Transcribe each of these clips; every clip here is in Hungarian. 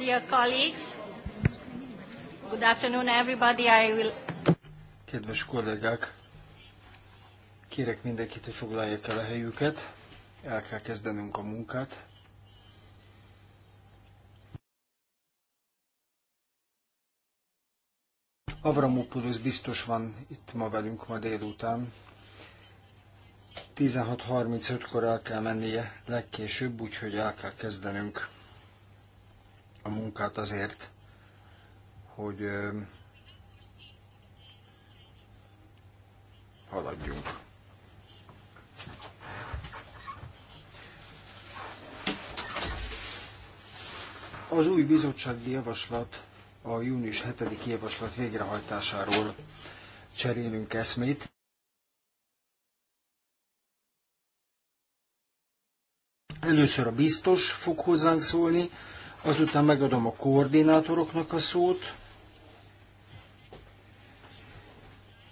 Dear colleagues, good afternoon everybody. I will... Kedves kollégák, kérek mindenkit, hogy foglalják el a helyüket. El kell kezdenünk a munkát. Avramopoulos biztos van itt ma velünk ma délután. 16.35-kor el kell mennie legkésőbb, úgyhogy el kell kezdenünk a munkát azért, hogy haladjunk. Az új bizottsági javaslat a június 7. javaslat végrehajtásáról cserélünk eszmét. Először a biztos fog hozzánk szólni, Azután megadom a koordinátoroknak a szót,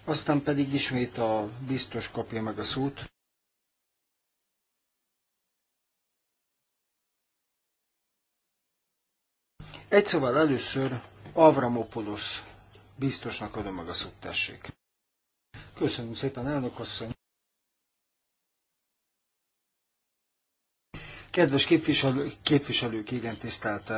aztán pedig ismét a biztos kapja meg a szót. Egy szóval először Avramopoulos biztosnak adom meg a szót, tessék. Köszönöm szépen, elnök asszony. Kedves képviselő, képviselők, igen, tisztelt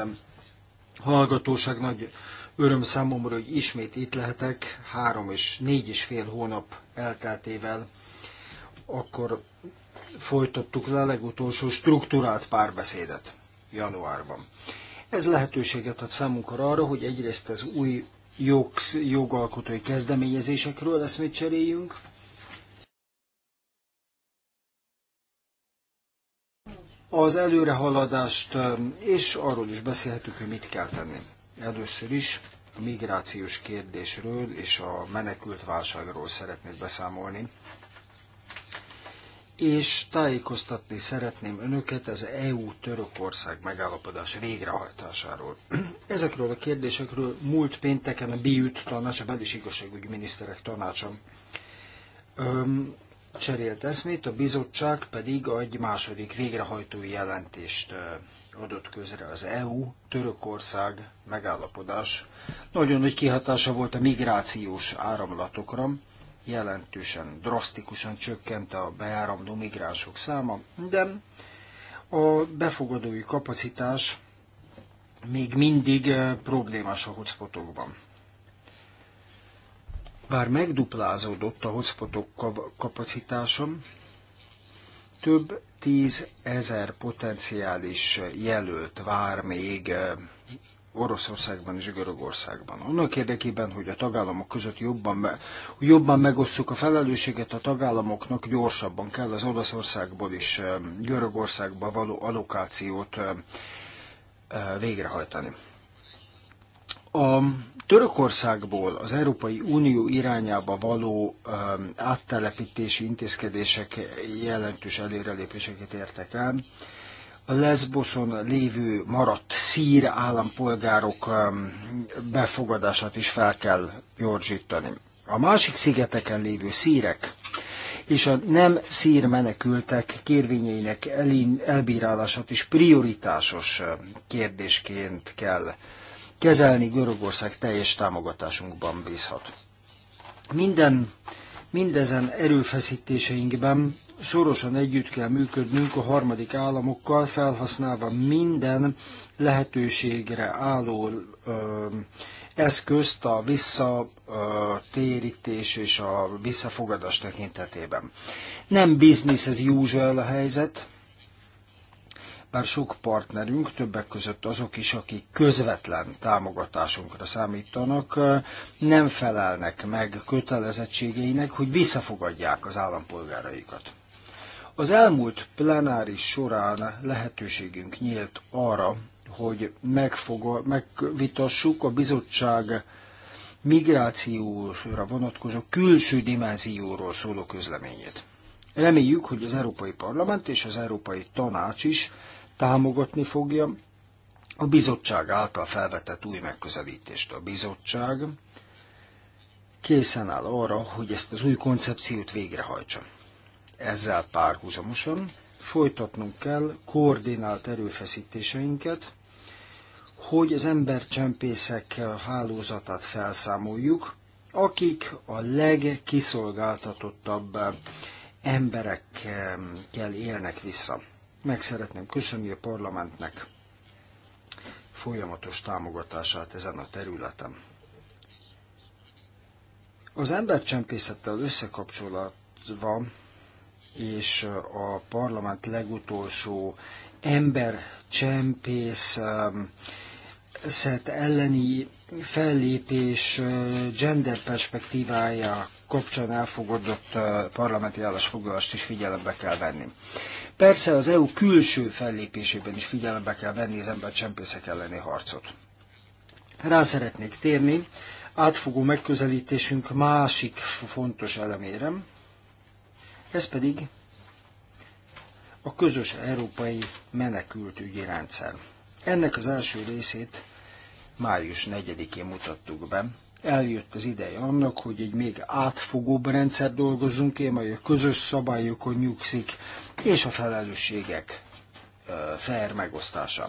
hallgatóság, nagy öröm számomra, hogy ismét itt lehetek, három és négy és fél hónap elteltével. Akkor folytattuk le a legutolsó struktúrált párbeszédet januárban. Ez lehetőséget ad számunkra arra, hogy egyrészt az új jogsz, jogalkotói kezdeményezésekről eszmét cseréljünk, az előrehaladást, és arról is beszélhetünk, hogy mit kell tenni. Először is a migrációs kérdésről és a menekült válságról szeretnék beszámolni. És tájékoztatni szeretném önöket az EU-Törökország megállapodás végrehajtásáról. Ezekről a kérdésekről múlt pénteken a BIUT tanács, a Belis Igazságügyi Miniszterek tanácsa cserélt eszmét, a bizottság pedig egy második végrehajtói jelentést adott közre az EU-Törökország megállapodás. Nagyon nagy kihatása volt a migrációs áramlatokra, jelentősen, drasztikusan csökkent a beáramló migránsok száma, de a befogadói kapacitás még mindig problémás a hotspotokban. Bár megduplázódott a hotspotok kapacitásom, több tízezer potenciális jelölt vár még eh, Oroszországban és Görögországban. Annak érdekében, hogy a tagállamok között jobban, me, jobban megosszuk a felelősséget, a tagállamoknak gyorsabban kell az Oroszországból és eh, Görögországba való allokációt eh, végrehajtani. A Törökországból az Európai Unió irányába való um, áttelepítési intézkedések jelentős előrelépéseket értek el. A Lesboson lévő maradt szír állampolgárok um, befogadását is fel kell gyorsítani. A másik szigeteken lévő szírek és a nem szír menekültek kérvényeinek elbírálását is prioritásos um, kérdésként kell kezelni, Görögország teljes támogatásunkban bízhat. Minden, mindezen erőfeszítéseinkben szorosan együtt kell működnünk a harmadik államokkal, felhasználva minden lehetőségre álló ö, eszközt a visszatérítés és a visszafogadás tekintetében. Nem business as usual a helyzet, bár sok partnerünk, többek között azok is, akik közvetlen támogatásunkra számítanak, nem felelnek meg kötelezettségeinek, hogy visszafogadják az állampolgáraikat. Az elmúlt plenáris során lehetőségünk nyílt arra, hogy megfoga, megvitassuk a bizottság migrációra vonatkozó külső dimenzióról szóló közleményét. Reméljük, hogy az Európai Parlament és az Európai Tanács is támogatni fogja a bizottság által felvetett új megközelítést. A bizottság készen áll arra, hogy ezt az új koncepciót végrehajtsa. Ezzel párhuzamosan folytatnunk kell koordinált erőfeszítéseinket, hogy az embercsempészek hálózatát felszámoljuk, akik a legkiszolgáltatottabb emberekkel élnek vissza meg szeretném köszönni a parlamentnek folyamatos támogatását ezen a területen. Az embercsempészettel összekapcsolatva és a parlament legutolsó embercsempész szert elleni fellépés gender perspektívája kapcsán elfogadott parlamenti állásfoglalást is figyelembe kell venni. Persze az EU külső fellépésében is figyelembe kell venni az embercsempészek elleni harcot. Rá szeretnék térni átfogó megközelítésünk másik fontos elemére, ez pedig a közös európai menekültügyi rendszer. Ennek az első részét május 4-én mutattuk be. Eljött az ideje annak, hogy egy még átfogóbb rendszer dolgozunk ki, majd a közös szabályokon nyugszik, és a felelősségek fair megosztása.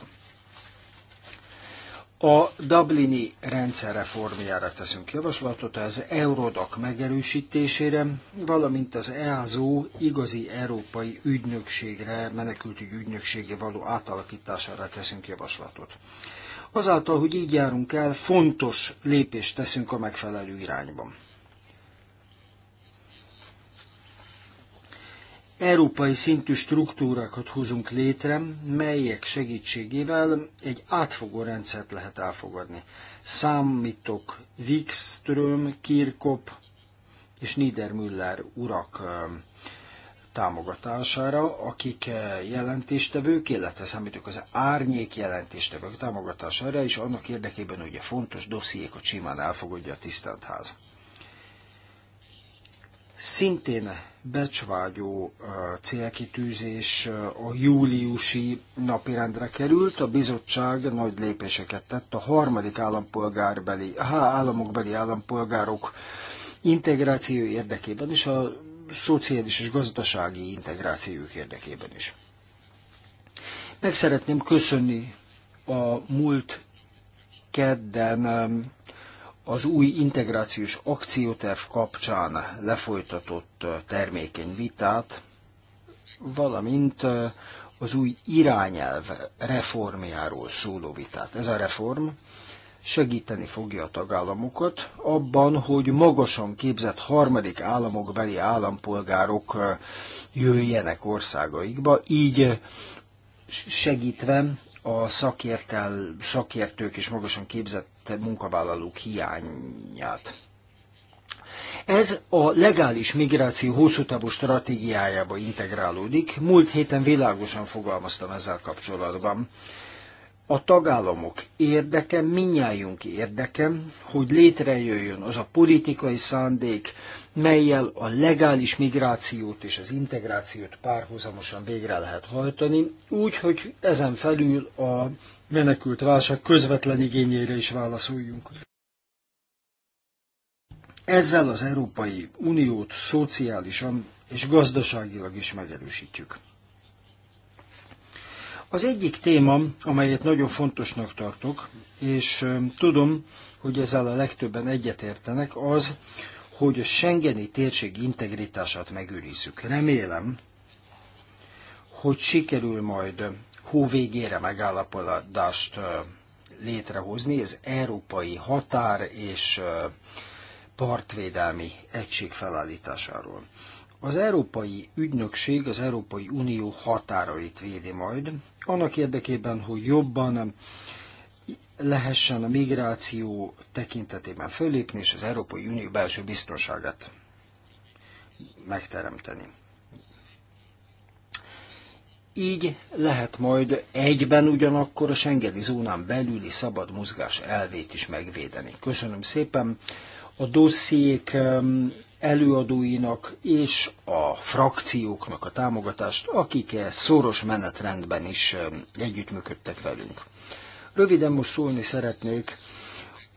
A Dublini rendszer reformjára teszünk javaslatot, az Eurodac megerősítésére, valamint az EASO igazi európai ügynökségre, menekültügyi ügynökségé való átalakítására teszünk javaslatot. Azáltal, hogy így járunk el, fontos lépést teszünk a megfelelő irányban. Európai szintű struktúrákat hozunk létre, melyek segítségével egy átfogó rendszert lehet elfogadni. Számítok Wikström, Kirkop és Niedermüller urak támogatására, akik eh, jelentéstevők, illetve számítok az árnyék jelentéstevők támogatására, és annak érdekében, hogy a fontos dossziékot simán elfogadja a tisztelt ház. Szintén becsvágyó eh, célkitűzés eh, a júliusi napirendre került, a bizottság nagy lépéseket tett a harmadik állampolgárbeli, há, államokbeli állampolgárok integráció érdekében, és a szociális és gazdasági integrációjuk érdekében is. Meg szeretném köszönni a múlt kedden az új integrációs akcióterv kapcsán lefolytatott eh, termékeny vitát, valamint eh, az új irányelv reformjáról szóló vitát. Ez a reform segíteni fogja a tagállamokat abban, hogy magasan képzett harmadik államok beli állampolgárok jöjjenek országaikba, így segítve a szakértel, szakértők és magasan képzett munkavállalók hiányát. Ez a legális migráció hosszú távú stratégiájába integrálódik. Múlt héten világosan fogalmaztam ezzel kapcsolatban a tagállamok érdeke, minnyájunk érdeke, hogy létrejöjjön az a politikai szándék, melyel a legális migrációt és az integrációt párhuzamosan végre lehet hajtani, úgy, hogy ezen felül a menekült válság közvetlen igényére is válaszoljunk. Ezzel az Európai Uniót szociálisan és gazdaságilag is megerősítjük. Az egyik téma, amelyet nagyon fontosnak tartok, és tudom, hogy ezzel a legtöbben egyetértenek, az, hogy a Schengeni térség integritását megőrizzük. Remélem, hogy sikerül majd hó végére megállapodást létrehozni, ez Európai Határ és Partvédelmi Egység felállításáról. Az Európai Ügynökség az Európai Unió határait védi majd, annak érdekében, hogy jobban lehessen a migráció tekintetében fölépni és az Európai Unió belső biztonságát megteremteni. Így lehet majd egyben ugyanakkor a Schengeni zónán belüli szabad mozgás elvét is megvédeni. Köszönöm szépen. A dossziék előadóinak és a frakcióknak a támogatást, akik e szoros menetrendben is együttműködtek velünk. Röviden most szólni szeretnék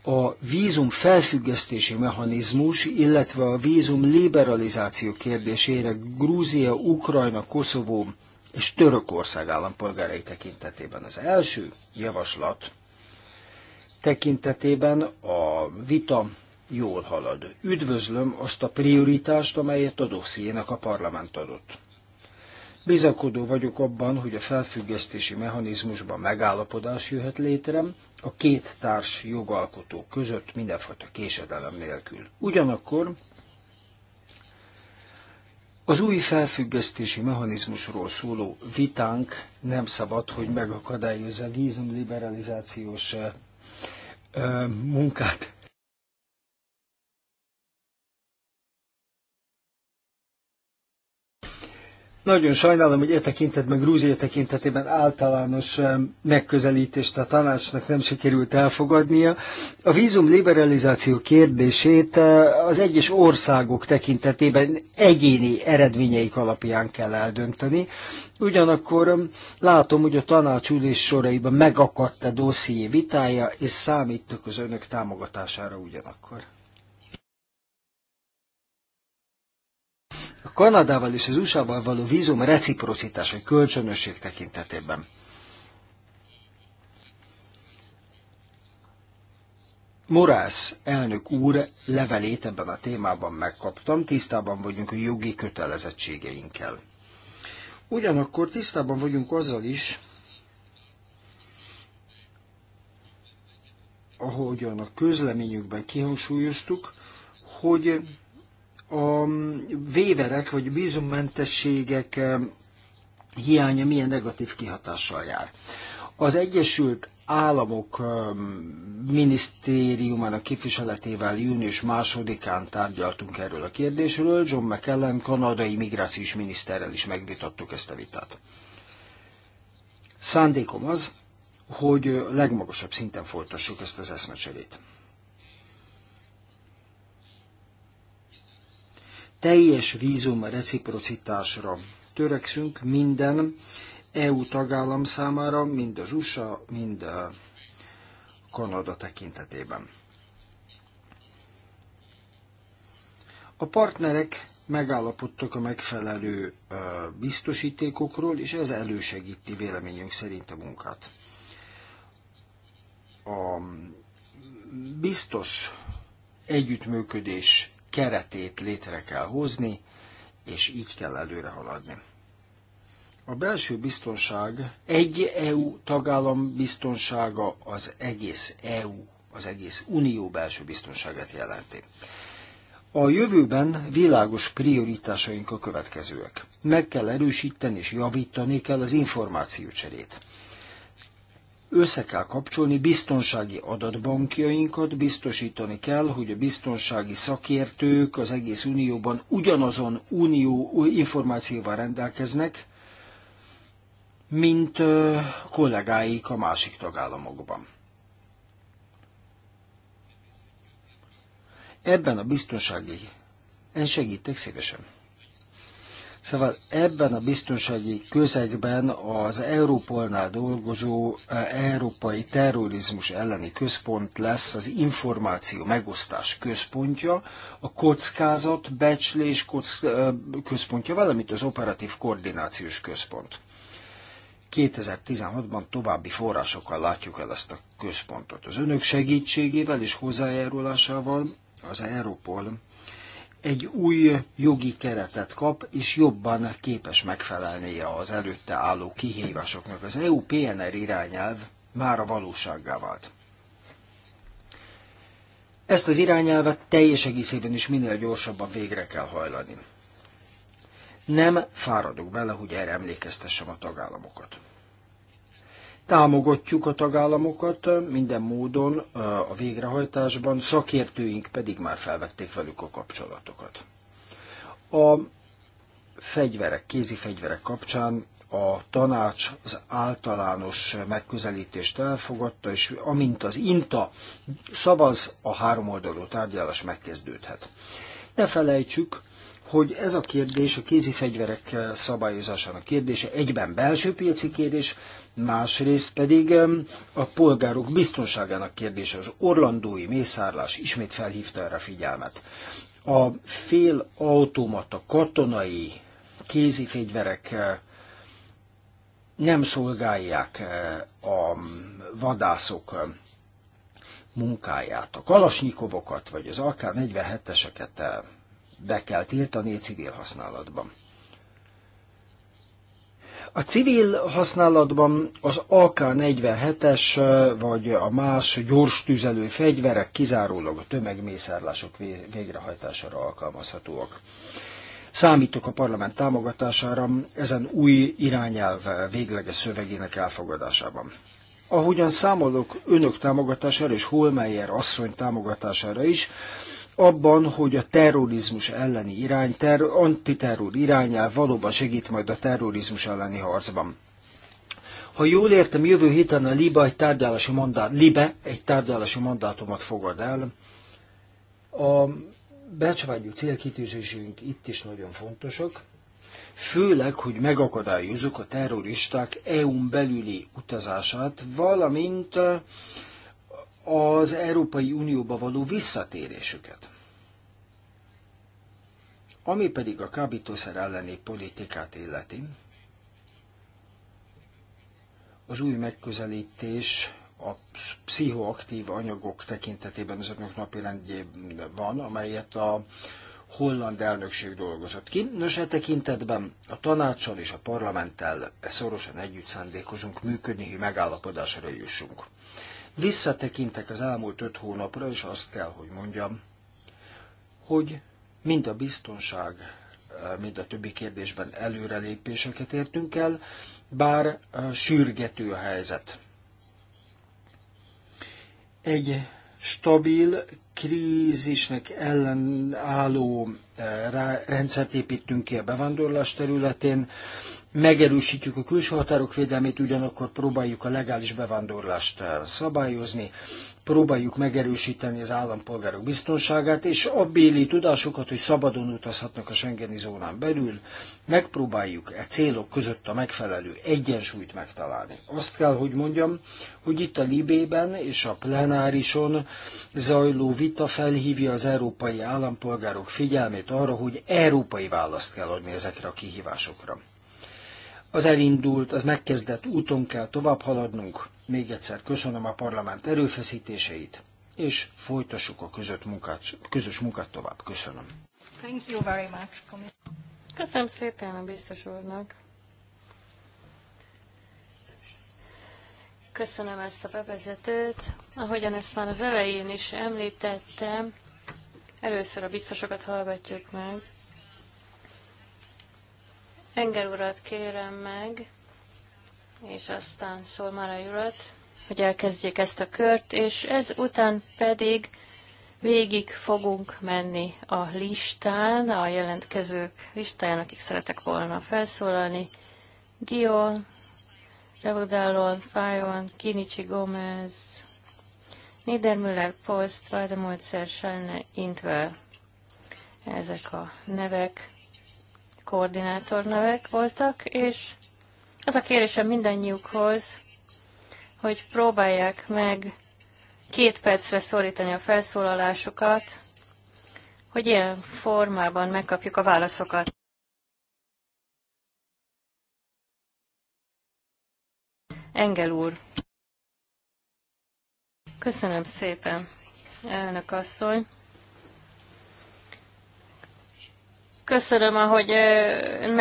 a vízum felfüggesztési mechanizmus, illetve a vízum liberalizáció kérdésére Grúzia, Ukrajna, Koszovó és Törökország állampolgárai tekintetében. Az első javaslat tekintetében a vita jól halad. Üdvözlöm azt a prioritást, amelyet a dossziének a parlament adott. Bizakodó vagyok abban, hogy a felfüggesztési mechanizmusban megállapodás jöhet létre a két társ jogalkotó között mindenfajta késedelem nélkül. Ugyanakkor az új felfüggesztési mechanizmusról szóló vitánk nem szabad, hogy megakadályozza vízumliberalizációs munkát. Nagyon sajnálom, hogy e tekintetben, Grúzia tekintetében általános eh, megközelítést a tanácsnak nem sikerült elfogadnia. A vízum liberalizáció kérdését eh, az egyes országok tekintetében egyéni eredményeik alapján kell eldönteni. Ugyanakkor eh, látom, hogy a tanács ülés soraiban megakadt a dosszié vitája, és számítok az önök támogatására ugyanakkor. a Kanadával és az USA-val való vízum reciprocitás, vagy kölcsönösség tekintetében. Morász elnök úr levelét ebben a témában megkaptam, tisztában vagyunk a jogi kötelezettségeinkkel. Ugyanakkor tisztában vagyunk azzal is, ahogyan a közleményükben kihangsúlyoztuk, hogy a véverek vagy bízummentességek hiánya milyen negatív kihatással jár. Az Egyesült Államok minisztériumának képviseletével június másodikán tárgyaltunk erről a kérdésről, John McKellen kanadai migrációs miniszterrel is megvitattuk ezt a vitát. Szándékom az, hogy legmagasabb szinten folytassuk ezt az eszmecserét. teljes vízum reciprocitásra törekszünk minden EU tagállam számára, mind az USA, mind a Kanada tekintetében. A partnerek megállapodtak a megfelelő biztosítékokról, és ez elősegíti véleményünk szerint a munkát. A biztos együttműködés keretét létre kell hozni, és így kell előre haladni. A belső biztonság, egy EU tagállam biztonsága az egész EU, az egész Unió belső biztonságát jelenti. A jövőben világos prioritásaink a következőek. Meg kell erősíteni és javítani kell az információcserét össze kell kapcsolni biztonsági adatbankjainkat, biztosítani kell, hogy a biztonsági szakértők az egész unióban ugyanazon unió információval rendelkeznek, mint kollégáik a másik tagállamokban. Ebben a biztonsági én segítek szívesen. Szóval ebben a biztonsági közegben az Európolnál dolgozó eh, Európai Terrorizmus elleni központ lesz az információ megosztás központja, a kockázat becslés kock, eh, központja, valamint az operatív koordinációs központ. 2016-ban további forrásokkal látjuk el ezt a központot. Az önök segítségével és hozzájárulásával az Európol egy új jogi keretet kap, és jobban képes megfelelnie az előtte álló kihívásoknak. Az EU PNR irányelv már a valósággá vált. Ezt az irányelvet teljes egészében is minél gyorsabban végre kell hajlani. Nem fáradok bele, hogy erre emlékeztessem a tagállamokat. Támogatjuk a tagállamokat minden módon a végrehajtásban, szakértőink pedig már felvették velük a kapcsolatokat. A fegyverek, kézi fegyverek kapcsán a tanács az általános megközelítést elfogadta, és amint az INTA szavaz, a háromoldalú tárgyalás megkezdődhet. Ne felejtsük, hogy ez a kérdés, a kézi fegyverek szabályozásának kérdése egyben belső piaci kérdés, másrészt pedig a polgárok biztonságának kérdése, az orlandói mészárlás ismét felhívta erre figyelmet. A fél automata katonai kézi fegyverek eh, nem szolgálják eh, a vadászok eh, munkáját. A kalasnyikovokat vagy az AK-47-eseket be kell tiltani civil használatban. A civil használatban az AK-47-es vagy a más gyors tüzelő fegyverek kizárólag a tömegmészárlások végrehajtására alkalmazhatóak. Számítok a parlament támogatására ezen új irányelv végleges szövegének elfogadásában. Ahogyan számolok önök támogatására és Holmeyer asszony támogatására is, abban, hogy a terrorizmus elleni irány, ter, antiterror irányel valóban segít majd a terrorizmus elleni harcban. Ha jól értem, jövő héten a Liba egy tárgyalási mandát, Libe egy tárgyalási mandátumot fogad el. A becsvágyú célkitűzésünk itt is nagyon fontosak, főleg, hogy megakadályozzuk a terroristák EU-n belüli utazását, valamint az Európai Unióba való visszatérésüket. Ami pedig a kábítószer elleni politikát illeti, az új megközelítés a pszichoaktív anyagok tekintetében az önök napirendjében van, amelyet a holland elnökség dolgozott ki. Nos, e tekintetben a tanácssal és a parlamenttel szorosan együtt szándékozunk működni, hogy megállapodásra jussunk. Visszatekintek az elmúlt öt hónapra, és azt kell, hogy mondjam, hogy mind a biztonság, mind a többi kérdésben előrelépéseket értünk el, bár sürgető a helyzet. Egy stabil, krízisnek ellenálló rendszert építünk ki a bevándorlás területén, megerősítjük a külső határok védelmét, ugyanakkor próbáljuk a legális bevándorlást eh, szabályozni, próbáljuk megerősíteni az állampolgárok biztonságát, és a béli tudásukat, hogy szabadon utazhatnak a Schengeni zónán belül, megpróbáljuk e célok között a megfelelő egyensúlyt megtalálni. Azt kell, hogy mondjam, hogy itt a Libében és a plenárison zajló vita felhívja az európai állampolgárok figyelmét arra, hogy európai választ kell adni ezekre a kihívásokra az elindult, az megkezdett úton kell tovább haladnunk. Még egyszer köszönöm a parlament erőfeszítéseit, és folytassuk a között munkát, közös munkát tovább. Köszönöm. Thank you very much. Köszönöm szépen a biztos úrnak. Köszönöm ezt a bevezetőt. Ahogyan ezt már az elején is említettem, először a biztosokat hallgatjuk meg. Engel urat kérem meg, és aztán Szolmára urat, hogy elkezdjék ezt a kört, és ez után pedig végig fogunk menni a listán, a jelentkezők listáján, akik szeretek volna felszólalni. Gion, Revodalon, Fájon, Kinicsi Gomez, Niedermüller, Post, Vajdemolcer, Schellner, Intvel. Ezek a nevek koordinátor nevek voltak, és az a kérésem mindannyiukhoz, hogy próbálják meg két percre szorítani a felszólalásukat, hogy ilyen formában megkapjuk a válaszokat. Engel úr. Köszönöm szépen, elnök asszony. Köszönöm, ahogy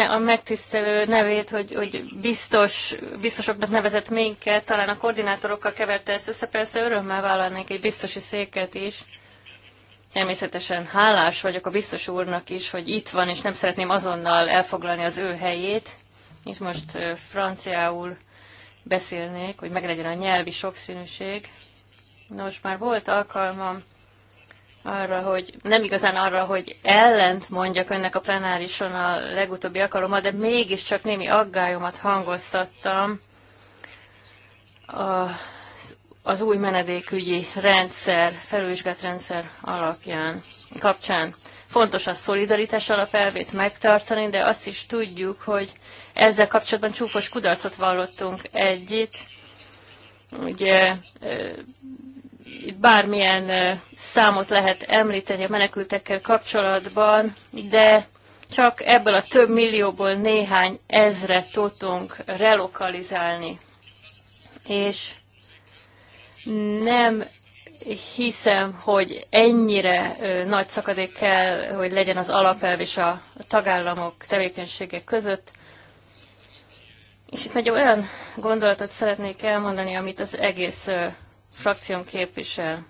a megtisztelő nevét, hogy, hogy biztos, biztosoknak nevezett minket, talán a koordinátorokkal keverte ezt össze, persze örömmel vállalnék egy biztosi széket is. Természetesen hálás vagyok a biztos úrnak is, hogy itt van, és nem szeretném azonnal elfoglalni az ő helyét. És most franciául beszélnék, hogy meglegyen a nyelvi sokszínűség. Nos, már volt alkalmam arra, hogy nem igazán arra, hogy ellent mondjak önnek a plenárison a legutóbbi alkalommal, de mégiscsak némi aggályomat hangoztattam az új menedékügyi rendszer, felülvizsgált rendszer alapján, kapcsán. Fontos a szolidaritás alapelvét megtartani, de azt is tudjuk, hogy ezzel kapcsolatban csúfos kudarcot vallottunk együtt. Ugye bármilyen számot lehet említeni a menekültekkel kapcsolatban, de csak ebből a több millióból néhány ezret tudtunk relokalizálni. És nem hiszem, hogy ennyire nagy szakadék kell, hogy legyen az alapelv és a tagállamok tevékenysége között. És itt nagyon olyan gondolatot szeretnék elmondani, amit az egész frakción képvisel.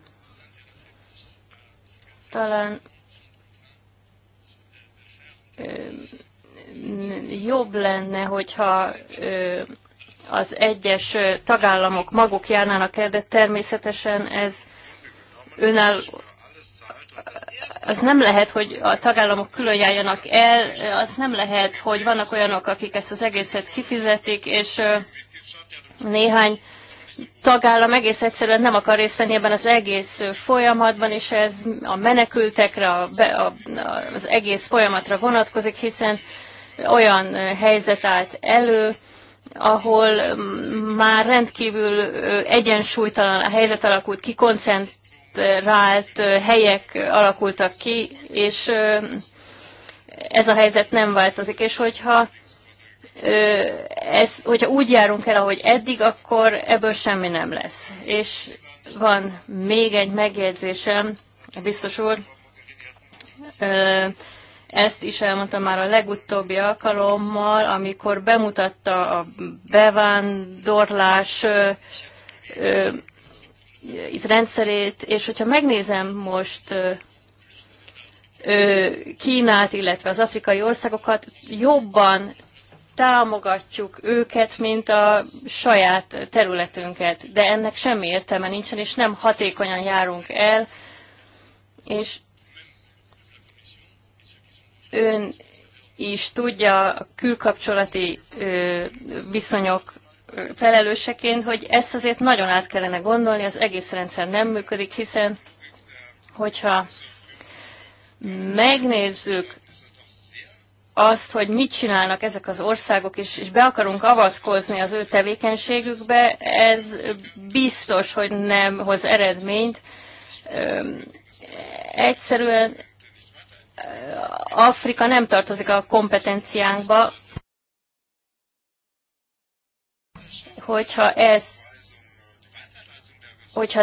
Talán jobb lenne, hogyha az egyes tagállamok maguk járnának el, de természetesen ez önáll, az nem lehet, hogy a tagállamok külön járjanak el, az nem lehet, hogy vannak olyanok, akik ezt az egészet kifizetik, és néhány tagállam egész egyszerűen nem akar részt venni ebben az egész folyamatban, és ez a menekültekre, a, a, az egész folyamatra vonatkozik, hiszen olyan helyzet állt elő, ahol már rendkívül egyensúlytalan a helyzet alakult ki, koncentrált helyek alakultak ki, és ez a helyzet nem változik. És hogyha ez, hogyha úgy járunk el, ahogy eddig, akkor ebből semmi nem lesz. És van még egy megjegyzésem, biztos úr, ezt is elmondtam már a legutóbbi alkalommal, amikor bemutatta a bevándorlás itt rendszerét, és hogyha megnézem most Kínát, illetve az afrikai országokat, jobban támogatjuk őket, mint a saját területünket, de ennek semmi értelme nincsen, és nem hatékonyan járunk el, és ön is tudja a külkapcsolati viszonyok felelőseként, hogy ezt azért nagyon át kellene gondolni, az egész rendszer nem működik, hiszen hogyha megnézzük azt, hogy mit csinálnak ezek az országok, és, és be akarunk avatkozni az ő tevékenységükbe, ez biztos, hogy nem hoz eredményt. Egyszerűen Afrika nem tartozik a kompetenciánkba, hogyha ez hogyha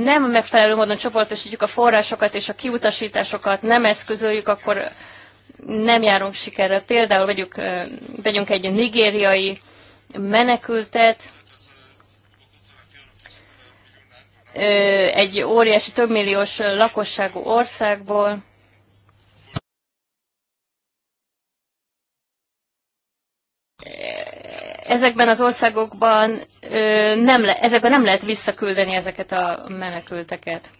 nem megfelelő módon csoportosítjuk a forrásokat és a kiutasításokat, nem eszközöljük, akkor nem járunk sikerre. Például vegyük, vegyünk egy nigériai menekültet, egy óriási, többmilliós lakosságú országból, ezekben az országokban ö, nem le, ezekben nem lehet visszaküldeni ezeket a menekülteket.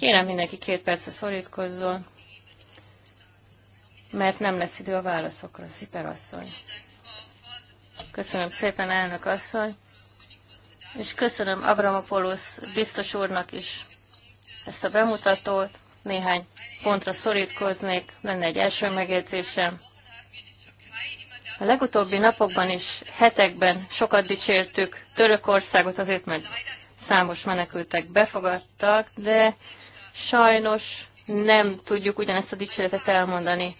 Kérem mindenki két percre szorítkozzon, mert nem lesz idő a válaszokra. Sziper asszony. Köszönöm szépen, elnök asszony. És köszönöm Abramopoulos biztos úrnak is ezt a bemutatót. Néhány pontra szorítkoznék, lenne egy első megjegyzésem. A legutóbbi napokban és hetekben sokat dicsértük Törökországot azért, mert számos menekültek befogadtak, de Sajnos nem tudjuk ugyanezt a dicséretet elmondani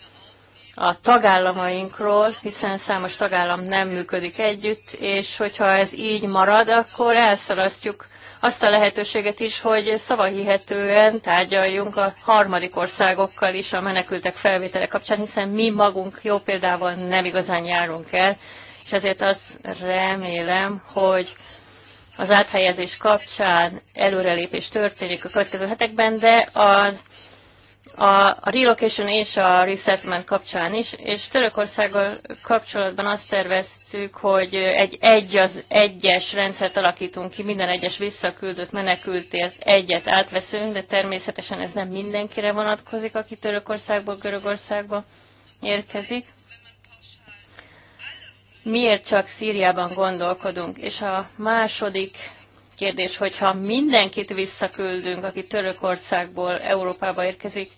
a tagállamainkról, hiszen számos tagállam nem működik együtt, és hogyha ez így marad, akkor elszalasztjuk azt a lehetőséget is, hogy szavahihetően tárgyaljunk a harmadik országokkal is a menekültek felvétele kapcsán, hiszen mi magunk jó példával nem igazán járunk el, és ezért azt remélem, hogy az áthelyezés kapcsán előrelépés történik a következő hetekben, de az a, a relocation és a resettlement kapcsán is, és Törökországgal kapcsolatban azt terveztük, hogy egy egy az egyes rendszert alakítunk ki, minden egyes visszaküldött menekültért egyet átveszünk, de természetesen ez nem mindenkire vonatkozik, aki Törökországból Görögországba érkezik miért csak Szíriában gondolkodunk. És a második kérdés, hogyha mindenkit visszaküldünk, aki Törökországból Európába érkezik,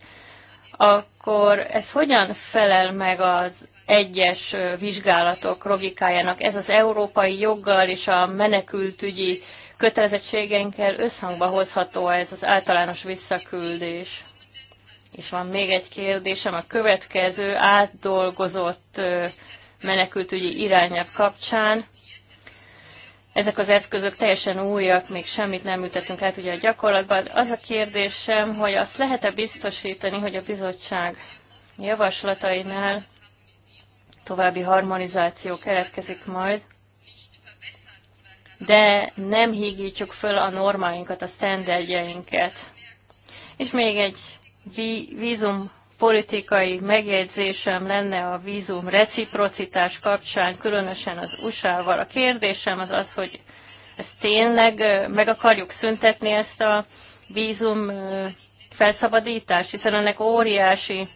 akkor ez hogyan felel meg az egyes vizsgálatok logikájának? Ez az európai joggal és a menekültügyi kötelezettségeinkkel összhangba hozható ez az általános visszaküldés? És van még egy kérdésem, a következő átdolgozott menekültügyi irányelv kapcsán. Ezek az eszközök teljesen újak, még semmit nem ültettünk át ugye a gyakorlatban. Az a kérdésem, hogy azt lehet-e biztosítani, hogy a bizottság javaslatainál további harmonizáció keletkezik majd, de nem hígítjuk föl a normáinkat, a standardjeinket. És még egy vízum politikai megjegyzésem lenne a vízum reciprocitás kapcsán, különösen az USA-val. A kérdésem az az, hogy ezt tényleg meg akarjuk szüntetni ezt a vízum felszabadítást, hiszen ennek óriási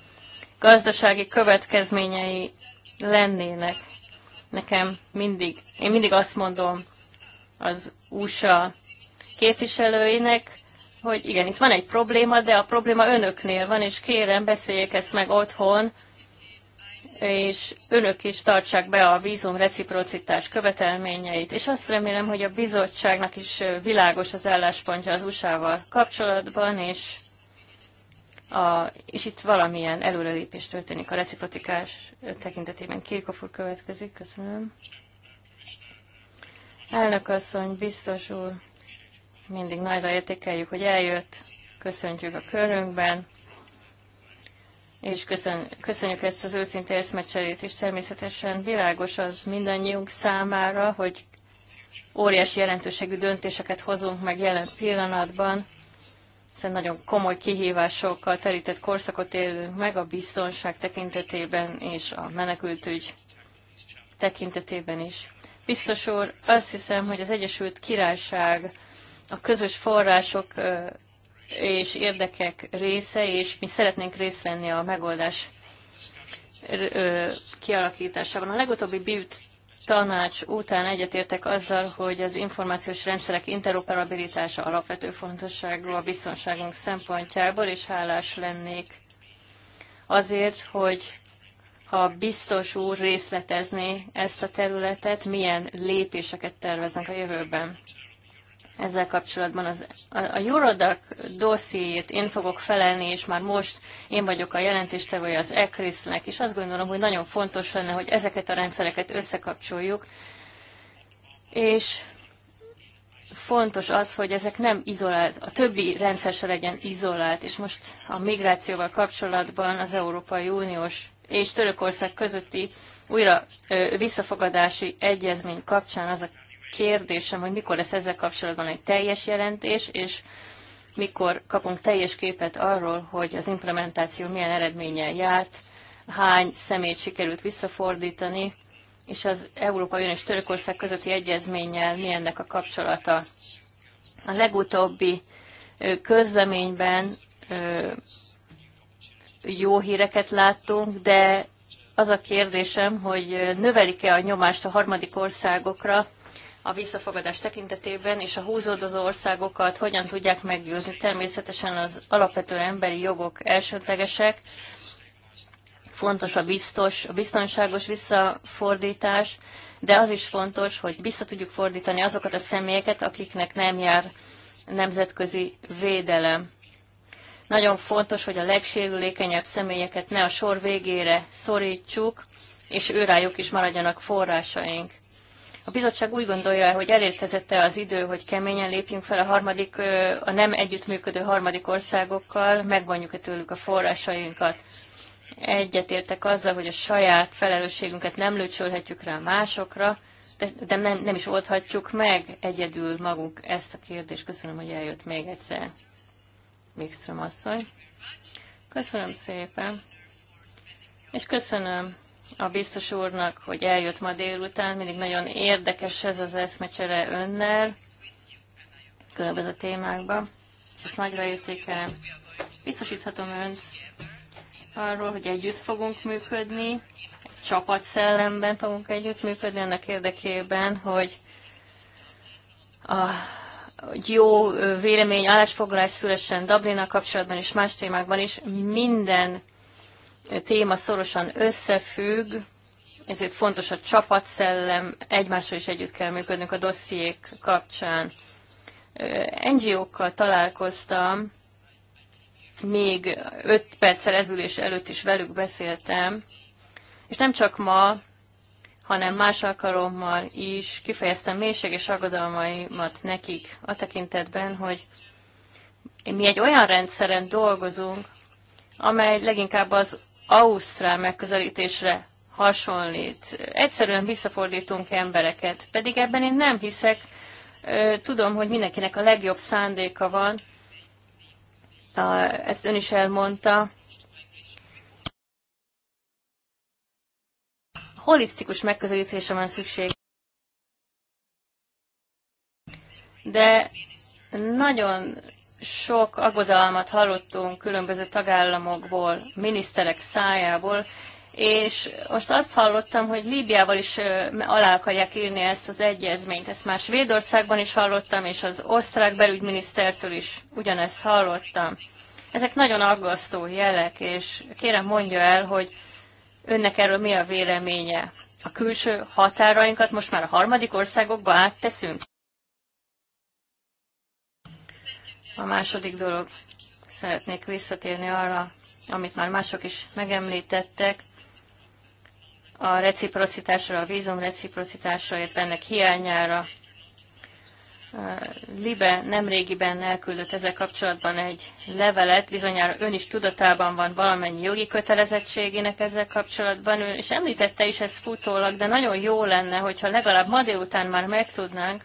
gazdasági következményei lennének. Nekem mindig, én mindig azt mondom az USA képviselőinek, hogy igen, itt van egy probléma, de a probléma önöknél van, és kérem, beszéljék ezt meg otthon, és önök is tartsák be a vízum reciprocitás követelményeit, és azt remélem, hogy a bizottságnak is világos az álláspontja az USA-val kapcsolatban, és, a, és itt valamilyen előrelépés történik a reciprocitás tekintetében. Kirkofur következik, köszönöm. Elnök asszony, biztos úr. Mindig nagyra értékeljük, hogy eljött. Köszöntjük a körünkben. És köszön, köszönjük ezt az őszinte eszmecserét is. Természetesen világos az mindannyiunk számára, hogy óriási jelentőségű döntéseket hozunk meg jelen pillanatban, hiszen nagyon komoly kihívásokkal terített korszakot élünk meg a biztonság tekintetében és a menekültügy tekintetében is. Biztos úr, azt hiszem, hogy az Egyesült Királyság a közös források és érdekek része, és mi szeretnénk részt venni a megoldás kialakításában. A legutóbbi BIUT tanács után egyetértek azzal, hogy az információs rendszerek interoperabilitása alapvető fontosságú a biztonságunk szempontjából, és hálás lennék azért, hogy ha biztos úr részletezné ezt a területet, milyen lépéseket terveznek a jövőben ezzel kapcsolatban. Az, a, a Eurodac dossziét én fogok felelni, és már most én vagyok a jelentéstevője az ECRIS-nek, és azt gondolom, hogy nagyon fontos lenne, hogy ezeket a rendszereket összekapcsoljuk, és fontos az, hogy ezek nem izolált, a többi rendszer se legyen izolált, és most a migrációval kapcsolatban az Európai Uniós és Törökország közötti újra ö, visszafogadási egyezmény kapcsán az a kérdésem, hogy mikor lesz ezzel kapcsolatban egy teljes jelentés, és mikor kapunk teljes képet arról, hogy az implementáció milyen eredménnyel járt, hány szemét sikerült visszafordítani, és az Európai Unió és Törökország közötti egyezménnyel mi ennek a kapcsolata. A legutóbbi közleményben jó híreket láttunk, de az a kérdésem, hogy növelik-e a nyomást a harmadik országokra a visszafogadás tekintetében, és a húzódozó országokat hogyan tudják meggyőzni. Természetesen az alapvető emberi jogok elsődlegesek, fontos a, biztos, a biztonságos visszafordítás, de az is fontos, hogy vissza tudjuk fordítani azokat a személyeket, akiknek nem jár nemzetközi védelem. Nagyon fontos, hogy a legsérülékenyebb személyeket ne a sor végére szorítsuk, és őrájuk is maradjanak forrásaink. A bizottság úgy gondolja, hogy elérkezette az idő, hogy keményen lépjünk fel a, harmadik, a nem együttműködő harmadik országokkal, megvonjuk-e tőlük a forrásainkat. Egyetértek azzal, hogy a saját felelősségünket nem lőcsölhetjük rá másokra, de, de nem, nem is oldhatjuk meg egyedül magunk ezt a kérdést. Köszönöm, hogy eljött még egyszer. Mikström asszony. Köszönöm szépen. És köszönöm a biztos úrnak, hogy eljött ma délután. Mindig nagyon érdekes ez az eszmecsere önnel, különböző témákban, és ezt nagyra értékelem. Biztosíthatom önt arról, hogy együtt fogunk működni, egy csapatszellemben fogunk együtt működni ennek érdekében, hogy a jó vélemény, állásfoglalás szülessen Dublinnal kapcsolatban és más témákban is minden téma szorosan összefügg, ezért fontos a csapatszellem, egymással is együtt kell működnünk a dossziék kapcsán. NGO-kkal találkoztam, még 5 perccel ezülés előtt is velük beszéltem, és nem csak ma, hanem más alkalommal is kifejeztem mélységes aggodalmaimat nekik a tekintetben, hogy mi egy olyan rendszeren dolgozunk, amely leginkább az Ausztrál megközelítésre hasonlít. Egyszerűen visszafordítunk embereket, pedig ebben én nem hiszek. Tudom, hogy mindenkinek a legjobb szándéka van, ezt ön is elmondta. Holisztikus megközelítésre van szükség. De nagyon sok aggodalmat hallottunk különböző tagállamokból, miniszterek szájából, és most azt hallottam, hogy Líbiával is alá akarják írni ezt az egyezményt. Ezt már Svédországban is hallottam, és az osztrák belügyminisztertől is ugyanezt hallottam. Ezek nagyon aggasztó jelek, és kérem mondja el, hogy önnek erről mi a véleménye. A külső határainkat most már a harmadik országokba átteszünk? A második dolog, szeretnék visszatérni arra, amit már mások is megemlítettek, a reciprocitásra, a vízum reciprocitásra, illetve ennek hiányára. Libe nemrégiben elküldött ezzel kapcsolatban egy levelet, bizonyára ön is tudatában van valamennyi jogi kötelezettségének ezzel kapcsolatban, és említette is ez futólag, de nagyon jó lenne, hogyha legalább ma délután már megtudnánk,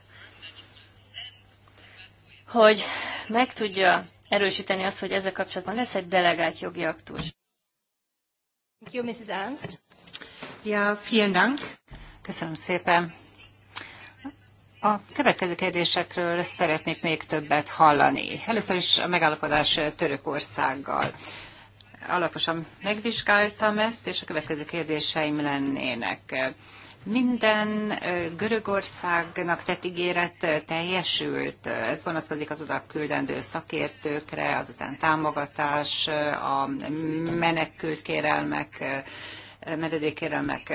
hogy meg tudja erősíteni azt, hogy ezzel kapcsolatban lesz egy delegált jogi aktus. Thank you, Mrs. Ernst. Ja, vielen Dank. Köszönöm szépen. A következő kérdésekről szeretnék még többet hallani. Először is a megállapodás Törökországgal. Alaposan megvizsgáltam ezt, és a következő kérdéseim lennének. Minden Görögországnak tett ígéret teljesült. Ez vonatkozik az oda küldendő szakértőkre, azután támogatás, a menekült kérelmek, menedékkérelmek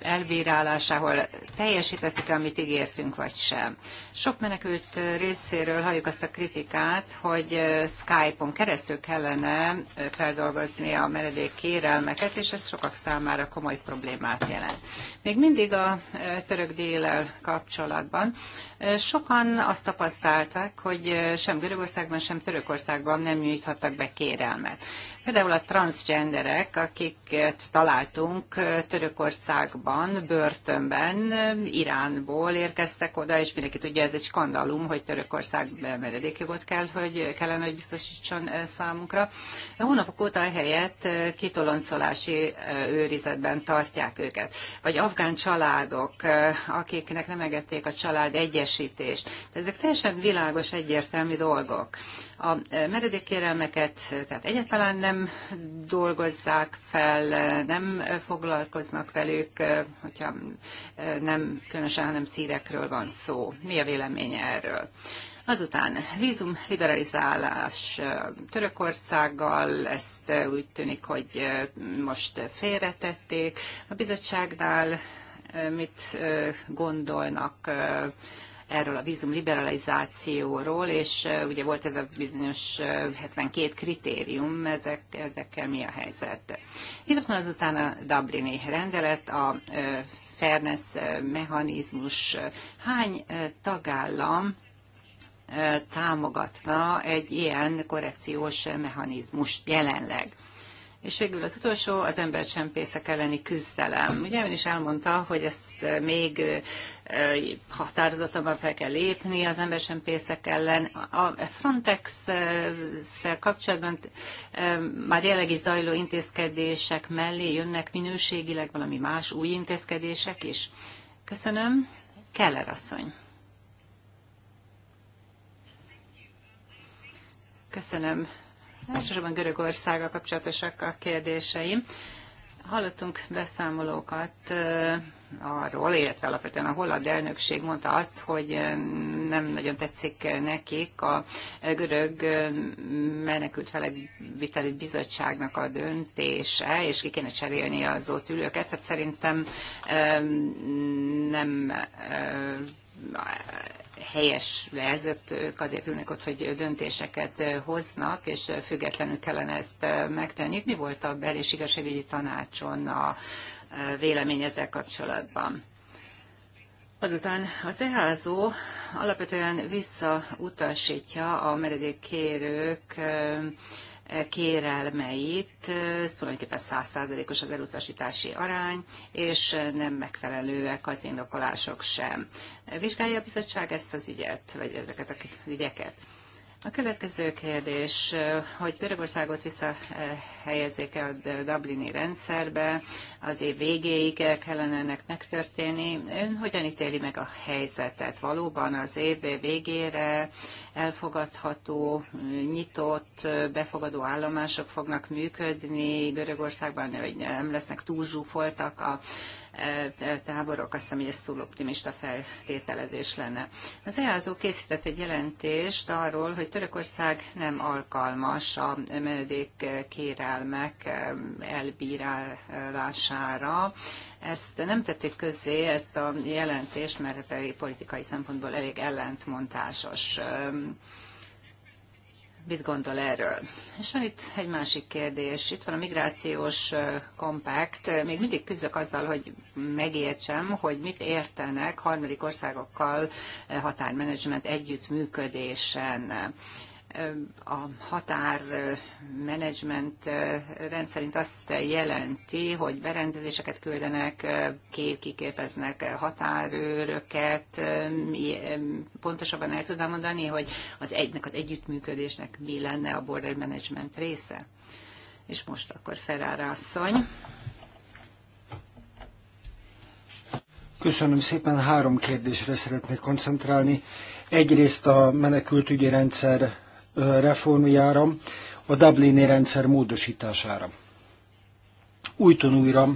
elbírálásával teljesítettük amit ígértünk, vagy sem. Sok menekült részéről halljuk azt a kritikát, hogy Skype-on keresztül kellene feldolgozni a meredék kérelmeket, és ez sokak számára komoly problémát jelent. Még mindig a török délel kapcsolatban sokan azt tapasztalták, hogy sem Görögországban, sem Törökországban nem nyújthattak be kérelmet. Például a transgenderek, akiket találtunk Törökországban, börtönben, Iránból érkeztek oda, és mindenki tudja, ez egy skandalum, hogy Törökország meredékjogot kell, hogy kellene, hogy biztosítson számunkra. A hónapok óta helyett kitoloncolási őrizetben tartják őket. Vagy afgán családok, akiknek nem engedték a család egyesítést. De ezek teljesen világos, egyértelmű dolgok. A meredékkérelmeket tehát egyáltalán nem dolgozzák fel, nem foglalkoznak velük, hogyha nem, különösen, hanem szírekről van szó. Mi a véleménye erről? Azután vízum liberalizálás Törökországgal, ezt úgy tűnik, hogy most félretették. A bizottságnál mit gondolnak erről a vízum liberalizációról, és ugye volt ez a bizonyos 72 kritérium, ezek, ezekkel mi a helyzet. Itt van azután a Dublini rendelet, a fairness mechanizmus. Hány tagállam támogatna egy ilyen korrekciós mechanizmust jelenleg. És végül az utolsó, az embercsempészek elleni küzdelem. Ugye ön is elmondta, hogy ezt eh, még eh, határozottabban fel kell lépni az embercsempészek ellen. A frontex kapcsolatban eh, már jelenleg is zajló intézkedések mellé jönnek minőségileg valami más új intézkedések is. Köszönöm. Keller asszony. Köszönöm, Elsősorban Görögországgal kapcsolatosak a kérdéseim. Hallottunk beszámolókat arról, illetve alapvetően a holland elnökség mondta azt, hogy nem nagyon tetszik nekik a görög menekült felegviteli bizottságnak a döntése, és ki kéne cserélni az ott ülőket. Hát szerintem nem helyes leezett, ők azért ülnek ott, hogy döntéseket hoznak, és függetlenül kellene ezt megtenni. Mi volt a bel- és igazságügyi tanácson a vélemény ezzel kapcsolatban? Azután az EHZO alapvetően visszautasítja a meredékkérők kérelmeit, ez tulajdonképpen 100%-os az elutasítási arány, és nem megfelelőek az indokolások sem. Vizsgálja a bizottság ezt az ügyet, vagy ezeket a ügyeket? A következő kérdés, hogy Görögországot visszahelyezzék el a Dublini rendszerbe, az év végéig kellene ennek megtörténni. Ön hogyan ítéli meg a helyzetet? Valóban az év végére elfogadható, nyitott, befogadó állomások fognak működni Görögországban, hogy nem lesznek zsúfoltak a E, e, táborok. Azt hiszem, hogy ez túl optimista feltételezés lenne. Az EASO készített egy jelentést arról, hogy Törökország nem alkalmas a menedék kérelmek e, elbírálására. Ezt nem tették közzé, ezt a jelentést, mert hát politikai szempontból elég ellentmondásos mit gondol erről. És van itt egy másik kérdés. Itt van a migrációs kompakt. Még mindig küzdök azzal, hogy megértsem, hogy mit értenek harmadik országokkal határmenedzsment együttműködésen a határ menedzsment rendszerint azt jelenti, hogy berendezéseket küldenek, kép, kiképeznek határőröket. Pontosabban el tudnám mondani, hogy az egynek az együttműködésnek mi lenne a border management része? És most akkor Ferrara asszony. Köszönöm szépen, három kérdésre szeretnék koncentrálni. Egyrészt a menekültügyi rendszer reformjára, a Dublini rendszer módosítására. Újton újra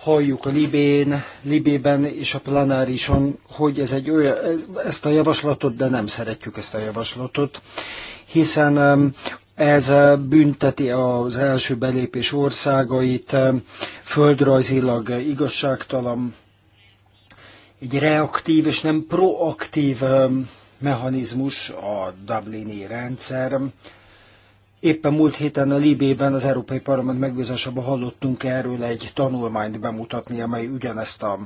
halljuk a Libén, Libében és a Planárison, hogy ez egy olyan, ezt a javaslatot, de nem szeretjük ezt a javaslatot, hiszen ez bünteti az első belépés országait, földrajzilag igazságtalan, egy reaktív és nem proaktív mechanizmus, a Dublini rendszer. Éppen múlt héten a Libében az Európai Parlament megbízásában hallottunk erről egy tanulmányt bemutatni, amely ugyanezt a,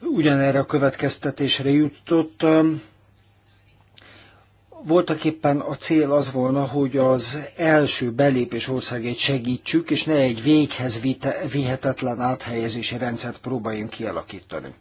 ugyanerre a következtetésre jutott. Voltak éppen a cél az volna, hogy az első belépés országait segítsük, és ne egy véghez vihetetlen áthelyezési rendszert próbáljunk kialakítani.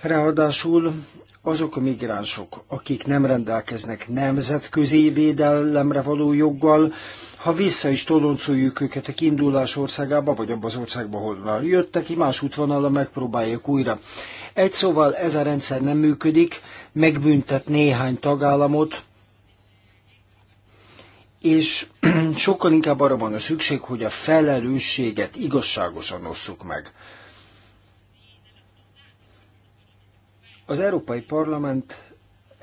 Ráadásul azok a migránsok, akik nem rendelkeznek nemzetközi védelemre való joggal, ha vissza is toloncoljuk őket a kiindulás országába, vagy abba az országba, már jöttek, ki más útvonalra megpróbáljuk újra. Egy szóval ez a rendszer nem működik, megbüntet néhány tagállamot, és sokkal inkább arra van a szükség, hogy a felelősséget igazságosan osszuk meg. Az Európai Parlament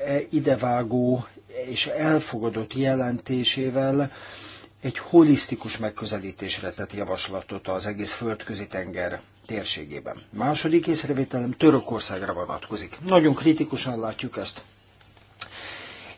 e idevágó és elfogadott jelentésével egy holisztikus megközelítésre tett javaslatot az egész földközi tenger térségében. Második észrevételem Törökországra vonatkozik. Nagyon kritikusan látjuk ezt.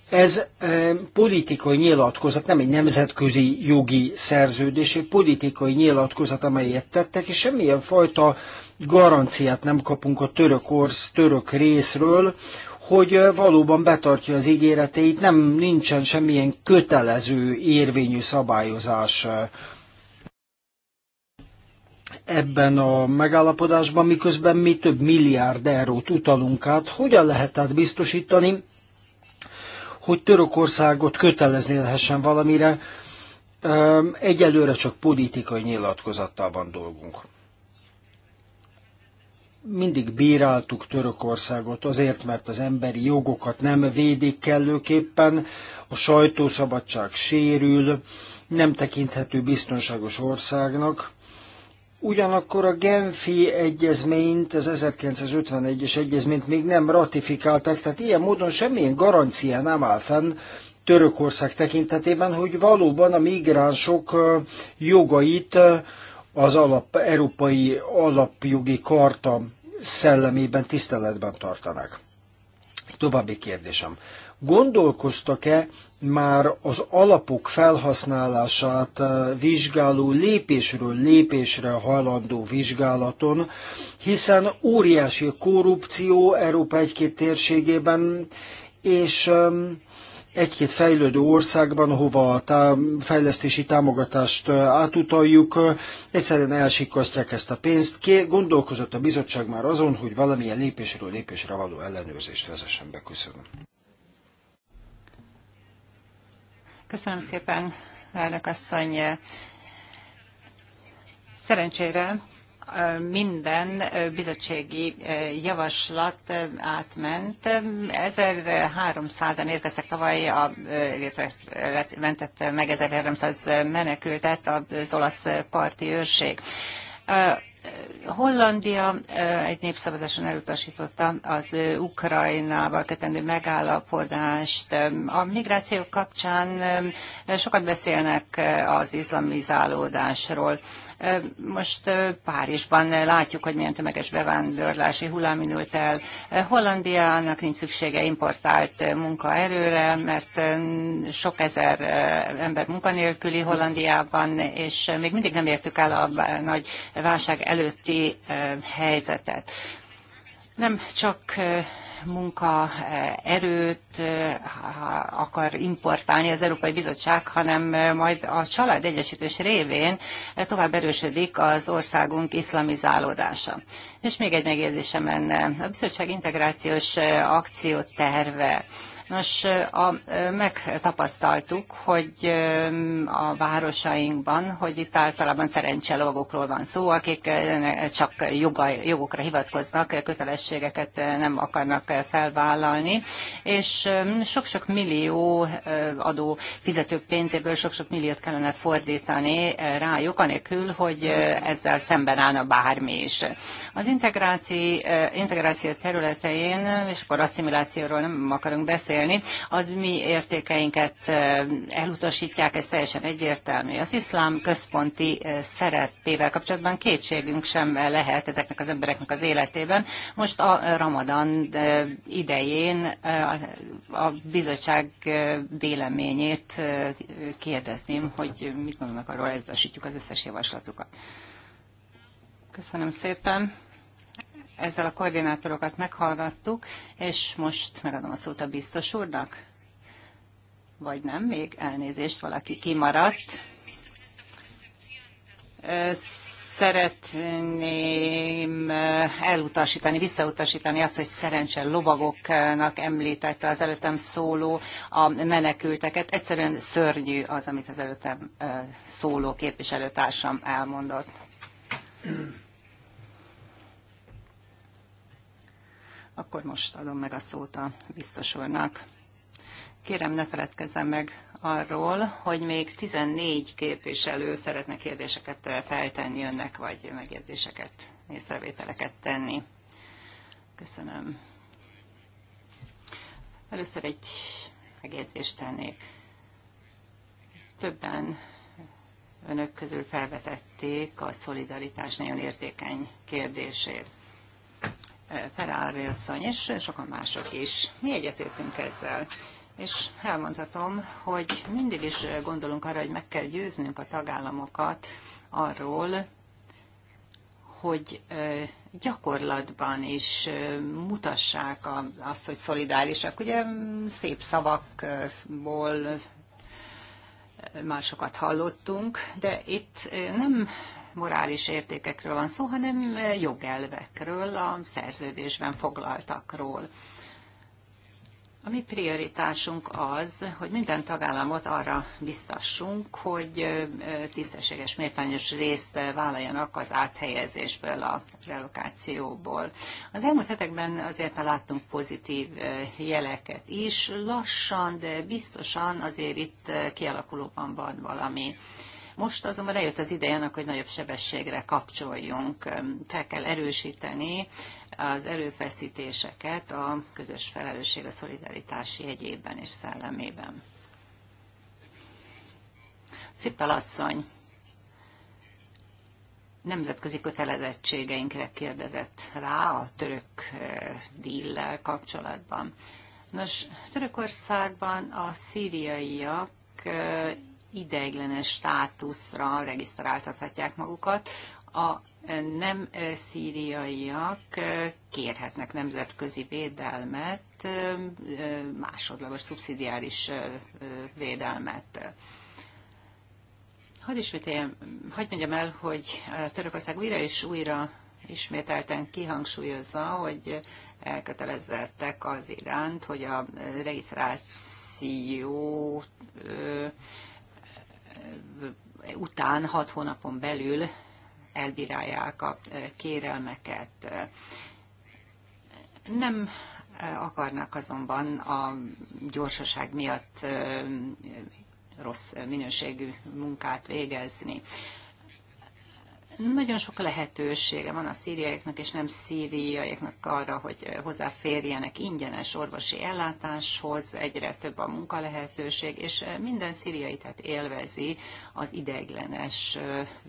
Ez eh, politikai nyilatkozat, nem egy nemzetközi jogi szerződés, egy politikai nyilatkozat, amelyet tettek, és semmilyen fajta garanciát nem kapunk a török, orsz, török részről, hogy valóban betartja az ígéreteit, nem nincsen semmilyen kötelező érvényű szabályozás ebben a megállapodásban, miközben mi több milliárd eurót utalunk át. Hogyan lehet tehát biztosítani, hogy Törökországot kötelezni lehessen valamire? Egyelőre csak politikai nyilatkozattal van dolgunk mindig bíráltuk Törökországot azért, mert az emberi jogokat nem védik kellőképpen, a sajtószabadság sérül, nem tekinthető biztonságos országnak. Ugyanakkor a Genfi egyezményt, az 1951-es egyezményt még nem ratifikálták, tehát ilyen módon semmilyen garancia nem áll fenn Törökország tekintetében, hogy valóban a migránsok jogait az alap, európai alapjogi karta szellemében tiszteletben tartanak. További kérdésem. Gondolkoztak-e már az alapok felhasználását eh, vizsgáló lépésről lépésre hajlandó vizsgálaton, hiszen óriási korrupció Európa egy-két térségében, és um, egy-két fejlődő országban, hova a tá- fejlesztési támogatást átutaljuk, egyszerűen elsikasztják ezt a pénzt. Ké- gondolkozott a bizottság már azon, hogy valamilyen lépésről lépésre való ellenőrzést vezessen be. Köszönöm. Köszönöm szépen, elnök asszony. Szerencsére minden bizottsági javaslat átment. 1300-an érkeztek tavaly, a, illetve mentett meg 1300 menekültet az olasz parti őrség. Hollandia egy népszavazáson elutasította az Ukrajnával kötendő megállapodást. A migráció kapcsán sokat beszélnek az izlamizálódásról. Most Párizsban látjuk, hogy milyen tömeges bevándorlási hullám indult el. Hollandiának nincs szüksége importált munkaerőre, mert sok ezer ember munkanélküli Hollandiában, és még mindig nem értük el a nagy válság előtti helyzetet. Nem csak munkaerőt eh, akar importálni az Európai Bizottság, hanem eh, majd a család egyesítés révén eh, tovább erősödik az országunk iszlamizálódása. És még egy megjegyzésem lenne. A bizottság integrációs terve. Nos, a, megtapasztaltuk, hogy a városainkban, hogy itt általában szerencselovagokról van szó, akik csak joga, jogokra hivatkoznak, kötelességeket nem akarnak felvállalni, és sok-sok millió adó fizetők pénzéből sok-sok milliót kellene fordítani rájuk, anélkül, hogy ezzel szemben állna bármi is. Az integráció, integráció területein, és akkor asszimilációról nem akarunk beszélni, beszélni, az mi értékeinket elutasítják, ez teljesen egyértelmű. Az iszlám központi szerepével kapcsolatban kétségünk sem lehet ezeknek az embereknek az életében. Most a Ramadan idején a bizottság véleményét kérdezném, hogy mit mondanak arról, elutasítjuk az összes javaslatukat. Köszönöm szépen ezzel a koordinátorokat meghallgattuk, és most megadom a szót a biztos úrnak. Vagy nem, még elnézést, valaki kimaradt. Szeretném elutasítani, visszautasítani azt, hogy szerencse lovagoknak említette az előttem szóló a menekülteket. Egyszerűen szörnyű az, amit az előttem szóló képviselőtársam elmondott. Akkor most adom meg a szót a biztos úrnak. Kérem, ne feledkezzen meg arról, hogy még 14 képviselő szeretne kérdéseket feltenni önnek, vagy megjegyzéseket, észrevételeket tenni. Köszönöm. Először egy megjegyzést tennék. Többen önök közül felvetették a szolidaritás nagyon érzékeny kérdését. Ferrari asszony, és sokan mások is. Mi egyetértünk ezzel. És elmondhatom, hogy mindig is gondolunk arra, hogy meg kell győznünk a tagállamokat arról, hogy gyakorlatban is mutassák azt, hogy szolidárisak. Ugye szép szavakból másokat hallottunk, de itt nem morális értékekről van szó, hanem jogelvekről, a szerződésben foglaltakról. A mi prioritásunk az, hogy minden tagállamot arra biztassunk, hogy tisztességes méltányos részt vállaljanak az áthelyezésből, a relokációból. Az elmúlt hetekben azért már láttunk pozitív jeleket is. Lassan, de biztosan azért itt kialakulóban van valami. Most azonban eljött az ideje annak, hogy nagyobb sebességre kapcsoljunk. Fel kell erősíteni az erőfeszítéseket a közös felelősség, a szolidaritás jegyében és szellemében. Szippel asszony, nemzetközi kötelezettségeinkre kérdezett rá a török díllel kapcsolatban. Nos, Törökországban a szíriaiak ideiglenes státuszra regisztráltathatják magukat. A nem szíriaiak kérhetnek nemzetközi védelmet, másodlagos szubszidiáris védelmet. Hadd ismételjem, hagyd mondjam el, hogy Törökország újra és újra ismételten kihangsúlyozza, hogy elkötelezettek az iránt, hogy a regisztráció után, hat hónapon belül elbírálják a e, kérelmeket. E, nem e, akarnak azonban a gyorsaság miatt rossz minőségű munkát végezni. Nagyon sok lehetősége van a szíriaiaknak és nem szíriaiaknak arra, hogy hozzáférjenek ingyenes orvosi ellátáshoz, egyre több a munkalehetőség, és minden szíriai tehát élvezi az ideiglenes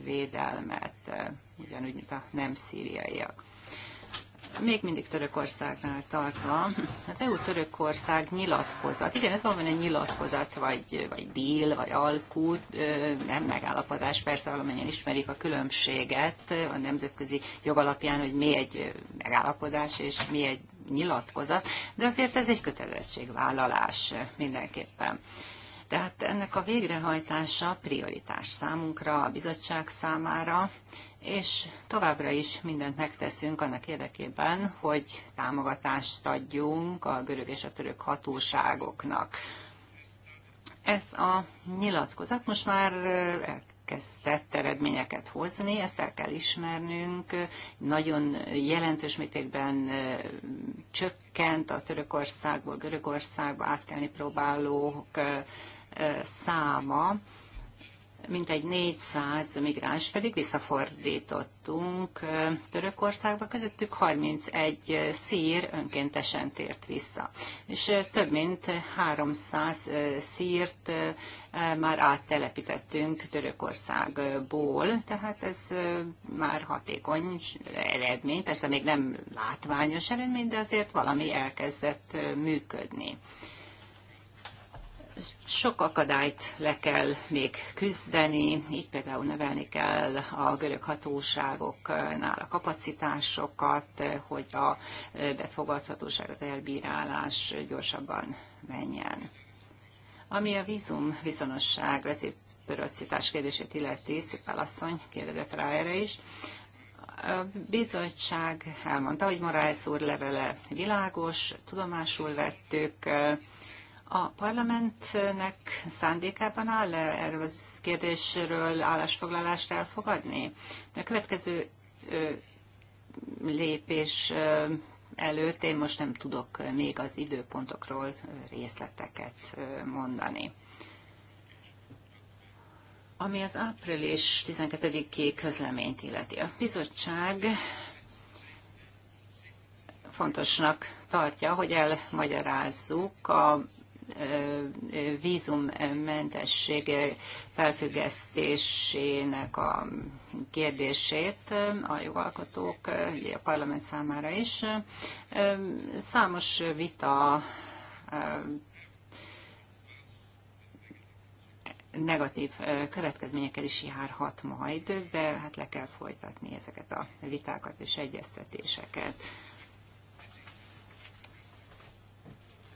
védelmet, ugyanúgy, mint a nem szíriaiak még mindig Törökországnál tartva, az EU-Törökország nyilatkozat, igen, ez valami egy nyilatkozat, vagy, vagy díl, vagy alkú, nem megállapodás, persze valamennyien ismerik a különbséget a nemzetközi jogalapján, hogy mi egy megállapodás és mi egy nyilatkozat, de azért ez egy kötelezettségvállalás mindenképpen. Tehát ennek a végrehajtása prioritás számunkra, a bizottság számára, és továbbra is mindent megteszünk annak érdekében, hogy támogatást adjunk a görög és a török hatóságoknak. Ez a nyilatkozat most már elkezdett eredményeket hozni, ezt el kell ismernünk. Nagyon jelentős mértékben csökkent a Törökországból Görögországba átkelni próbálók száma mintegy 400 migráns pedig visszafordítottunk Törökországba, közöttük 31 szír önkéntesen tért vissza. És több mint 300 szírt már áttelepítettünk Törökországból, tehát ez már hatékony eredmény, persze még nem látványos eredmény, de azért valami elkezdett működni. Sok akadályt le kell még küzdeni, így például növelni kell a görög hatóságoknál a kapacitásokat, hogy a befogadhatóság, az elbírálás gyorsabban menjen. Ami a vízum viszonosság reciprocitás kérdését illeti, Szipál asszony kérdezett rá erre is, a bizottság elmondta, hogy Morales úr levele világos, tudomásul vettük, a parlamentnek szándékában áll -e erről a kérdésről állásfoglalást elfogadni? A következő lépés előtt én most nem tudok még az időpontokról részleteket mondani. Ami az április 12-i közleményt illeti. A bizottság fontosnak tartja, hogy elmagyarázzuk a vízummentesség felfüggesztésének a kérdését a jogalkotók, a parlament számára is. Számos vita negatív következményekkel is járhat majd, de hát le kell folytatni ezeket a vitákat és egyeztetéseket.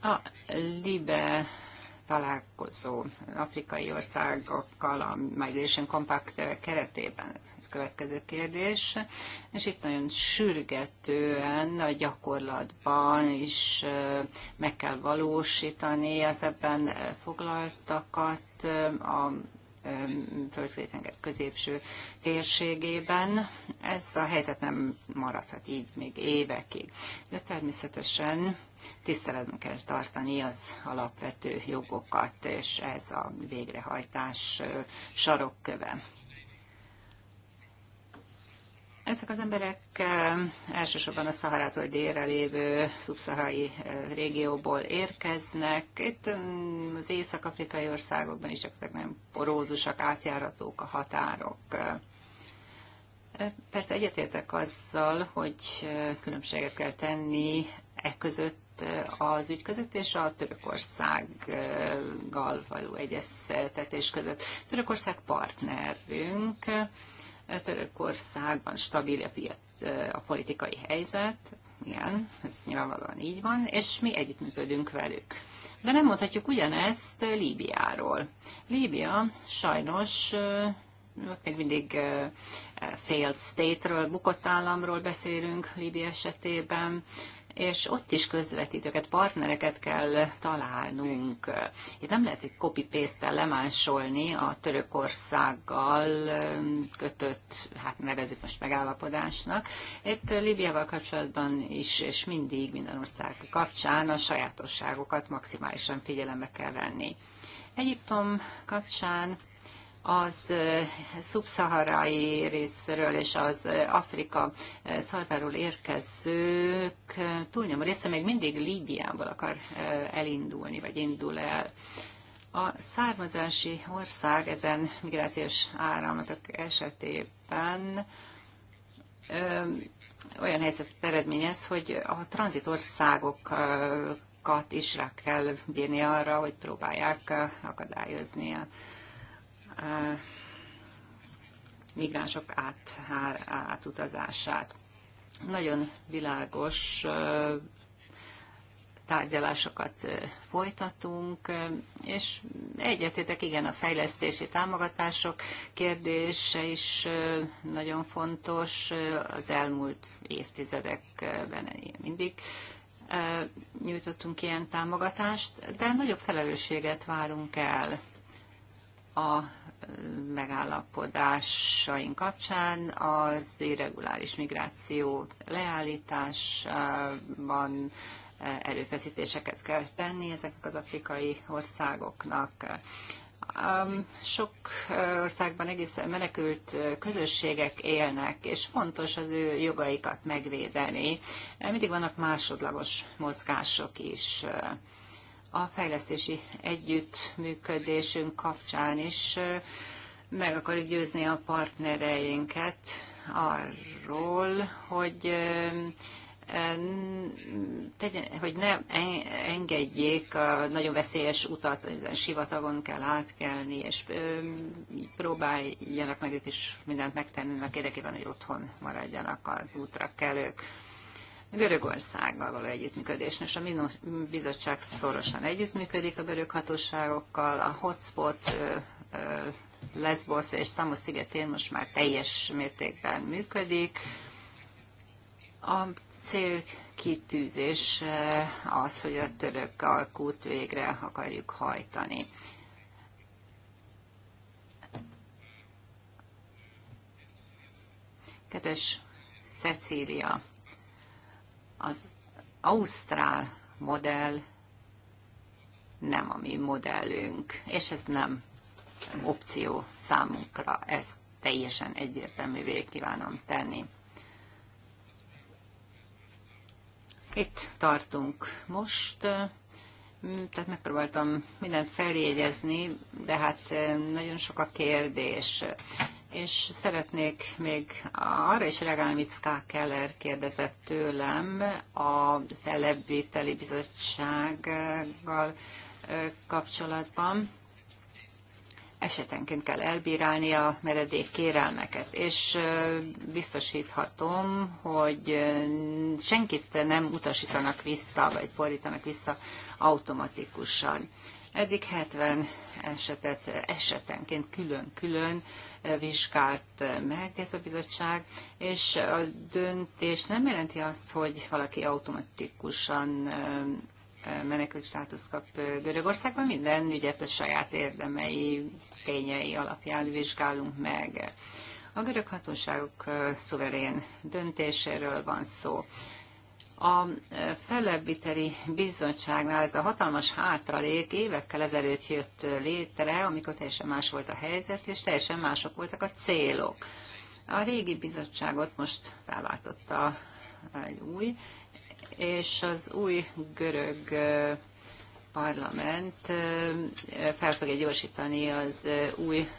A LIBE találkozó afrikai országokkal a Migration Compact keretében? Ez a következő kérdés. És itt nagyon sürgetően a gyakorlatban is meg kell valósítani az ebben foglaltakat a földféltenger középső térségében. Ez a helyzet nem maradhat így még évekig. De természetesen tiszteletben kell tartani az alapvető jogokat, és ez a végrehajtás sarokköve. Ezek az emberek eh, elsősorban a Szaharától délre lévő szubszaharai eh, régióból érkeznek. Itt mm, az észak-afrikai országokban is csak nem porózusak, átjáratók a határok. Eh, persze egyetértek azzal, hogy különbséget kell tenni e között az ügy között és a Törökországgal való egyeztetés között. Törökország partnerünk, Törökországban stabil a, piac, a politikai helyzet, igen, ez nyilvánvalóan így van, és mi együttműködünk velük. De nem mondhatjuk ugyanezt Líbiáról. Líbia sajnos ott még mindig failed state-ről, bukott államról beszélünk Líbia esetében és ott is közvetítőket, partnereket kell találnunk. Itt nem lehet egy copy-paste-tel lemásolni a Törökországgal um, kötött, hát nevezük most megállapodásnak. Itt Líbiával kapcsolatban is, és mindig minden ország kapcsán a sajátosságokat maximálisan figyelembe kell venni. Egyiptom kapcsán az szubszaharai részről és az Afrika szarváról érkezők túlnyomó része még mindig Líbiából akar elindulni, vagy indul el. A származási ország ezen migrációs áramlatok esetében olyan helyzet eredményez, hogy a tranzitországokat is rá kell bírni arra, hogy próbálják akadályozni a migránsok át, átutazását. Nagyon világos tárgyalásokat folytatunk, és egyetétek, igen, a fejlesztési támogatások kérdése is nagyon fontos. Az elmúlt évtizedekben mindig nyújtottunk ilyen támogatást, de nagyobb felelősséget várunk el a megállapodásaink kapcsán az irreguláris migráció leállításban erőfeszítéseket kell tenni ezeknek az afrikai országoknak. Sok országban egészen menekült közösségek élnek, és fontos az ő jogaikat megvédeni. Mindig vannak másodlagos mozgások is a fejlesztési együttműködésünk kapcsán is meg akarjuk győzni a partnereinket arról, hogy hogy ne engedjék a nagyon veszélyes utat, a sivatagon kell átkelni, és próbáljanak meg ők is mindent megtenni, mert érdekében, hogy otthon maradjanak az útra kellők. Görögországgal való együttműködés, és a bizottság szorosan együttműködik a görög hatóságokkal, a hotspot Lesbos és Samos szigetén most már teljes mértékben működik. A cél kitűzés az, hogy a török alkút végre akarjuk hajtani. Kedves Cecília, az Ausztrál modell nem a mi modellünk, és ez nem opció számunkra, ezt teljesen egyértelművé kívánom tenni. Itt tartunk most, tehát megpróbáltam mindent feljegyezni, de hát eh, nagyon sok a kérdés és szeretnék még arra is reagálni, amit Ská Keller kérdezett tőlem a Televételi Bizottsággal kapcsolatban. Esetenként kell elbírálni a meredék kérelmeket, és biztosíthatom, hogy senkit nem utasítanak vissza, vagy fordítanak vissza automatikusan. Eddig 70 esetet esetenként külön-külön eh, vizsgált eh, meg ez a bizottság, és a döntés nem jelenti azt, hogy valaki automatikusan eh, menekült státusz kap Görögországban, minden ügyet a saját érdemei, tényei alapján vizsgálunk meg. A görög hatóságok szuverén döntéséről van szó. A e, fellebbiteli bizottságnál ez a hatalmas hátralék évekkel ezelőtt jött e, létre, amikor teljesen más volt a helyzet, és teljesen mások voltak a célok. A régi bizottságot most felváltotta egy új, és az új görög e, Parlament fel fogja gyorsítani az új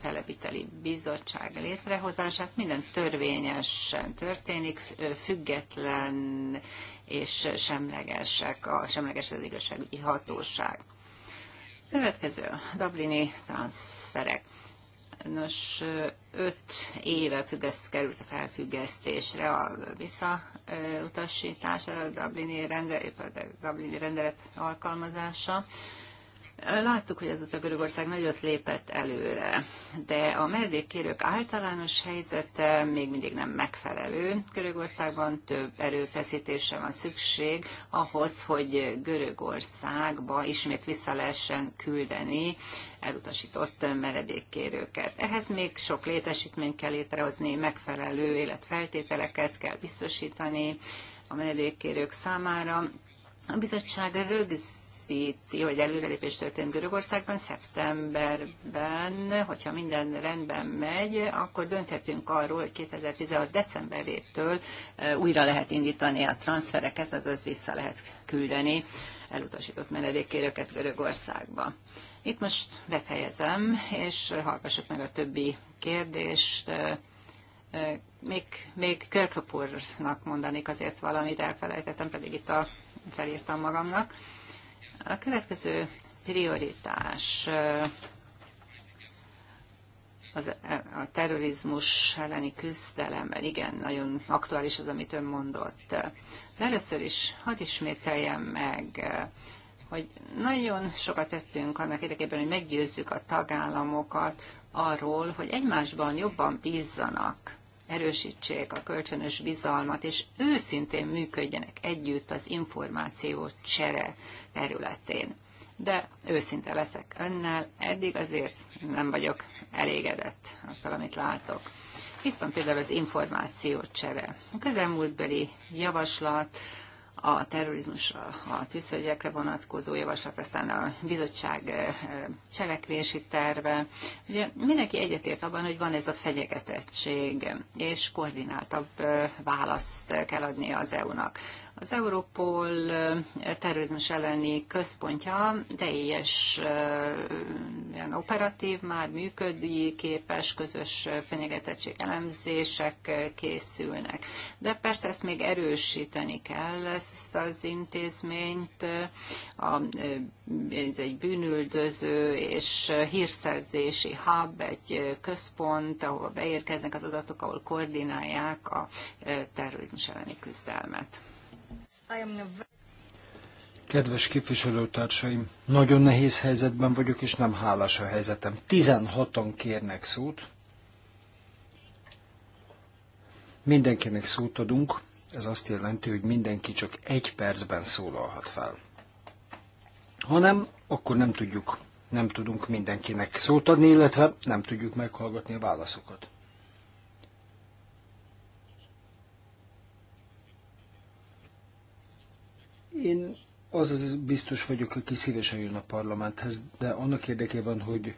felepíteli bizottság létrehozását. Minden törvényesen történik, független és semlegesek, a semleges az igazságügyi hatóság. Következő, a Dublini transferek. Nos, öt éve függesz, került a felfüggesztésre a visszautasítás, a Dublini, rendelet, a Dublini rendelet alkalmazása. Láttuk, hogy ezúttal Görögország nagyot lépett előre, de a merdékkérők általános helyzete még mindig nem megfelelő. Görögországban több erőfeszítésre van szükség ahhoz, hogy Görögországba ismét vissza lehessen küldeni elutasított meredékkérőket. Ehhez még sok létesítményt kell létrehozni, megfelelő életfeltételeket kell biztosítani a meredékkérők számára. A bizottság rögz előkészíti, hogy előrelépés történt Görögországban szeptemberben, hogyha minden rendben megy, akkor dönthetünk arról, hogy 2016 decemberétől e, újra lehet indítani a transfereket, azaz vissza lehet küldeni elutasított menedékkérőket Görögországba. Itt most befejezem, és hallgassuk meg a többi kérdést. E, e, még, még Körköp mondanék azért valamit, elfelejtettem, pedig itt a, felírtam magamnak. A következő prioritás az, a terrorizmus elleni küzdelemben. Igen, nagyon aktuális az, amit ön mondott. De először is hadd ismételjem meg, hogy nagyon sokat tettünk annak érdekében, hogy meggyőzzük a tagállamokat arról, hogy egymásban jobban bízzanak erősítsék a kölcsönös bizalmat, és őszintén működjenek együtt az információ csere területén. De őszinte leszek önnel, eddig azért nem vagyok elégedett attól, amit látok. Itt van például az információcsere. A közelmúltbeli javaslat a terrorizmusra, a tűzfegyekre vonatkozó javaslat, aztán a bizottság cselekvési terve. Ugye mindenki egyetért abban, hogy van ez a fenyegetettség, és koordináltabb választ kell adni az EU-nak. Az Európol terrorizmus elleni központja teljes ilyen operatív, már működő képes közös fenyegetettség elemzések készülnek. De persze ezt még erősíteni kell, ezt az intézményt. A, ez egy bűnüldöző és hírszerzési hub, egy központ, ahova beérkeznek az adatok, ahol koordinálják a terrorizmus elleni küzdelmet. Kedves képviselőtársaim, nagyon nehéz helyzetben vagyok, és nem hálás a helyzetem. 16-an kérnek szót. Mindenkinek szót adunk, ez azt jelenti, hogy mindenki csak egy percben szólalhat fel. Ha nem, akkor nem tudjuk, nem tudunk mindenkinek szót adni, illetve nem tudjuk meghallgatni a válaszokat. Én az, az biztos vagyok, aki szívesen jön a parlamenthez, de annak érdekében, hogy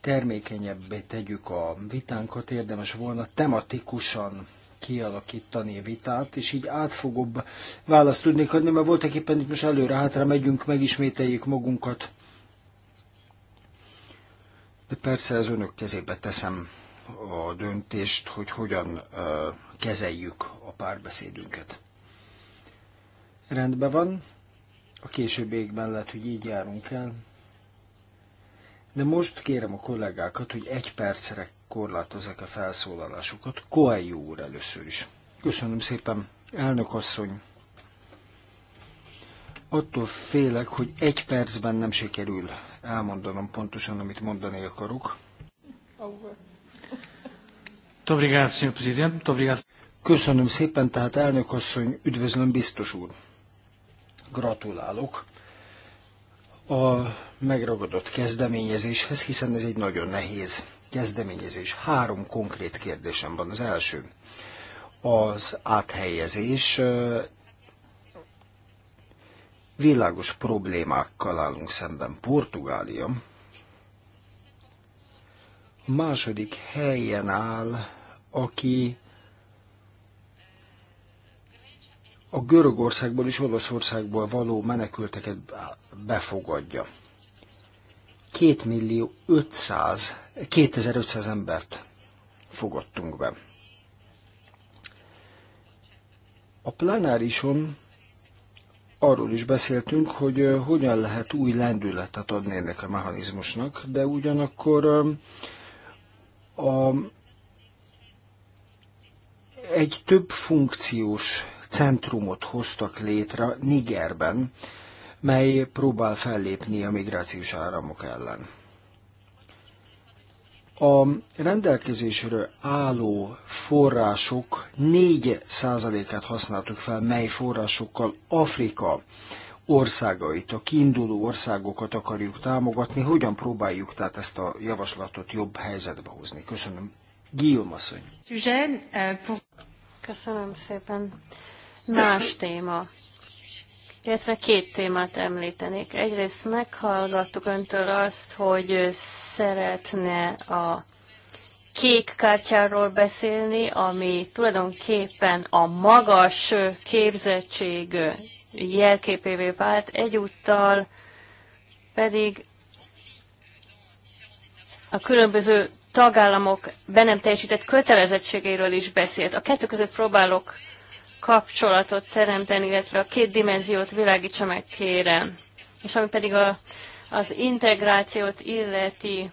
termékenyebbé tegyük a vitánkat, érdemes volna tematikusan kialakítani a vitát, és így átfogóbb választ tudnék adni, mert voltak éppen itt most előre-hátra megyünk, megismételjük magunkat. De persze az önök kezébe teszem a döntést, hogy hogyan kezeljük a párbeszédünket. Rendben van, a későbbiekben lehet, hogy így járunk el. De most kérem a kollégákat, hogy egy percre korlátozzák a felszólalásukat. Koei úr először is. Köszönöm szépen, elnök asszony. Attól félek, hogy egy percben nem sikerül elmondanom pontosan, amit mondani akarok. Köszönöm szépen, tehát elnök asszony, üdvözlöm biztos úr. Gratulálok a megragadott kezdeményezéshez, hiszen ez egy nagyon nehéz kezdeményezés. Három konkrét kérdésem van. Az első, az áthelyezés világos problémákkal állunk szemben. Portugália második helyen áll, aki a Görögországból és Olaszországból való menekülteket befogadja. 2 millió 500, 2500 embert fogadtunk be. A plenárison arról is beszéltünk, hogy hogyan lehet új lendületet adni ennek a mechanizmusnak, de ugyanakkor a, egy több funkciós centrumot hoztak létre Nigerben, mely próbál fellépni a migrációs áramok ellen. A rendelkezésre álló források 4%-át használtuk fel, mely forrásokkal Afrika országait, a kiinduló országokat akarjuk támogatni, hogyan próbáljuk tehát ezt a javaslatot jobb helyzetbe hozni. Köszönöm. Guillaume asszony. Euh, Köszönöm szépen más téma. Illetve két témát említenék. Egyrészt meghallgattuk öntől azt, hogy Ő szeretne a kék kártyáról beszélni, ami tulajdonképpen a magas képzettség jelképévé vált, egyúttal pedig a különböző tagállamok be nem teljesített kötelezettségéről is beszélt. A kettő között próbálok kapcsolatot teremteni, illetve a két dimenziót világítsa meg kérem. És ami pedig a, az integrációt illeti,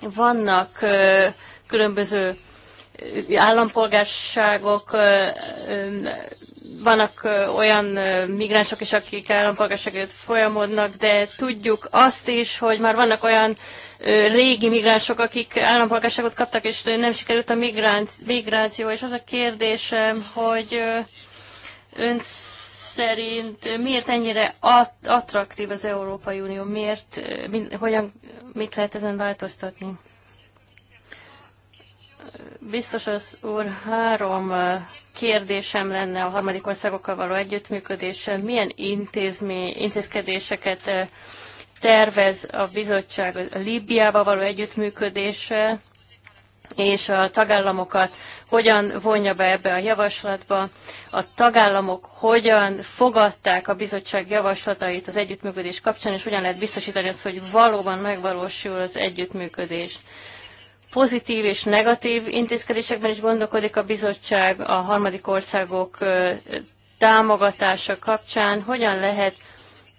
vannak ö, különböző állampolgárságok, vannak olyan migránsok is, akik állampolgárságot folyamodnak, de tudjuk azt is, hogy már vannak olyan régi migránsok, akik állampolgárságot kaptak, és nem sikerült a migráció. És az a kérdésem, hogy ön szerint miért ennyire attraktív az Európai Unió? Miért, hogyan, mit lehet ezen változtatni? Biztos az úr, három kérdésem lenne a harmadik országokkal való együttműködéssel. Milyen intézmény, intézkedéseket tervez a bizottság a Líbiával való együttműködéssel, és a tagállamokat hogyan vonja be ebbe a javaslatba, a tagállamok hogyan fogadták a bizottság javaslatait az együttműködés kapcsán, és hogyan lehet biztosítani azt, hogy valóban megvalósul az együttműködés pozitív és negatív intézkedésekben is gondolkodik a bizottság a harmadik országok támogatása kapcsán, hogyan lehet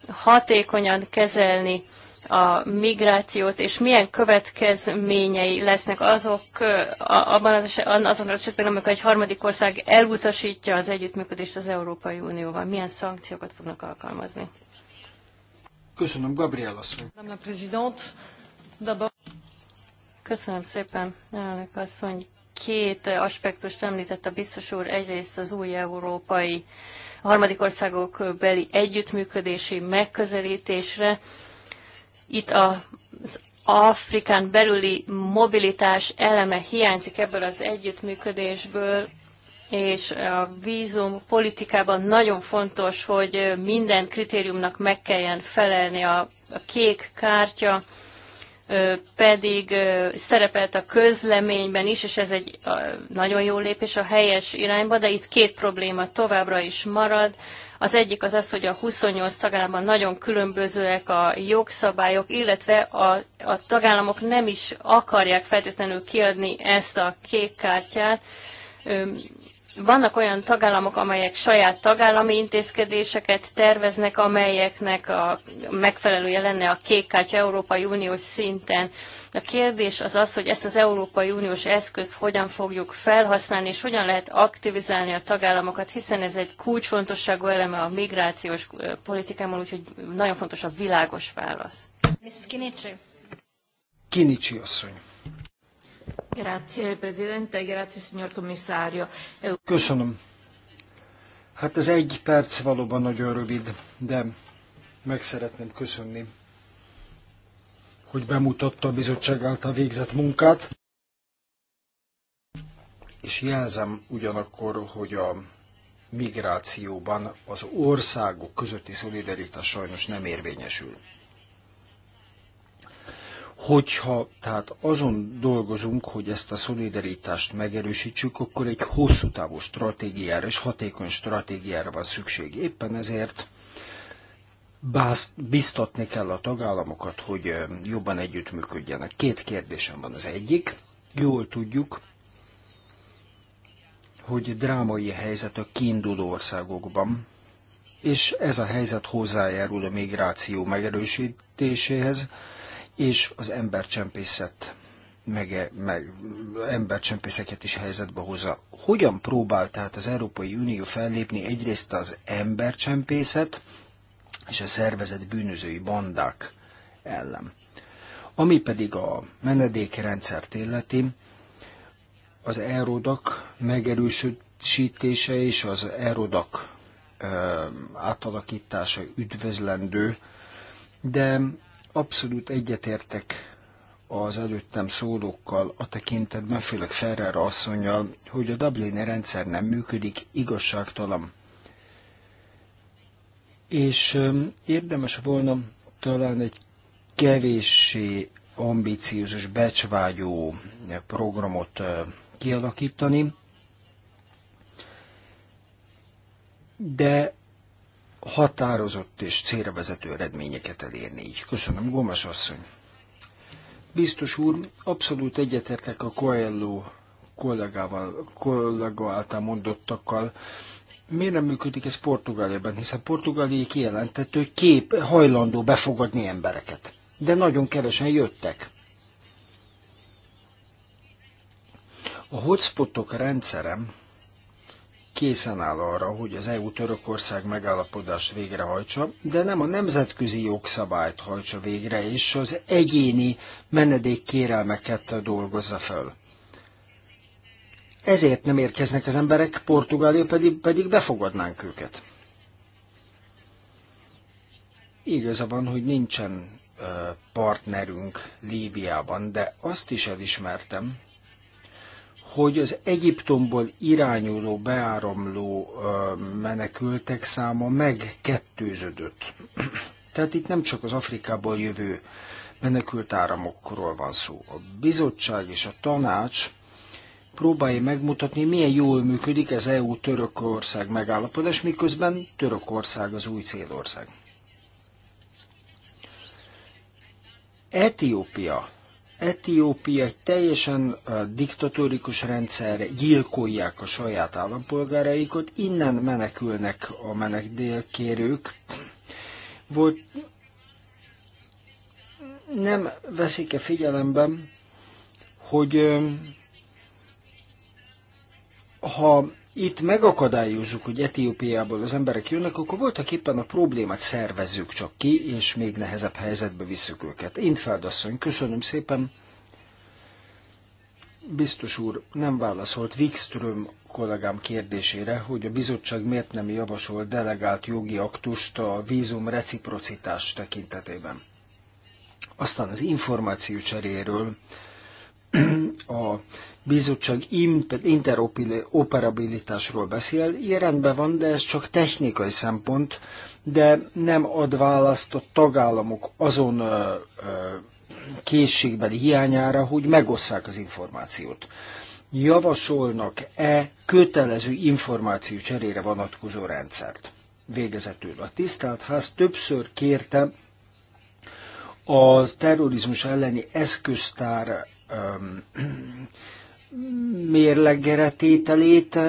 hatékonyan kezelni a migrációt, és milyen következményei lesznek azok, abban az esetben, azon az esetben, amikor egy harmadik ország elutasítja az együttműködést az Európai Unióval. Milyen szankciókat fognak alkalmazni? Köszönöm, Gabriel asszony. Köszönöm szépen, elnök asszony. Két aspektust említett a biztos úr. Egyrészt az új európai a harmadik országok beli együttműködési megközelítésre. Itt az Afrikán belüli mobilitás eleme hiányzik ebből az együttműködésből, és a vízum politikában nagyon fontos, hogy minden kritériumnak meg kelljen felelni a, a kék kártya, pedig szerepelt a közleményben is, és ez egy nagyon jó lépés a helyes irányba, de itt két probléma továbbra is marad. Az egyik az az, hogy a 28 tagállamban nagyon különbözőek a jogszabályok, illetve a, a tagállamok nem is akarják feltétlenül kiadni ezt a kék kártyát vannak olyan tagállamok, amelyek saját tagállami intézkedéseket terveznek, amelyeknek a megfelelője lenne a kék kártya Európai Uniós szinten. A kérdés az az, hogy ezt az Európai Uniós eszközt hogyan fogjuk felhasználni, és hogyan lehet aktivizálni a tagállamokat, hiszen ez egy kulcsfontosságú eleme a migrációs politikában, úgyhogy nagyon fontos a világos válasz. Kinicsi asszony. Köszönöm. Hát ez egy perc valóban nagyon rövid, de meg szeretném köszönni, hogy bemutatta a bizottság által végzett munkát, és jelzem ugyanakkor, hogy a migrációban az országok közötti szolidaritás sajnos nem érvényesül. Hogyha tehát azon dolgozunk, hogy ezt a szolidaritást megerősítsük, akkor egy hosszú távú stratégiára és hatékony stratégiára van szükség. Éppen ezért biztatni kell a tagállamokat, hogy jobban együttműködjenek. Két kérdésem van az egyik. Jól tudjuk, hogy drámai helyzet a kiinduló országokban, és ez a helyzet hozzájárul a migráció megerősítéséhez, és az embercsempészet meg, meg embercsempészeket is helyzetbe hozza. Hogyan próbál tehát az Európai Unió fellépni egyrészt az embercsempészet és a szervezet bűnözői bandák ellen? Ami pedig a menedékrendszert illeti, az erodak megerősítése és az erodak átalakítása üdvözlendő, de Abszolút egyetértek az előttem szólókkal a tekintetben, főleg Ferrer asszonyjal, hogy a Dublini rendszer nem működik, igazságtalan. És érdemes volna talán egy kevéssé ambíciózus, becsvágyó programot kialakítani, de határozott és célvezető eredményeket elérni így. Köszönöm, Gomes asszony. Biztos úr, abszolút egyetértek a Coelho kollégával, kollega által mondottakkal. Miért nem működik ez Portugáliában? Hiszen portugáliai kijelentett, hogy kép hajlandó befogadni embereket. De nagyon kevesen jöttek. A hotspotok rendszerem készen áll arra, hogy az EU-Törökország megállapodást végrehajtsa, de nem a nemzetközi jogszabályt hajtsa végre, és az egyéni menedékkérelmeket dolgozza föl. Ezért nem érkeznek az emberek, Portugália pedig, pedig befogadnánk őket. van, hogy nincsen partnerünk Líbiában, de azt is elismertem, hogy az Egyiptomból irányuló, beáramló menekültek száma megkettőződött. Tehát itt nem csak az Afrikából jövő menekült áramokról van szó. A bizottság és a tanács próbálja megmutatni, milyen jól működik az EU-Törökország megállapodás, miközben Törökország az új célország. Etiópia Etiópia egy teljesen diktatórikus rendszer, gyilkolják a saját állampolgáraikat, innen menekülnek a menekdélkérők. Volt, nem veszik-e figyelemben, hogy ha itt megakadályozunk, hogy Etiópiából az emberek jönnek, akkor voltak éppen a problémát szervezzük csak ki, és még nehezebb helyzetbe visszük őket. Én feldasszony, köszönöm szépen. Biztos úr nem válaszolt Wikström kollégám kérdésére, hogy a bizottság miért nem javasolt delegált jogi aktust a vízum reciprocitás tekintetében. Aztán az információ cseréről a bizottság interoperabilitásról beszél, ilyen rendben van, de ez csak technikai szempont, de nem ad választ a tagállamok azon ö, ö, készségbeli hiányára, hogy megosszák az információt. Javasolnak-e kötelező információ cserére vonatkozó rendszert? Végezetül a tisztelt ház többször kérte a terrorizmus elleni eszköztár öm, mérlegre tételét,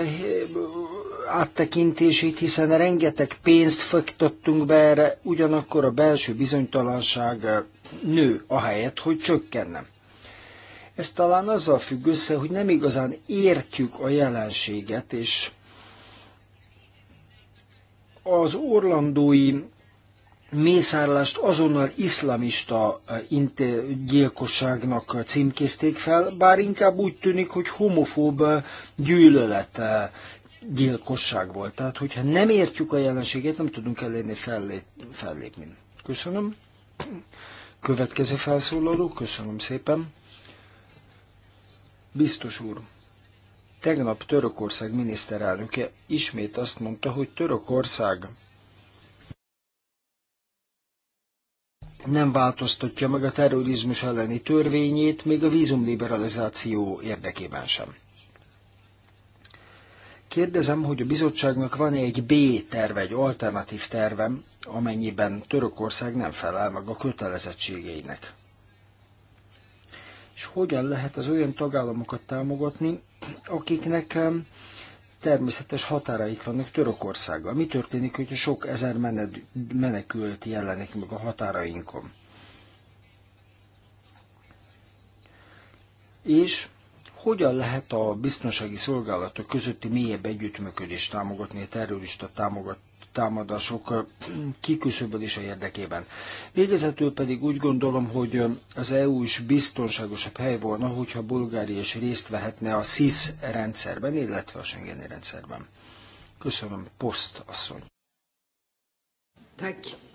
áttekintését, hiszen rengeteg pénzt fektettünk be erre, ugyanakkor a belső bizonytalanság nő, ahelyett, hogy csökkenne. Ez talán azzal függ össze, hogy nem igazán értjük a jelenséget, és az orlandói mészárlást azonnal iszlamista eh, gyilkosságnak eh, címkézték fel, bár inkább úgy tűnik, hogy homofób eh, gyűlölet gyilkosság volt. Tehát, hogyha nem értjük a jelenséget, nem tudunk elérni fellé- fellépni. Köszönöm. Következő felszólaló, köszönöm szépen. Biztos úr, tegnap Törökország miniszterelnöke ismét azt mondta, hogy Törökország nem változtatja meg a terrorizmus elleni törvényét, még a vízumliberalizáció érdekében sem. Kérdezem, hogy a bizottságnak van-e egy B terve, egy alternatív tervem, amennyiben Törökország nem felel meg a kötelezettségeinek? És hogyan lehet az olyan tagállamokat támogatni, akiknek természetes határaik vannak Törökországgal. Mi történik, hogyha sok ezer menekült jelenik meg a határainkon? És hogyan lehet a biztonsági szolgálatok közötti mélyebb együttműködést támogatni a terrorista támogat, támadások kiküszöbölése érdekében. Végezetül pedig úgy gondolom, hogy az EU is biztonságosabb hely volna, hogyha Bulgária is részt vehetne a SIS rendszerben, illetve a Schengeni rendszerben. Köszönöm, Poszt asszony.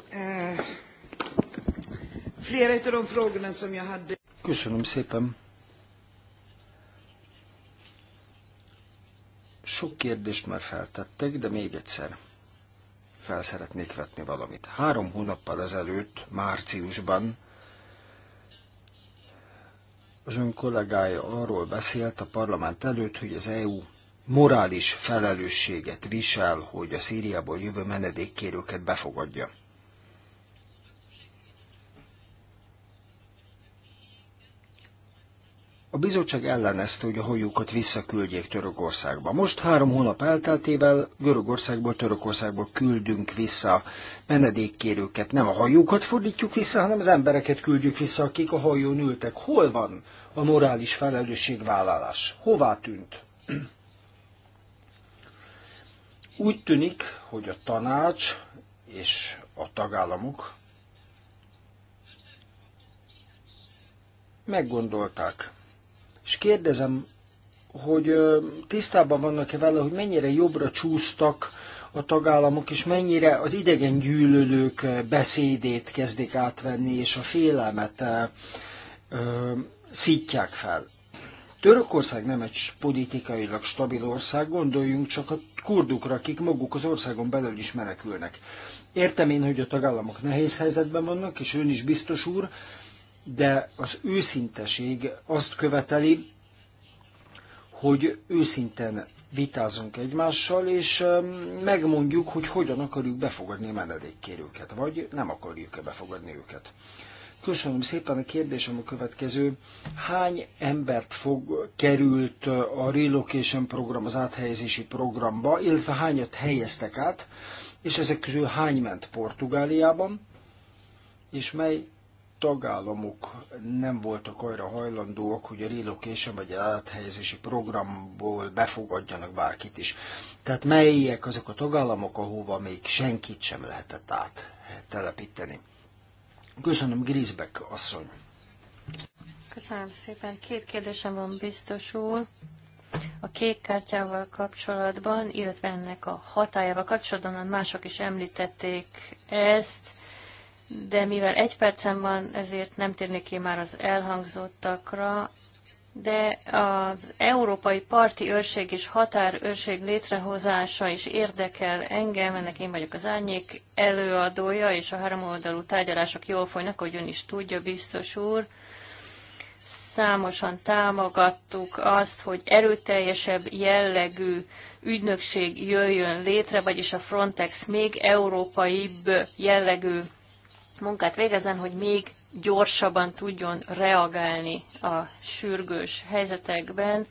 Eh, Köszönöm szépen. Sok kérdést már feltettek, de még egyszer fel szeretnék vetni valamit. Három hónappal ezelőtt, márciusban az ön kollégája arról beszélt a parlament előtt, hogy az EU morális felelősséget visel, hogy a Szíriából jövő menedékkérőket befogadja. A bizottság ellenezte, hogy a hajókat visszaküldjék Törökországba. Most három hónap elteltével Görögországból, Törökországból küldünk vissza menedékkérőket. Nem a hajókat fordítjuk vissza, hanem az embereket küldjük vissza, akik a hajón ültek. Hol van a morális felelősségvállalás? Hová tűnt? Úgy tűnik, hogy a tanács és a tagállamok meggondolták és kérdezem, hogy tisztában vannak-e vele, hogy mennyire jobbra csúsztak a tagállamok, és mennyire az idegen gyűlölők beszédét kezdik átvenni, és a félelmet szítják fel. Törökország nem egy politikailag stabil ország, gondoljunk csak a kurdukra, akik maguk az országon belül is menekülnek. Értem én, hogy a tagállamok nehéz helyzetben vannak, és ön is biztos úr, de az őszinteség azt követeli, hogy őszinten vitázunk egymással, és megmondjuk, hogy hogyan akarjuk befogadni a menedékkérőket, vagy nem akarjuk-e befogadni őket. Köszönöm szépen a kérdésem a következő. Hány embert fog került a relocation program, az áthelyezési programba, illetve hányat helyeztek át, és ezek közül hány ment Portugáliában, és mely tagállamok nem voltak arra hajlandóak, hogy a relocation vagy áthelyezési programból befogadjanak bárkit is. Tehát melyek azok a tagállamok, ahova még senkit sem lehetett áttelepíteni. Köszönöm, Grisbeck asszony. Köszönöm szépen. Két kérdésem van biztos úr. A kék kártyával kapcsolatban, illetve ennek a hatájával kapcsolatban mások is említették ezt de mivel egy percem van, ezért nem térnék ki már az elhangzottakra, de az Európai Parti Őrség és Határőrség létrehozása is érdekel engem, ennek én vagyok az árnyék előadója, és a háromoldalú tárgyalások jól folynak, hogy ön is tudja, biztos úr. Számosan támogattuk azt, hogy erőteljesebb jellegű ügynökség jöjjön létre, vagyis a Frontex még európaibb jellegű munkát végezzen, hogy még gyorsabban tudjon reagálni a sürgős helyzetekben.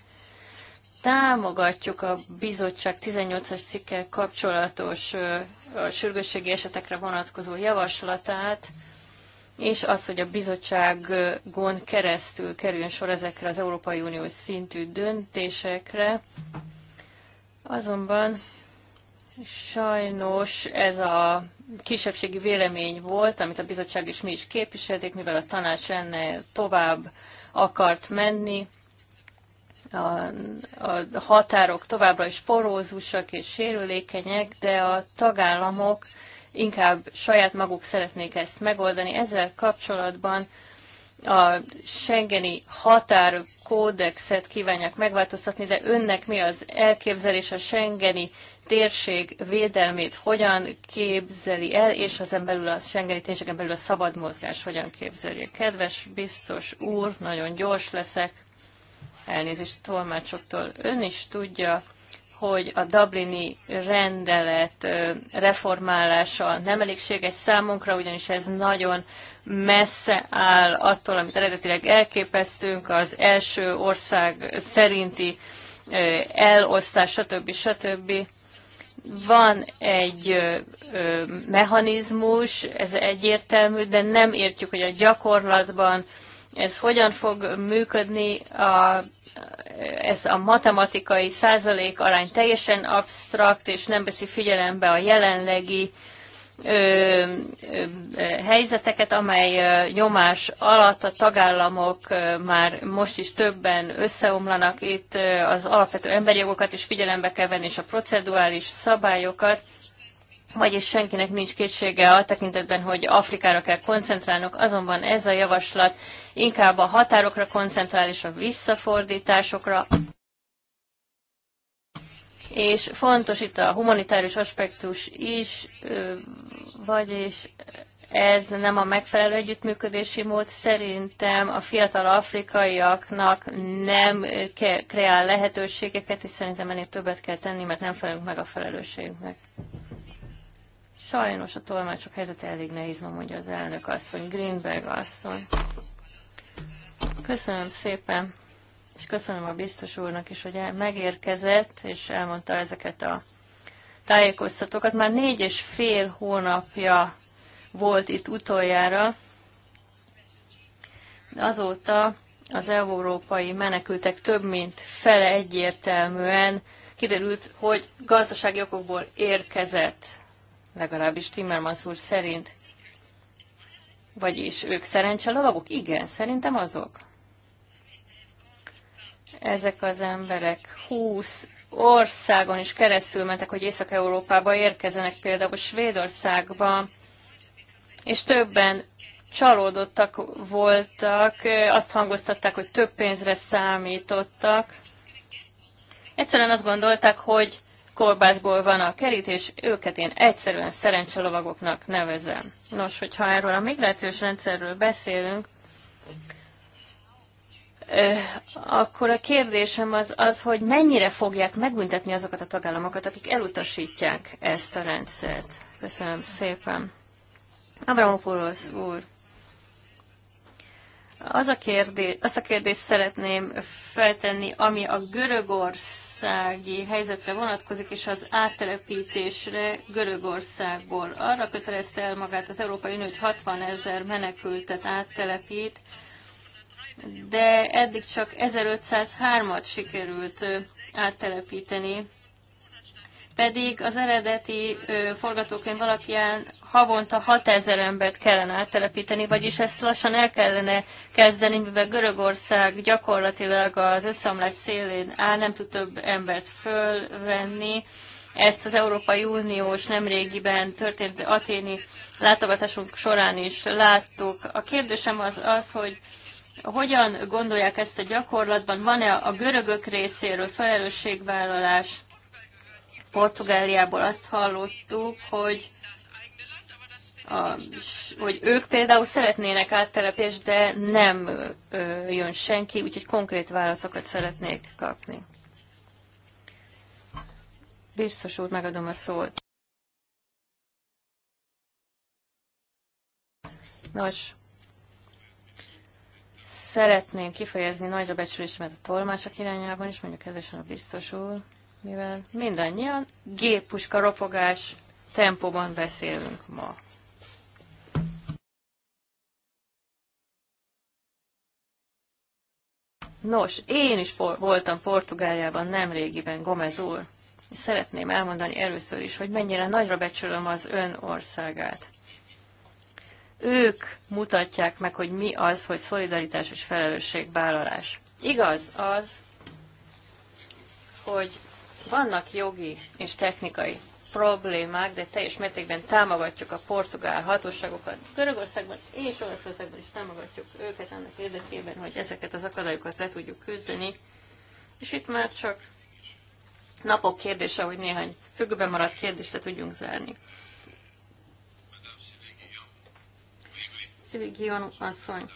Támogatjuk a bizottság 18-as cikkel kapcsolatos a sürgősségi esetekre vonatkozó javaslatát, és az, hogy a bizottság bizottságon keresztül kerüljön sor ezekre az Európai Unió szintű döntésekre. Azonban sajnos ez a kisebbségi vélemény volt, amit a bizottság is mi is képviselték, mivel a tanács lenne tovább akart menni, a, a határok továbbra is porózusak és sérülékenyek, de a tagállamok inkább saját maguk szeretnék ezt megoldani. Ezzel kapcsolatban a Schengeni határkódexet kívánják megváltoztatni, de önnek mi az elképzelés a Schengeni térség védelmét hogyan képzeli el, és ezen belül a Schengeni térségen belül a szabad mozgás hogyan képzeli. Kedves biztos úr, nagyon gyors leszek, elnézést tolmácsoktól. Ön is tudja, hogy a Dublini rendelet reformálása nem elégséges számunkra, ugyanis ez nagyon messze áll attól, amit eredetileg elképeztünk, az első ország szerinti elosztás, stb. stb van egy mechanizmus, ez egyértelmű, de nem értjük, hogy a gyakorlatban ez hogyan fog működni, a, ez a matematikai százalék arány teljesen absztrakt, és nem veszi figyelembe a jelenlegi uh, helyzeteket, amely nyomás alatt a tagállamok már most is többen összeomlanak. Itt az alapvető emberi jogokat is figyelembe kell venni, és a proceduális szabályokat. Vagyis senkinek nincs kétsége a tekintetben, hogy Afrikára kell koncentrálnunk, azonban ez a javaslat inkább a határokra koncentrál és a visszafordításokra és fontos itt a humanitárius aspektus is, vagyis ez nem a megfelelő együttműködési mód. Szerintem a fiatal afrikaiaknak nem kreál lehetőségeket, és szerintem ennél többet kell tenni, mert nem felelünk meg a felelősségünknek. Sajnos a tolmácsok helyzete elég nehéz, mondja az elnök asszony, Greenberg asszony. Köszönöm szépen és köszönöm a biztos úrnak is, hogy megérkezett, és elmondta ezeket a tájékoztatókat. Már négy és fél hónapja volt itt utoljára, de azóta az európai menekültek több mint fele egyértelműen kiderült, hogy gazdasági okokból érkezett, legalábbis Timmermans úr szerint. Vagyis ők szerencselovagok? Igen, szerintem azok. Ezek az emberek 20 országon is keresztül mentek, hogy Észak-Európába érkezenek, például Svédországba, és többen csalódottak voltak, azt hangoztatták, hogy több pénzre számítottak. Egyszerűen azt gondolták, hogy korbászból van a kerítés, őket én egyszerűen szerencselovagoknak nevezem. Nos, hogyha erről a migrációs rendszerről beszélünk, akkor a kérdésem az, az, hogy mennyire fogják megbüntetni azokat a tagállamokat, akik elutasítják ezt a rendszert. Köszönöm szépen. Abramopoulos úr. Az a kérdés, azt a kérdést szeretném feltenni, ami a görögországi helyzetre vonatkozik, és az áttelepítésre Görögországból. Arra kötelezte el magát az Európai Unió, hogy 60 ezer menekültet áttelepít, de eddig csak 1503-at sikerült áttelepíteni, pedig az eredeti forgatókönyv alapján havonta 6000 embert kellene áttelepíteni, vagyis ezt lassan el kellene kezdeni, mivel Görögország gyakorlatilag az összeomlás szélén áll, nem tud több embert fölvenni. Ezt az Európai Uniós nemrégiben történt aténi látogatásunk során is láttuk. A kérdésem az az, hogy hogyan gondolják ezt a gyakorlatban? Van-e a görögök részéről felelősségvállalás? Portugáliából azt hallottuk, hogy a, hogy ők például szeretnének áttelepést, de nem ö, jön senki, úgyhogy konkrét válaszokat szeretnék kapni. Biztos úr, megadom a szót. Nos, szeretném kifejezni nagyra becsülésemet a tolmácsok irányában is, mondjuk kedvesen a biztos úr, mivel mindannyian géppuska ropogás tempóban beszélünk ma. Nos, én is por- voltam Portugáliában nemrégiben, Gomez úr. Szeretném elmondani először is, hogy mennyire nagyra becsülöm az ön országát ők mutatják meg, hogy mi az, hogy szolidaritás és felelősségvállalás. Igaz az, hogy vannak jogi és technikai problémák, de teljes mértékben támogatjuk a portugál hatóságokat. Görögországban és Olaszországban is támogatjuk őket annak érdekében, hogy ezeket az akadályokat le tudjuk küzdeni. És itt már csak napok kérdése, hogy néhány függőben maradt kérdést le tudjunk zárni. Szüvi asszony,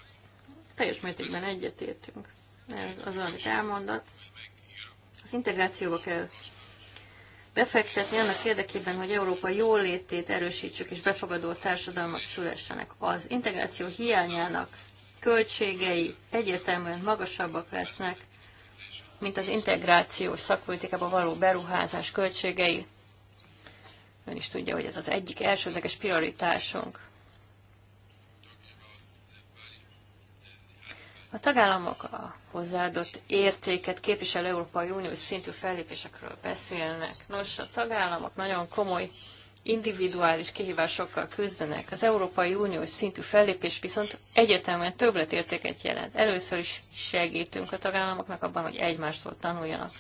teljes mértékben egyetértünk. Az, amit elmondott, az integrációba kell befektetni annak érdekében, hogy Európa jól létét erősítsük és befogadó társadalmak szülessenek. Az integráció hiányának költségei egyértelműen magasabbak lesznek, mint az integrációs szakpolitikába való beruházás költségei. Ön is tudja, hogy ez az egyik elsődleges prioritásunk. A tagállamok a hozzáadott értéket képviselő Európai Unió szintű fellépésekről beszélnek. Nos, a tagállamok nagyon komoly individuális kihívásokkal küzdenek. Az Európai Unió szintű fellépés viszont egyetemen többletértéket jelent. Először is segítünk a tagállamoknak abban, hogy egymástól tanuljanak.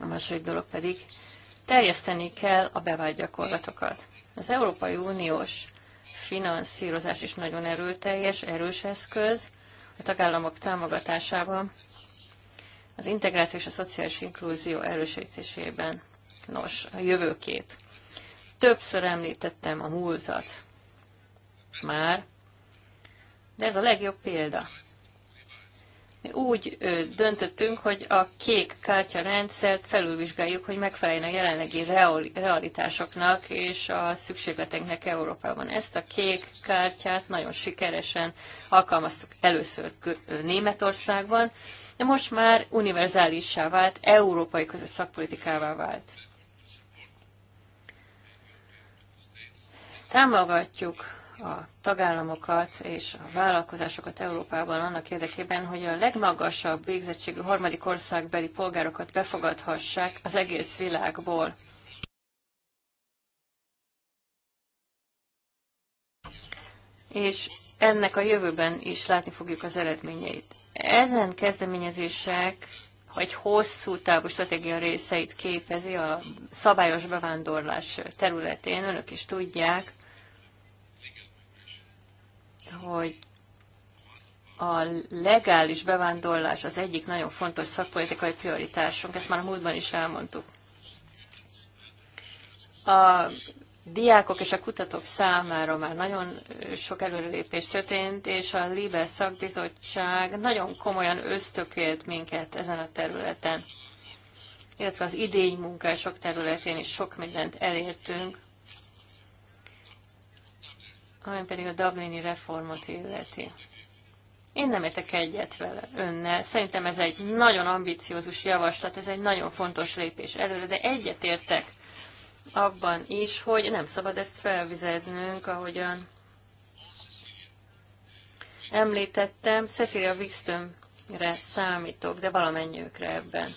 A második dolog pedig terjeszteni kell a bevált gyakorlatokat. Az Európai Uniós finanszírozás is nagyon erőteljes, erős eszköz, a tagállamok támogatásával, az integráció és a szociális inklúzió erősítésében. Nos, a jövőkép. Többször említettem a múltat már, de ez a legjobb példa úgy döntöttünk, hogy a kék kártya rendszert felülvizsgáljuk, hogy megfeleljen a jelenlegi realitásoknak és a szükségleteknek Európában. Ezt a kék kártyát nagyon sikeresen alkalmaztuk először Németországban, de most már univerzálissá vált, európai közös szakpolitikává vált. Támogatjuk a tagállamokat és a vállalkozásokat Európában annak érdekében, hogy a legmagasabb végzettségű harmadik országbeli polgárokat befogadhassák az egész világból. És ennek a jövőben is látni fogjuk az eredményeit. Ezen kezdeményezések egy hosszú távú stratégia részeit képezi a szabályos bevándorlás területén. Önök is tudják, hogy a legális bevándorlás az egyik nagyon fontos szakpolitikai prioritásunk, ezt már a múltban is elmondtuk. A diákok és a kutatók számára már nagyon sok előrelépés történt, és a LIBE szakbizottság nagyon komolyan ösztökélt minket ezen a területen, illetve az idény munkások területén is sok mindent elértünk ami pedig a Dublini reformot illeti. Én nem értek egyet vele önnel. Szerintem ez egy nagyon ambiciózus javaslat, ez egy nagyon fontos lépés előre, de egyet értek abban is, hogy nem szabad ezt felvizeznünk, ahogyan említettem, Cecilia Wigstonre számítok, de valamennyiükre ebben.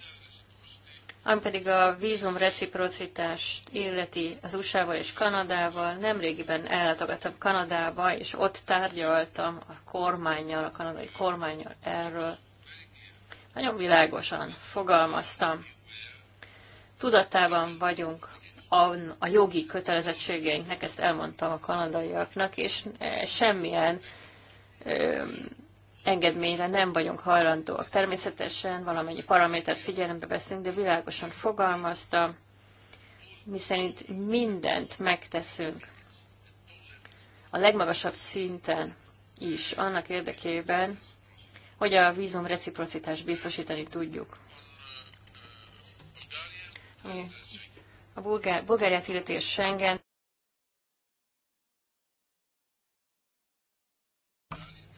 Ami pedig a vízum reciprocitást illeti az USA-val és Kanadával, nemrégiben ellátogattam Kanadába, és ott tárgyaltam a kormányjal, a kanadai kormányjal erről. Nagyon világosan fogalmaztam. Tudatában vagyunk a, a jogi kötelezettségeinknek, ezt elmondtam a kanadaiaknak, és eh, semmilyen ö, engedményre nem vagyunk hajlandóak. Természetesen valamennyi paramétert figyelembe veszünk, de világosan fogalmazta, miszerint mindent megteszünk a legmagasabb szinten is annak érdekében, hogy a vízum reciprocitást biztosítani tudjuk. a Bulgáriát illeti és Schengen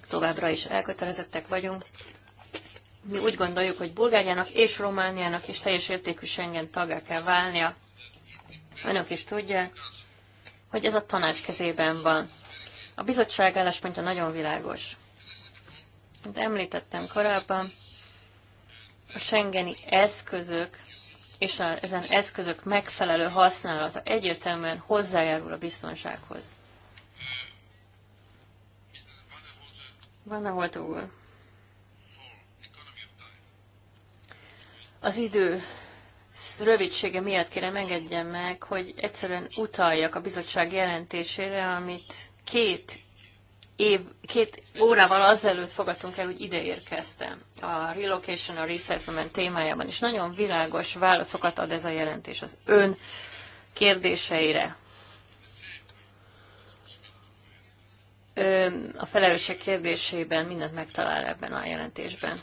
továbbra is elkötelezettek vagyunk. Mi úgy gondoljuk, hogy Bulgáriának és Romániának is teljes értékű Schengen tagá kell válnia. Önök is tudják, hogy ez a tanács kezében van. A bizottság álláspontja nagyon világos. Mint említettem korábban, a Schengeni eszközök és a, ezen eszközök megfelelő használata egyértelműen hozzájárul a biztonsághoz. Van, ahol túl. Az idő rövidsége miatt kérem engedjen meg, hogy egyszerűen utaljak a bizottság jelentésére, amit két év, két órával azelőtt fogadtunk el, hogy ide érkeztem a relocation, a resettlement témájában, és nagyon világos válaszokat ad ez a jelentés az ön kérdéseire, a felelősség kérdésében mindent megtalál ebben a jelentésben.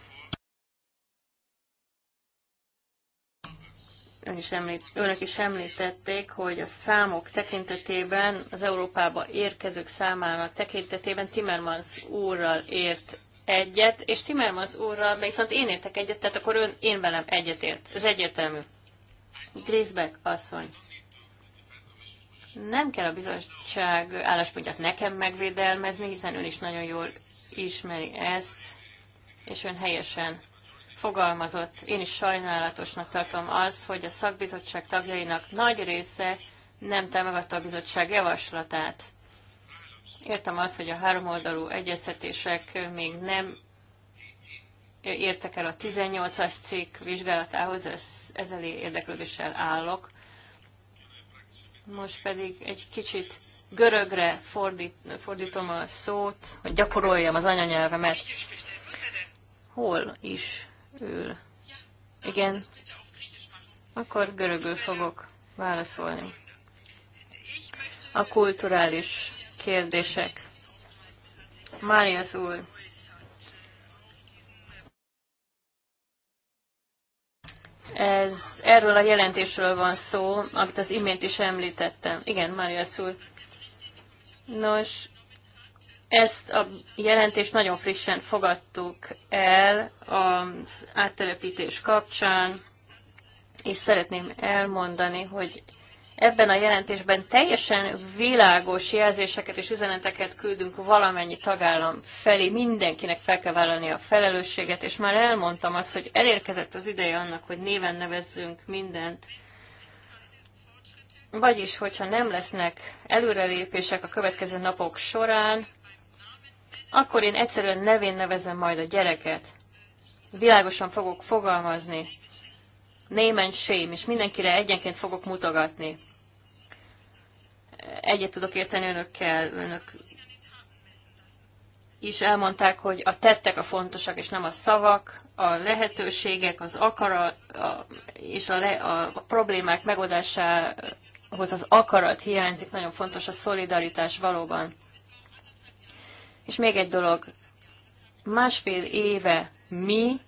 Ön is említ, önök is említették, hogy a számok tekintetében, az Európába érkezők számának tekintetében Timmermans úrral ért egyet, és Timmermans úrral viszont én értek egyet, tehát akkor ön, én velem egyet ért. Ez egyértelmű. Grisbeck asszony. Nem kell a bizottság álláspontját nekem megvédelmezni, hiszen ön is nagyon jól ismeri ezt, és ön helyesen fogalmazott. Én is sajnálatosnak tartom azt, hogy a szakbizottság tagjainak nagy része nem támogatta a bizottság javaslatát. Értem azt, hogy a háromoldalú egyeztetések még nem értek el a 18-as cikk vizsgálatához, ez, ez érdeklődéssel állok, most pedig egy kicsit görögre fordít, fordítom a szót, hogy gyakoroljam az anyanyelvemet. Hol is ül? Igen, akkor görögül fogok válaszolni. A kulturális kérdések. Márias úr Ez, erről a jelentésről van szó, amit az imént is említettem. Igen, Mária Szúr. Nos, ezt a jelentést nagyon frissen fogadtuk el az áttelepítés kapcsán, és szeretném elmondani, hogy Ebben a jelentésben teljesen világos jelzéseket és üzeneteket küldünk valamennyi tagállam felé. Mindenkinek fel kell vállalni a felelősséget, és már elmondtam azt, hogy elérkezett az ideje annak, hogy néven nevezzünk mindent. Vagyis, hogyha nem lesznek előrelépések a következő napok során, akkor én egyszerűen nevén nevezem majd a gyereket. Világosan fogok fogalmazni name shame és mindenkire egyenként fogok mutogatni. Egyet tudok érteni önökkel, önök is elmondták, hogy a tettek a fontosak, és nem a szavak, a lehetőségek, az akarat a, és a, le, a, a problémák megoldásához az akarat hiányzik, nagyon fontos a szolidaritás valóban. És még egy dolog, másfél éve mi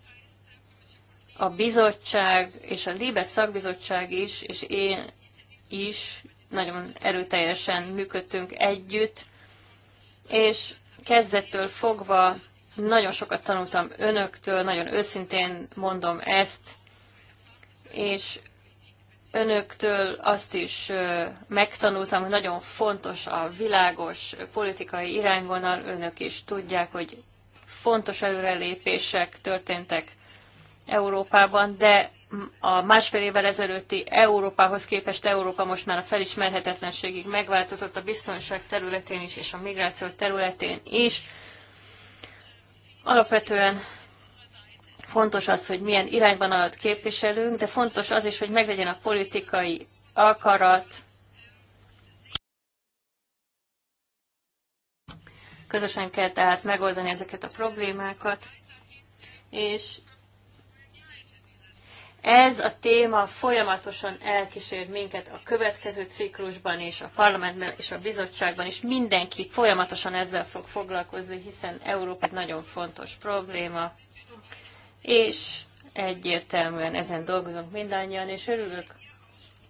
a bizottság és a Libe szakbizottság is, és én is nagyon erőteljesen működtünk együtt, és kezdettől fogva nagyon sokat tanultam önöktől, nagyon őszintén mondom ezt, és önöktől azt is megtanultam, hogy nagyon fontos a világos politikai irányvonal, önök is tudják, hogy fontos előrelépések történtek Európában, de a másfél évvel ezelőtti Európához képest Európa most már a felismerhetetlenségig megváltozott a biztonság területén is, és a migráció területén is. Alapvetően fontos az, hogy milyen irányban alatt képviselünk, de fontos az is, hogy meglegyen a politikai akarat, Közösen kell tehát megoldani ezeket a problémákat, és ez a téma folyamatosan elkísér minket a következő ciklusban és a parlamentben és a bizottságban is. Mindenki folyamatosan ezzel fog foglalkozni, hiszen Európa egy nagyon fontos probléma, és egyértelműen ezen dolgozunk mindannyian, és örülök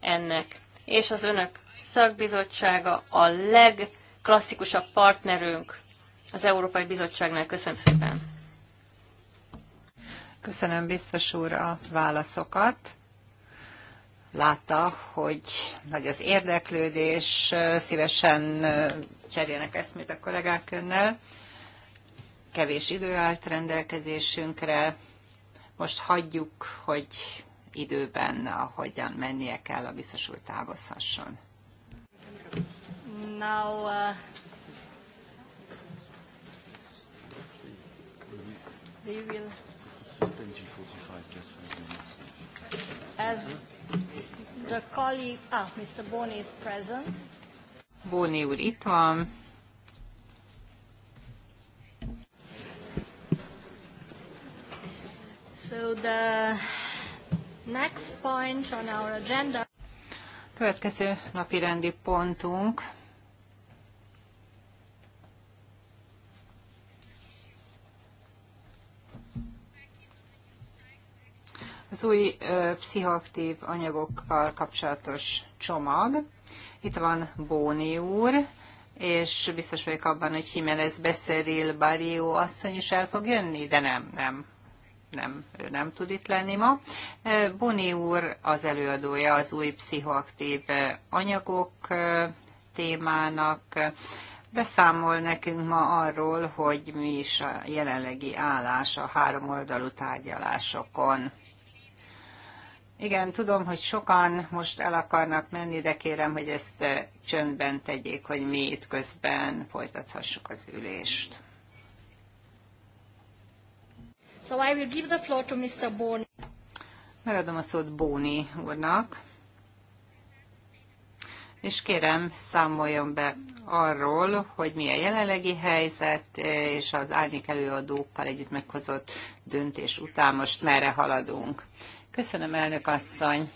ennek. És az önök szakbizottsága a legklasszikusabb partnerünk az Európai Bizottságnál. Köszönöm szépen! Köszönöm biztos úr a válaszokat. Látta, hogy nagy az érdeklődés, szívesen cserélnek eszmét a kollégák önnel. Kevés idő állt rendelkezésünkre. Most hagyjuk, hogy időben, ahogyan mennie kell, a biztos úr távozhasson. Now, uh... They will As the colleague, ah, Mr. Boni is present. Boni úr itt van. So the next point on our agenda. Következő napi rendi pontunk az új ö, pszichoaktív anyagokkal kapcsolatos csomag. Itt van Bóni úr, és biztos vagyok abban, hogy Jiménez Beszeril Barrio asszony is el fog jönni, de nem, nem, nem, ő nem tud itt lenni ma. Boni úr az előadója az új pszichoaktív anyagok témának. Beszámol nekünk ma arról, hogy mi is a jelenlegi állás a oldalú tárgyalásokon. Igen, tudom, hogy sokan most el akarnak menni, de kérem, hogy ezt eh, csöndben tegyék, hogy mi itt közben folytathassuk az ülést. So I will give the floor to Mr. Boni. Megadom a szót Bóni úrnak, és kérem, számoljon be arról, hogy mi a jelenlegi helyzet, eh, és az árnyék előadókkal együtt meghozott döntés után most merre haladunk. Köszönöm, elnök asszony.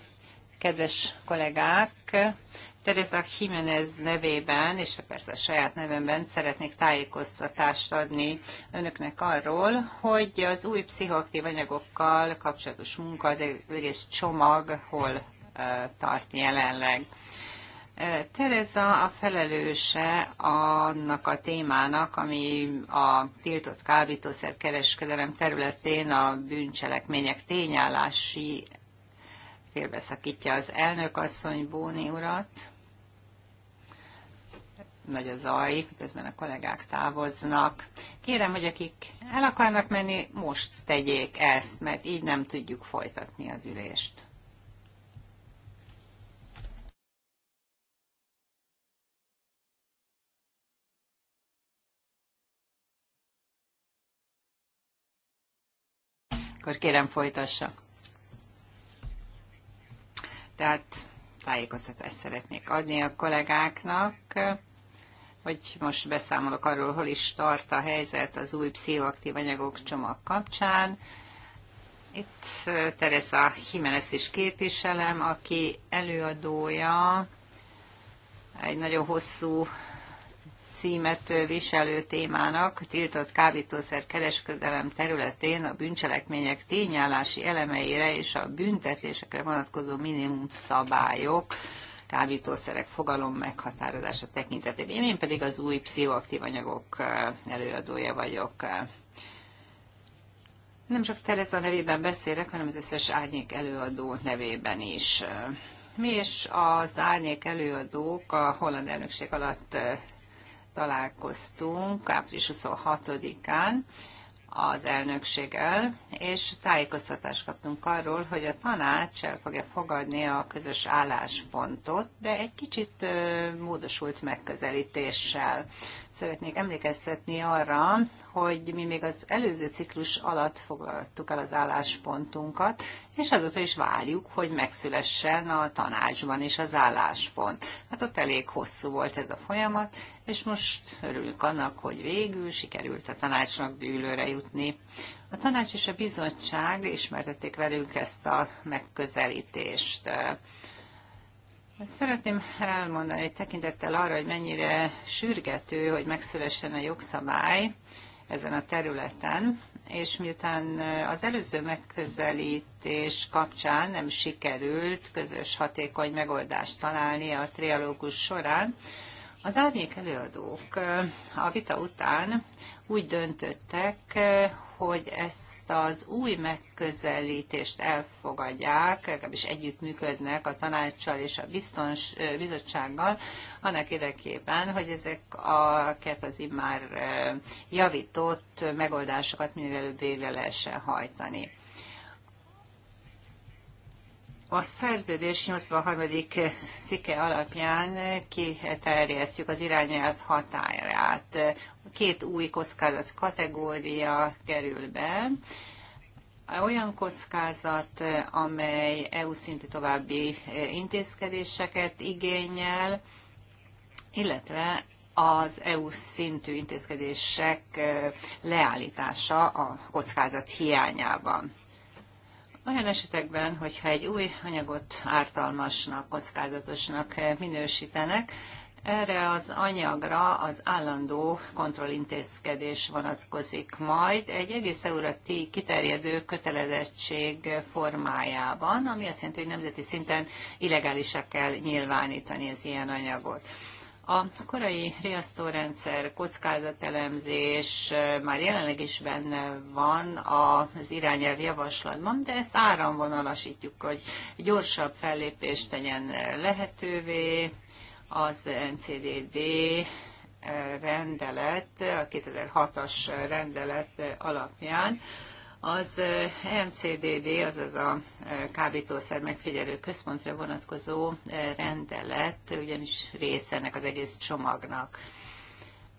Kedves kollégák, Teresa Jiménez nevében, és persze a saját nevemben szeretnék tájékoztatást adni önöknek arról, hogy az új pszichoaktív anyagokkal kapcsolatos munka, az egész csomag hol eh, tart jelenleg. Tereza a felelőse annak a témának, ami a tiltott kábítószer kereskedelem területén a bűncselekmények tényállási félbeszakítja az elnök asszony Bóni urat. Nagy a zaj, miközben a kollégák távoznak. Kérem, hogy akik el akarnak menni, most tegyék ezt, mert így nem tudjuk folytatni az ülést. Akkor kérem folytassa. Tehát tájékoztatást szeretnék adni a kollégáknak, hogy most beszámolok arról, hol is tart a helyzet az új pszichoaktív anyagok csomag kapcsán. Itt Teresa Jimenez is képviselem, aki előadója egy nagyon hosszú címet viselő témának, tiltott kábítószer kereskedelem területén a bűncselekmények tényállási elemeire és a büntetésekre vonatkozó minimum szabályok, kábítószerek fogalom meghatározása tekintetében. Én pedig az új pszichoaktív anyagok előadója vagyok. Nem csak Tereza nevében beszélek, hanem az összes árnyék előadó nevében is. Mi és az árnyék előadók a holland elnökség alatt találkoztunk április 26-án az elnökséggel, és tájékoztatást kaptunk arról, hogy a tanács el fogja fogadni a közös álláspontot, de egy kicsit módosult megközelítéssel szeretnék emlékeztetni arra, hogy mi még az előző ciklus alatt foglaltuk el az álláspontunkat, és azóta is várjuk, hogy megszülessen a tanácsban is az álláspont. Hát ott elég hosszú volt ez a folyamat, és most örülünk annak, hogy végül sikerült a tanácsnak dűlőre jutni. A tanács és a bizottság ismertették velünk ezt a megközelítést. Szeretném elmondani, egy tekintettel arra, hogy mennyire sürgető, hogy megszülessen a jogszabály ezen a területen, és miután az előző megközelítés kapcsán nem sikerült közös hatékony megoldást találni a trialógus során, az árnyék előadók a vita után úgy döntöttek, hogy ezt az új megközelítést elfogadják, legalábbis együttműködnek a tanácssal és a biztons, bizottsággal, annak érdekében, hogy ezek a az immár javított megoldásokat minél előbb végre lehessen hajtani. A szerződés 83. cikke alapján kiterjesztjük az irányelv határát. Két új kockázat kategória kerül be olyan kockázat, amely EU szintű további intézkedéseket igényel, illetve az EU szintű intézkedések leállítása a kockázat hiányában. Olyan esetekben, hogyha egy új anyagot ártalmasnak, kockázatosnak minősítenek, erre az anyagra az állandó kontrollintézkedés vonatkozik majd egy egész eurati kiterjedő kötelezettség formájában, ami azt jelenti, hogy nemzeti szinten illegálisak kell nyilvánítani az ilyen anyagot. A korai riasztórendszer, kockázatelemzés már jelenleg is benne van az irányelv javaslatban, de ezt áramvonalasítjuk, hogy gyorsabb fellépést tegyen lehetővé az NCDD rendelet, a 2006-as rendelet alapján az MCDD, azaz a kábítószer megfigyelő központra vonatkozó rendelet ugyanis része ennek az egész csomagnak.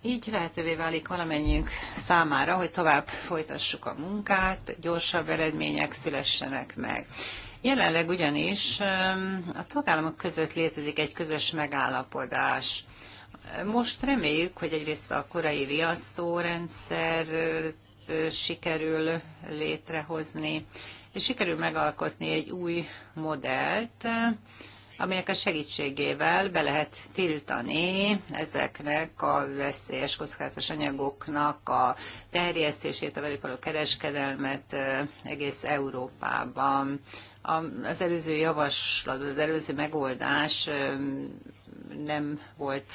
Így lehetővé válik valamennyiünk számára, hogy tovább folytassuk a munkát, gyorsabb eredmények szülessenek meg. Jelenleg ugyanis a tagállamok között létezik egy közös megállapodás. Most reméljük, hogy egyrészt a korai riasztórendszer sikerül létrehozni, és sikerül megalkotni egy új modellt, amelyek a segítségével be lehet tiltani ezeknek a veszélyes kockázatos anyagoknak a terjesztését, a velük való kereskedelmet egész Európában. Az előző javaslat, az előző megoldás nem volt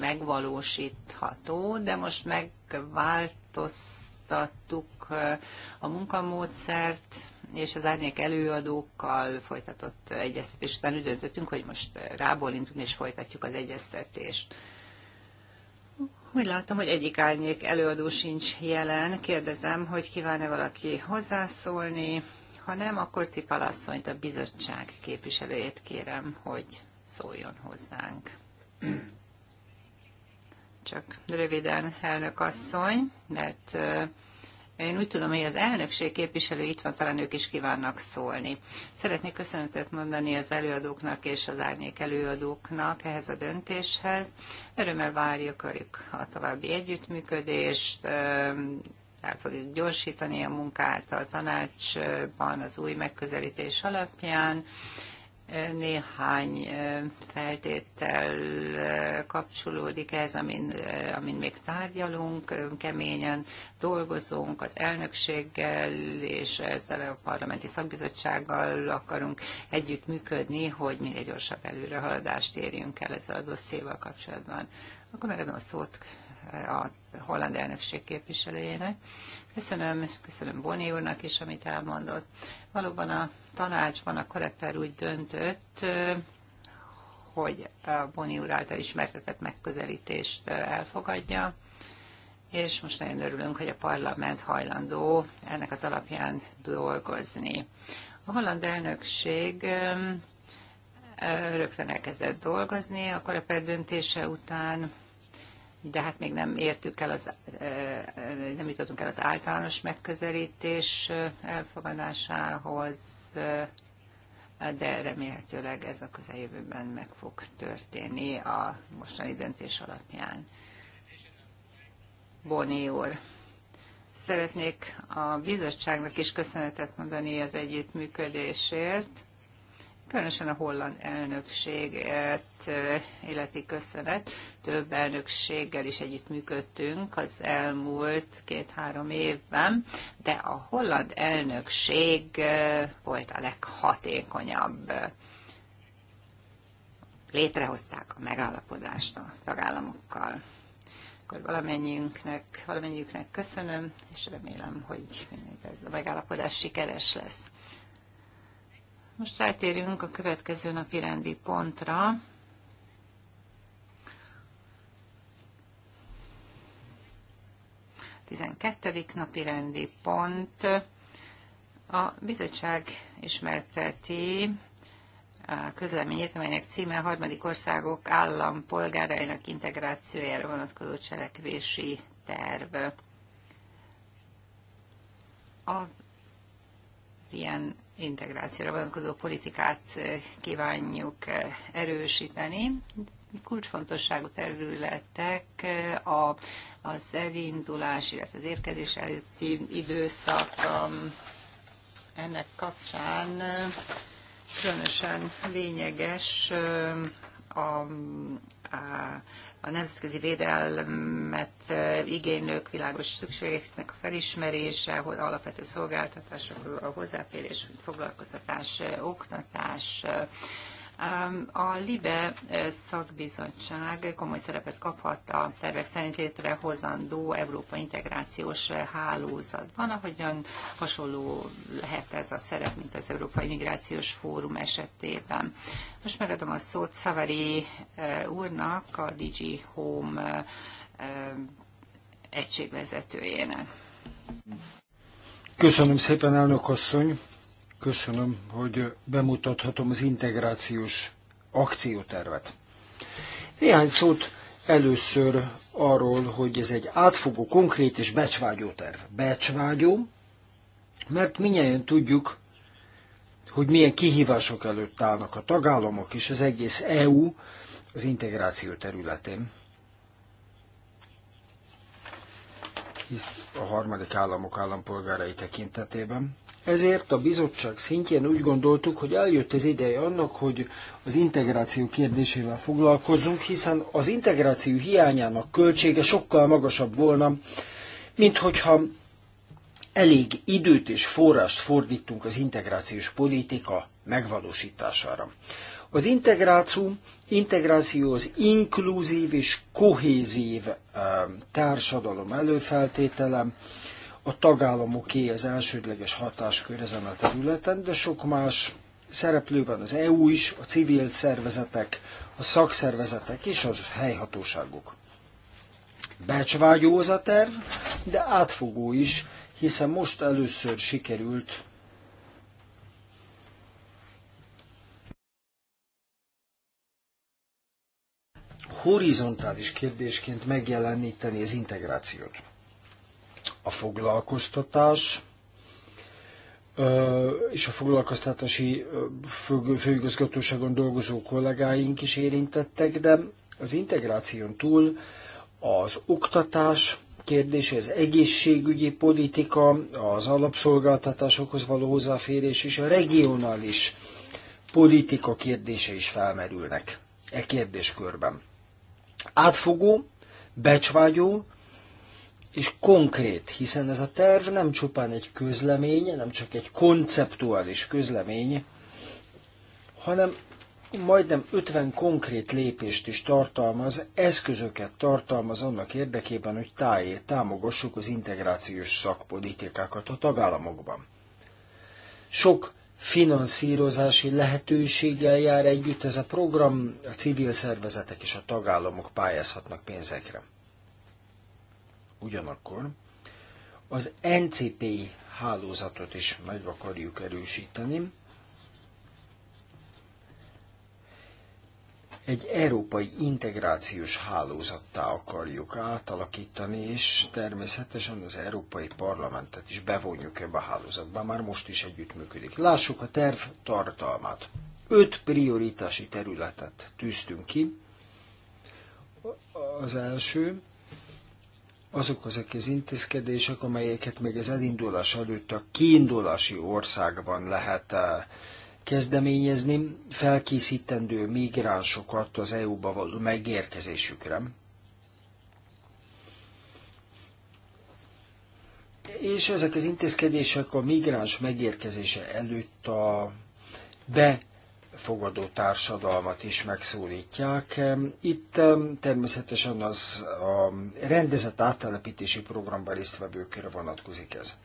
megvalósítható, de most megváltoztató megváltoztattuk eh, a munkamódszert, és az árnyék előadókkal folytatott egyeztetés után úgy döntöttünk, hogy most rábólintunk és folytatjuk az egyeztetést. Úgy láttam, hogy egyik árnyék előadó sincs jelen. Kérdezem, hogy kíván-e valaki hozzászólni. Ha nem, akkor Cipalasszonyt, a bizottság képviselőjét kérem, hogy szóljon hozzánk. Csak röviden, elnök asszony, mert én úgy tudom, hogy az elnökség képviselő itt van, talán ők is kívánnak szólni. Szeretnék köszönetet mondani az előadóknak és az árnyék előadóknak ehhez a döntéshez. Örömmel várjuk a további együttműködést, el fogjuk gyorsítani a munkát a tanácsban az új megközelítés alapján, néhány feltétel kapcsolódik ez, amin, amin még tárgyalunk, keményen dolgozunk az elnökséggel és ezzel a parlamenti szakbizottsággal akarunk együttműködni, hogy minél gyorsabb előrehaladást érjünk el ezzel a dosszéval kapcsolatban. Akkor megadom a szót a holland elnökség képviselőjének. Köszönöm, köszönöm Boni úrnak is, amit elmondott. Valóban a tanácsban a Korepper úgy döntött, hogy a Boni úr által ismertetett megközelítést elfogadja, és most nagyon örülünk, hogy a parlament hajlandó ennek az alapján dolgozni. A holland elnökség um, rögtön elkezdett dolgozni, akkor a döntése után de hát még nem értük el, az, nem jutottunk el az általános megközelítés elfogadásához, de remélhetőleg ez a közeljövőben meg fog történni a mostani döntés alapján. Boni úr, szeretnék a bizottságnak is köszönetet mondani az együttműködésért Különösen a holland elnökséget eh, illeti köszönet. Több elnökséggel is együttműködtünk az elmúlt két-három évben, de a holland elnökség eh, volt a leghatékonyabb. Létrehozták a megállapodást a tagállamokkal. Akkor valamennyiünknek, valamennyiüknek köszönöm, és remélem, hogy ez a megállapodás sikeres lesz. Most rátérünk a következő napi rendi pontra. Tizenkettedik napi rendi pont. A bizottság ismerteti a közleményét, amelynek címe a harmadik országok állampolgárainak integrációjára vonatkozó cselekvési terv. A, az ilyen integrációra vonatkozó politikát eh, kívánjuk eh, erősíteni. Kulcsfontosságú területek eh, a, az elindulás, illetve az érkezés előtti időszak um, ennek kapcsán különösen lényeges a, a a nemzetközi védelmet eh, igénylők világos szükségeknek a felismerése, alapvető szolgáltatások, a hozzáférés, foglalkoztatás, eh, oktatás, eh, a LIBE eh, szakbizottság komoly szerepet kaphat a tervek szerint létrehozandó Európa integrációs eh, hálózatban, ahogyan hasonló lehet ez a szerep, mint az Európai Migrációs Fórum esetében. Most megadom a szót Szavari eh, úrnak, a Digi Home egységvezetőjének. Köszönöm szépen, elnök asszony! Köszönöm, hogy bemutathatom az integrációs akciótervet. Néhány szót először arról, hogy ez egy átfogó, konkrét és becsvágyó terv. Becsvágyó, mert minnyáján tudjuk, hogy milyen kihívások előtt állnak a tagállamok és az egész EU az integráció területén. a harmadik államok állampolgárai tekintetében. Ezért a bizottság szintjén úgy gondoltuk, hogy eljött az ideje annak, hogy az integráció kérdésével foglalkozzunk, hiszen az integráció hiányának költsége sokkal magasabb volna, mint hogyha elég időt és forrást fordítunk az integrációs politika megvalósítására. Az integráció, integráció az inkluzív és kohézív eh, társadalom előfeltételem, a tagállamoké az elsődleges hatáskör ezen a területen, de sok más szereplő van az EU is, a civil szervezetek, a szakszervezetek és az helyhatóságok. Becsvágyó az a terv, de átfogó is, hiszen most először sikerült horizontális kérdésként megjeleníteni az integrációt a foglalkoztatás, és a foglalkoztatási főigazgatóságon dolgozó kollégáink is érintettek, de az integráción túl az oktatás kérdése, az egészségügyi politika, az alapszolgáltatásokhoz való hozzáférés és a regionális politika kérdése is felmerülnek e kérdéskörben. Átfogó, becsvágyó és konkrét, hiszen ez a terv nem csupán egy közlemény, nem csak egy konceptuális közlemény, hanem majdnem 50 konkrét lépést is tartalmaz, eszközöket tartalmaz annak érdekében, hogy tájé, támogassuk az integrációs szakpolitikákat a tagállamokban. Sok finanszírozási lehetőséggel jár együtt ez a program, a civil szervezetek és a tagállamok pályázhatnak pénzekre. Ugyanakkor az NCP hálózatot is meg akarjuk erősíteni. Egy európai integrációs hálózattá akarjuk átalakítani, és természetesen az Európai Parlamentet is bevonjuk ebbe a hálózatba, már most is együttműködik. Lássuk a terv tartalmát. Öt prioritási területet tűztünk ki. Az első, azok az az intézkedések, amelyeket még az elindulás előtt a kiindulási országban lehet eh, kezdeményezni, felkészítendő migránsokat az EU-ba való megérkezésükre. És ezek az intézkedések a migráns megérkezése előtt a be fogadó társadalmat is megszólítják. Itt természetesen az a rendezett áttelepítési programban résztvevőkre vonatkozik ez.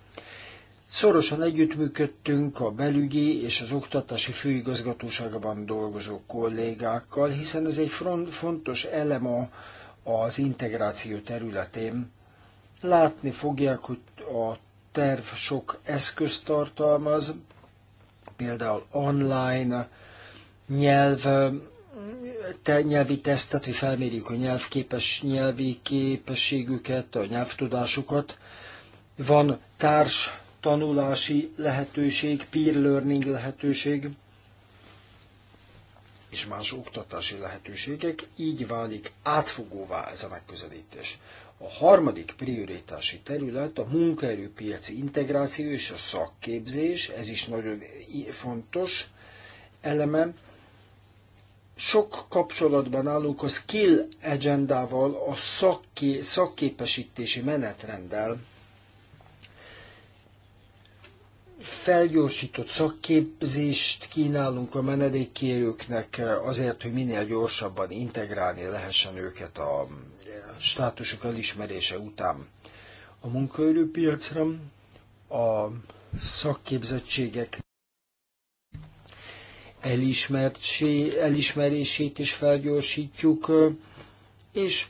Szorosan együttműködtünk a belügyi és az oktatási főigazgatóságban dolgozó kollégákkal, hiszen ez egy fontos elem az integráció területén. Látni fogják, hogy a terv sok eszközt tartalmaz, például online nyelv te, nyelvi tesztet, hogy felmérjük a nyelvképes, nyelvi képességüket, a nyelvtudásukat. Van társ tanulási lehetőség, peer learning lehetőség, és más oktatási lehetőségek, így válik átfogóvá ez a megközelítés. A harmadik prioritási terület a munkaerőpiaci integráció és a szakképzés, ez is nagyon fontos elemem, sok kapcsolatban állunk a skill agendával, a szakké, szakképesítési menetrenddel, felgyorsított szakképzést kínálunk a menedékkérőknek azért, hogy minél gyorsabban integrálni lehessen őket a státusok elismerése után a munkaerőpiacra, a szakképzettségek elismerését is felgyorsítjuk, és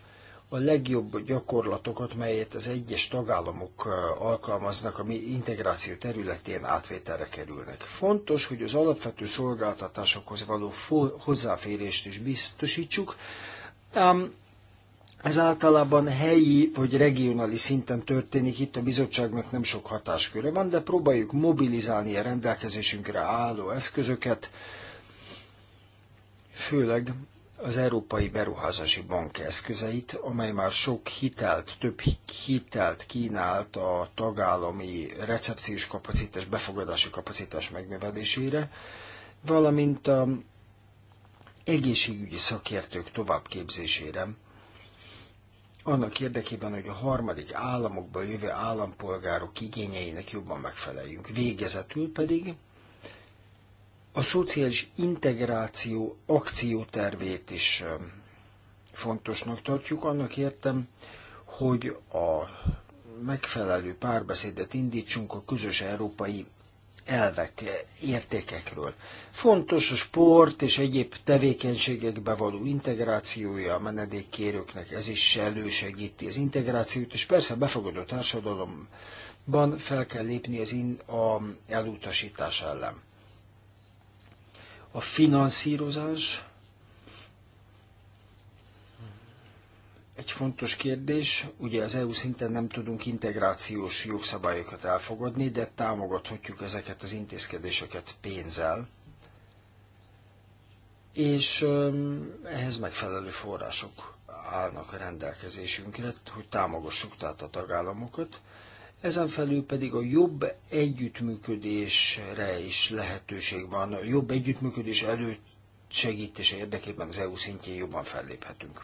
a legjobb gyakorlatokat, melyet az egyes tagállamok alkalmaznak ami integráció területén átvételre kerülnek. Fontos, hogy az alapvető szolgáltatásokhoz való hozzáférést is biztosítsuk, ez általában helyi vagy regionális szinten történik, itt a bizottságnak nem sok hatásköre van, de próbáljuk mobilizálni a rendelkezésünkre álló eszközöket, főleg az Európai Beruházási Bank eszközeit, amely már sok hitelt, több hitelt kínált a tagállami recepciós kapacitás, befogadási kapacitás megnövelésére, valamint a egészségügyi szakértők továbbképzésére, annak érdekében, hogy a harmadik államokba jövő állampolgárok igényeinek jobban megfeleljünk. Végezetül pedig a szociális integráció akciótervét is fontosnak tartjuk. Annak értem, hogy a megfelelő párbeszédet indítsunk a közös európai elvek, e, értékekről. Fontos a sport és egyéb tevékenységekbe való integrációja a menedékkérőknek, ez is elősegíti az integrációt, és persze a befogadó társadalomban fel kell lépni az in, a elutasítás ellen a finanszírozás egy fontos kérdés. Ugye az EU szinten nem tudunk integrációs jogszabályokat elfogadni, de támogathatjuk ezeket az intézkedéseket pénzzel, és ehhez megfelelő források állnak a rendelkezésünkre, hogy támogassuk tehát a tagállamokat. Ezen felül pedig a jobb együttműködésre is lehetőség van. A jobb együttműködés előtt segítése érdekében az EU szintjén jobban felléphetünk.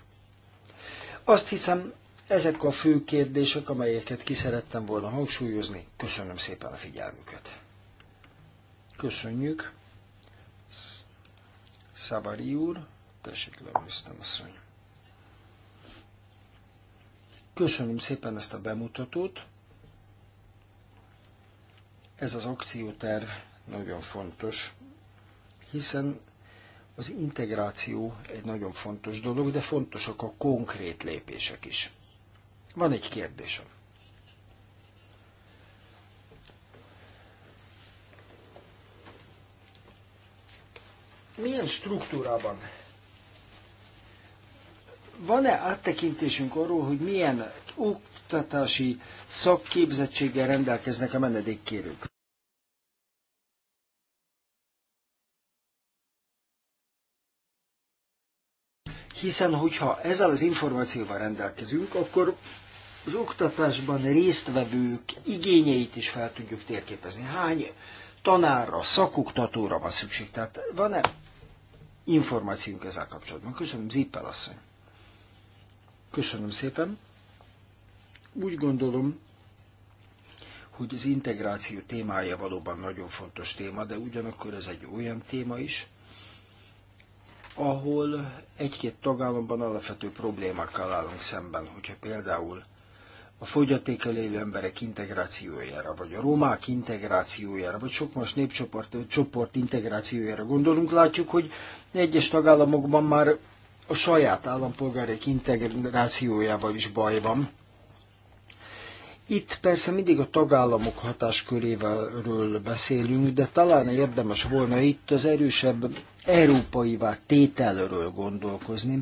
Azt hiszem, ezek a fő kérdések, amelyeket ki szerettem volna hangsúlyozni. Köszönöm szépen a figyelmüket. Köszönjük. Szabari úr, tessék leülőztem asszony. Köszönöm szépen ezt a bemutatót. Ez az akcióterv nagyon fontos, hiszen az integráció egy nagyon fontos dolog, de fontosak a konkrét lépések is. Van egy kérdésem. Milyen struktúrában van-e áttekintésünk arról, hogy milyen oktatási szakképzettséggel rendelkeznek a menedékkérők? hiszen hogyha ezzel az információval rendelkezünk, akkor az oktatásban résztvevők igényeit is fel tudjuk térképezni. Hány tanárra, szakoktatóra van szükség? Tehát van-e információnk ezzel kapcsolatban? Köszönöm, Zippel asszony. Köszönöm szépen. Úgy gondolom, hogy az integráció témája valóban nagyon fontos téma, de ugyanakkor ez egy olyan téma is, ahol egy-két tagállamban alapvető problémákkal állunk szemben, hogyha például a fogyatékkal élő emberek integrációjára, vagy a romák integrációjára, vagy sok más népcsoport csoport integrációjára gondolunk, látjuk, hogy egyes tagállamokban már a saját állampolgárok integrációjával is baj van. Itt persze mindig a tagállamok hatáskörével beszélünk, de talán érdemes volna itt az erősebb európaivá tételről gondolkozni.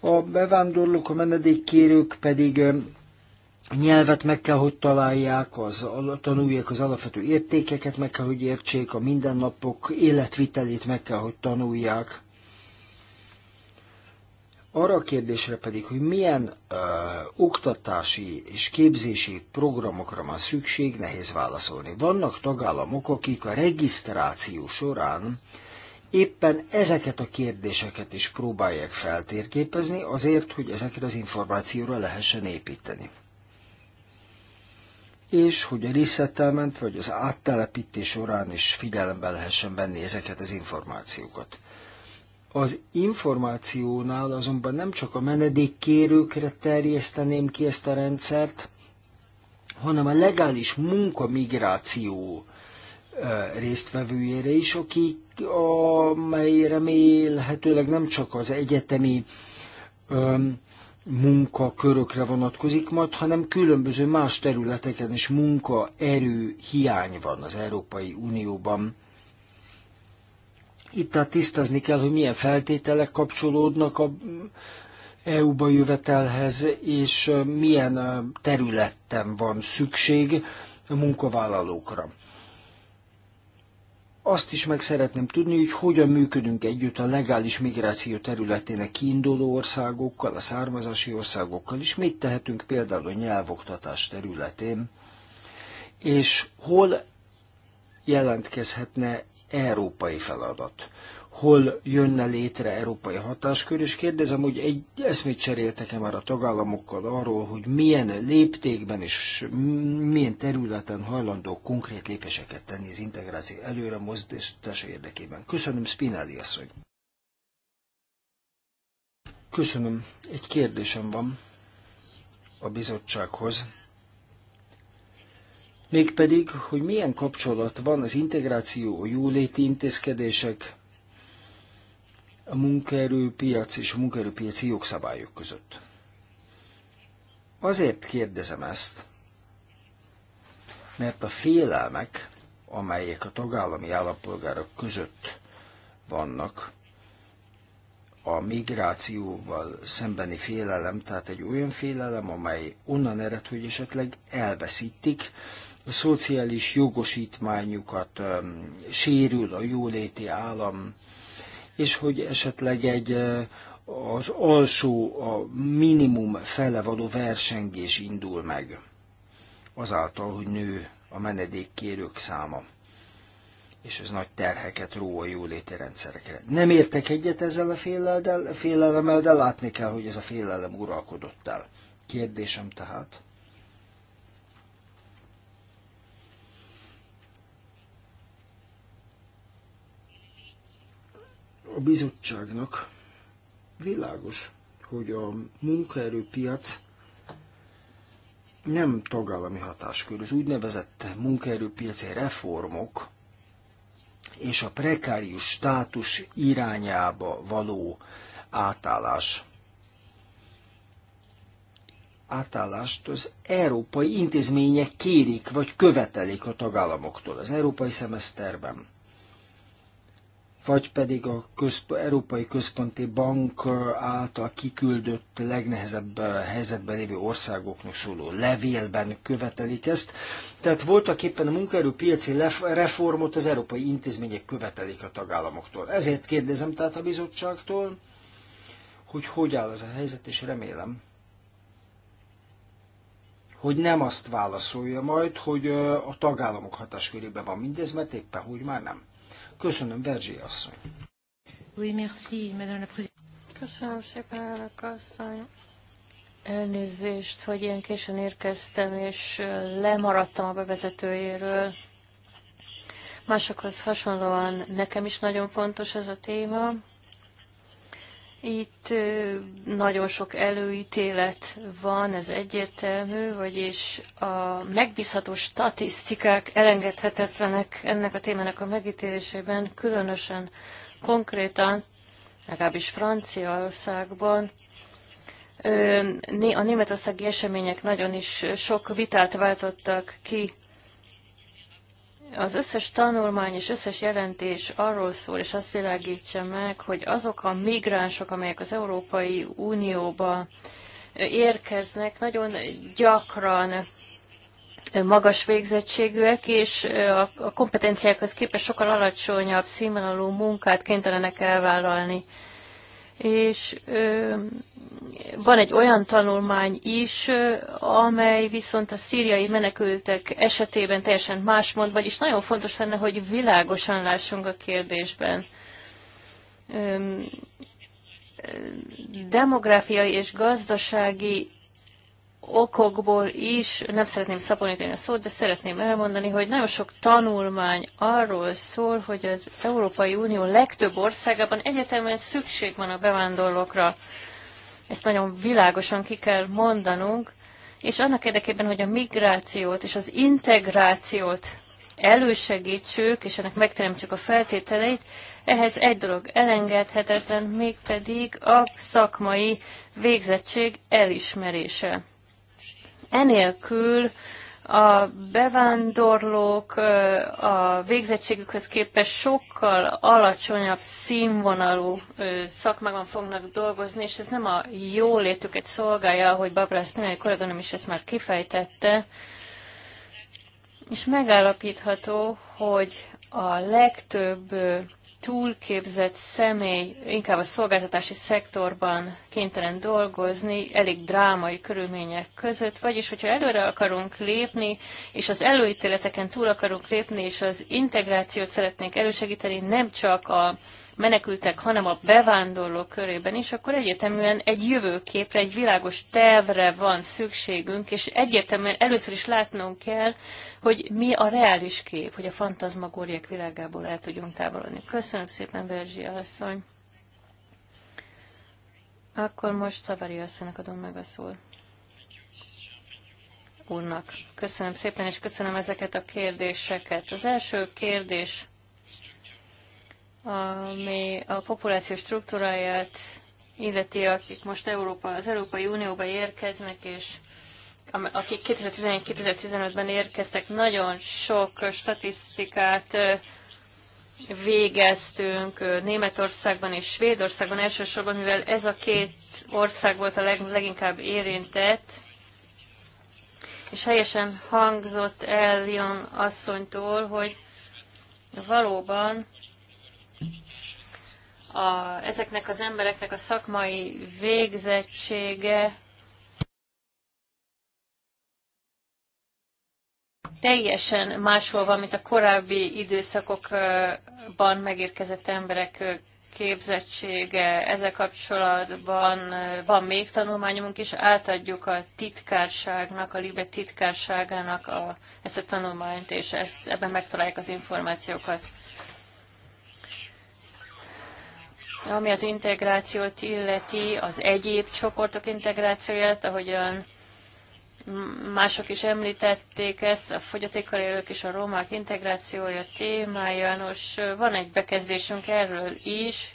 A bevándorlók, a menedékkérők pedig nyelvet meg kell, hogy találják, az, tanulják az alapvető értékeket, meg kell, hogy értsék, a mindennapok életvitelét meg kell, hogy tanulják. Arra a kérdésre pedig, hogy milyen ö, oktatási és képzési programokra van szükség, nehéz válaszolni. Vannak tagállamok, akik a regisztráció során éppen ezeket a kérdéseket is próbálják feltérképezni, azért, hogy ezekre az információra lehessen építeni. És hogy a resettlement vagy az áttelepítés során is figyelembe lehessen venni ezeket az információkat. Az információnál azonban nem csak a menedékkérőkre terjeszteném ki ezt a rendszert, hanem a legális munkamigráció résztvevőjére is, akik, amely remélhetőleg nem csak az egyetemi öm, munkakörökre vonatkozik majd, hanem különböző más területeken is munkaerő hiány van az Európai Unióban. Itt tehát tisztázni kell, hogy milyen feltételek kapcsolódnak a EU-ba jövetelhez, és milyen területen van szükség a munkavállalókra. Azt is meg szeretném tudni, hogy hogyan működünk együtt a legális migráció területének kiinduló országokkal, a származási országokkal és mit tehetünk például a nyelvoktatás területén, és hol jelentkezhetne európai feladat. Hol jönne létre európai hatáskör, és kérdezem, hogy egy eszmét cseréltek-e már a tagállamokkal arról, hogy milyen léptékben és milyen területen hajlandó konkrét lépéseket tenni az integráció előre mozdítása érdekében. Köszönöm, Spinelli asszony! Köszönöm. Egy kérdésem van a bizottsághoz mégpedig, hogy milyen kapcsolat van az integráció, a jóléti intézkedések, a munkaerőpiac és a munkaerőpiaci jogszabályok között. Azért kérdezem ezt, mert a félelmek, amelyek a tagállami állampolgárok között vannak, a migrációval szembeni félelem, tehát egy olyan félelem, amely onnan ered, hogy esetleg elveszítik a szociális jogosítmányukat sérül a jóléti állam, és hogy esetleg egy az alsó, a minimum fele való versengés indul meg azáltal, hogy nő a menedékkérők száma. És ez nagy terheket ró a jóléti rendszerekre. Nem értek egyet ezzel a félelemmel, de látni kell, hogy ez a félelem uralkodott el. Kérdésem tehát, a bizottságnak világos, hogy a munkaerőpiac nem tagállami hatáskör. Az úgynevezett munkaerőpiaci reformok és a prekárius státus irányába való átállás átállást az európai intézmények kérik vagy követelik a tagállamoktól az európai szemeszterben vagy pedig a közp- Európai Központi Bank által kiküldött legnehezebb helyzetben lévő országoknak szóló levélben követelik ezt. Tehát voltak éppen a munkaerőpiaci reformot az európai intézmények követelik a tagállamoktól. Ezért kérdezem tehát a bizottságtól, hogy hogy áll ez a helyzet, és remélem, hogy nem azt válaszolja majd, hogy a tagállamok hatáskörében van mindez, mert éppen hogy már nem. Köszönöm, Berzsi asszony. Oui, merci, madame la Köszönöm szépen, elnök asszony. Elnézést, hogy ilyen későn érkeztem, és lemaradtam a bevezetőjéről. Másokhoz hasonlóan nekem is nagyon fontos ez a téma. Itt nagyon sok előítélet van, ez egyértelmű, vagyis a megbízható statisztikák elengedhetetlenek ennek a témának a megítélésében, különösen konkrétan, legalábbis Franciaországban, a németországi események nagyon is sok vitát váltottak ki az összes tanulmány és összes jelentés arról szól, és azt világítja meg, hogy azok a migránsok, amelyek az Európai Unióba érkeznek, nagyon gyakran magas végzettségűek, és a kompetenciákhoz képest sokkal alacsonyabb színvonalú munkát kénytelenek elvállalni és van egy olyan tanulmány is, amely viszont a szíriai menekültek esetében teljesen más mond, vagyis nagyon fontos lenne, hogy világosan lássunk a kérdésben. Demográfiai és gazdasági okokból is, nem szeretném szaponítani a szót, de szeretném elmondani, hogy nagyon sok tanulmány arról szól, hogy az Európai Unió legtöbb országában egyetemen szükség van a bevándorlókra. Ezt nagyon világosan ki kell mondanunk, és annak érdekében, hogy a migrációt és az integrációt elősegítsük, és ennek megteremtsük a feltételeit, ehhez egy dolog elengedhetetlen, mégpedig a szakmai végzettség elismerése. Enélkül a bevándorlók a végzettségükhöz képest sokkal alacsonyabb színvonalú szakmában fognak dolgozni, és ez nem a jólétüket szolgálja, ahogy Barbara Spinelli kolléganom is ezt már kifejtette, és megállapítható, hogy a legtöbb túlképzett személy inkább a szolgáltatási szektorban kénytelen dolgozni, elég drámai körülmények között, vagyis hogyha előre akarunk lépni, és az előítéleteken túl akarunk lépni, és az integrációt szeretnénk elősegíteni, nem csak a menekültek, hanem a bevándorlók körében is, akkor egyértelműen egy jövőképre, egy világos tervre van szükségünk, és egyértelműen először is látnunk kell, hogy mi a reális kép, hogy a fantazmagóriák világából el tudjunk távolodni. Köszönöm szépen, Berzsia asszony! Akkor most Szavari asszonynak adom meg a szót úrnak. Köszönöm szépen, és köszönöm ezeket a kérdéseket. Az első kérdés ami a populáció struktúráját illeti, akik most Európa, az Európai Unióba érkeznek, és akik 2011-2015-ben érkeztek, nagyon sok statisztikát végeztünk Németországban és Svédországban elsősorban, mivel ez a két ország volt a leg, leginkább érintett, és helyesen hangzott el Lion asszonytól, hogy valóban a, ezeknek az embereknek a szakmai végzettsége teljesen máshol van, mint a korábbi időszakokban megérkezett emberek képzettsége. Ezzel kapcsolatban van még tanulmányunk is, átadjuk a titkárságnak, a Libe titkárságának a, ezt a tanulmányt, és ezt, ebben megtalálják az információkat. Ami az integrációt illeti, az egyéb csoportok integrációját, ahogyan mások is említették ezt, a fogyatékkal élők és a romák integrációja témája. Nos, van egy bekezdésünk erről is,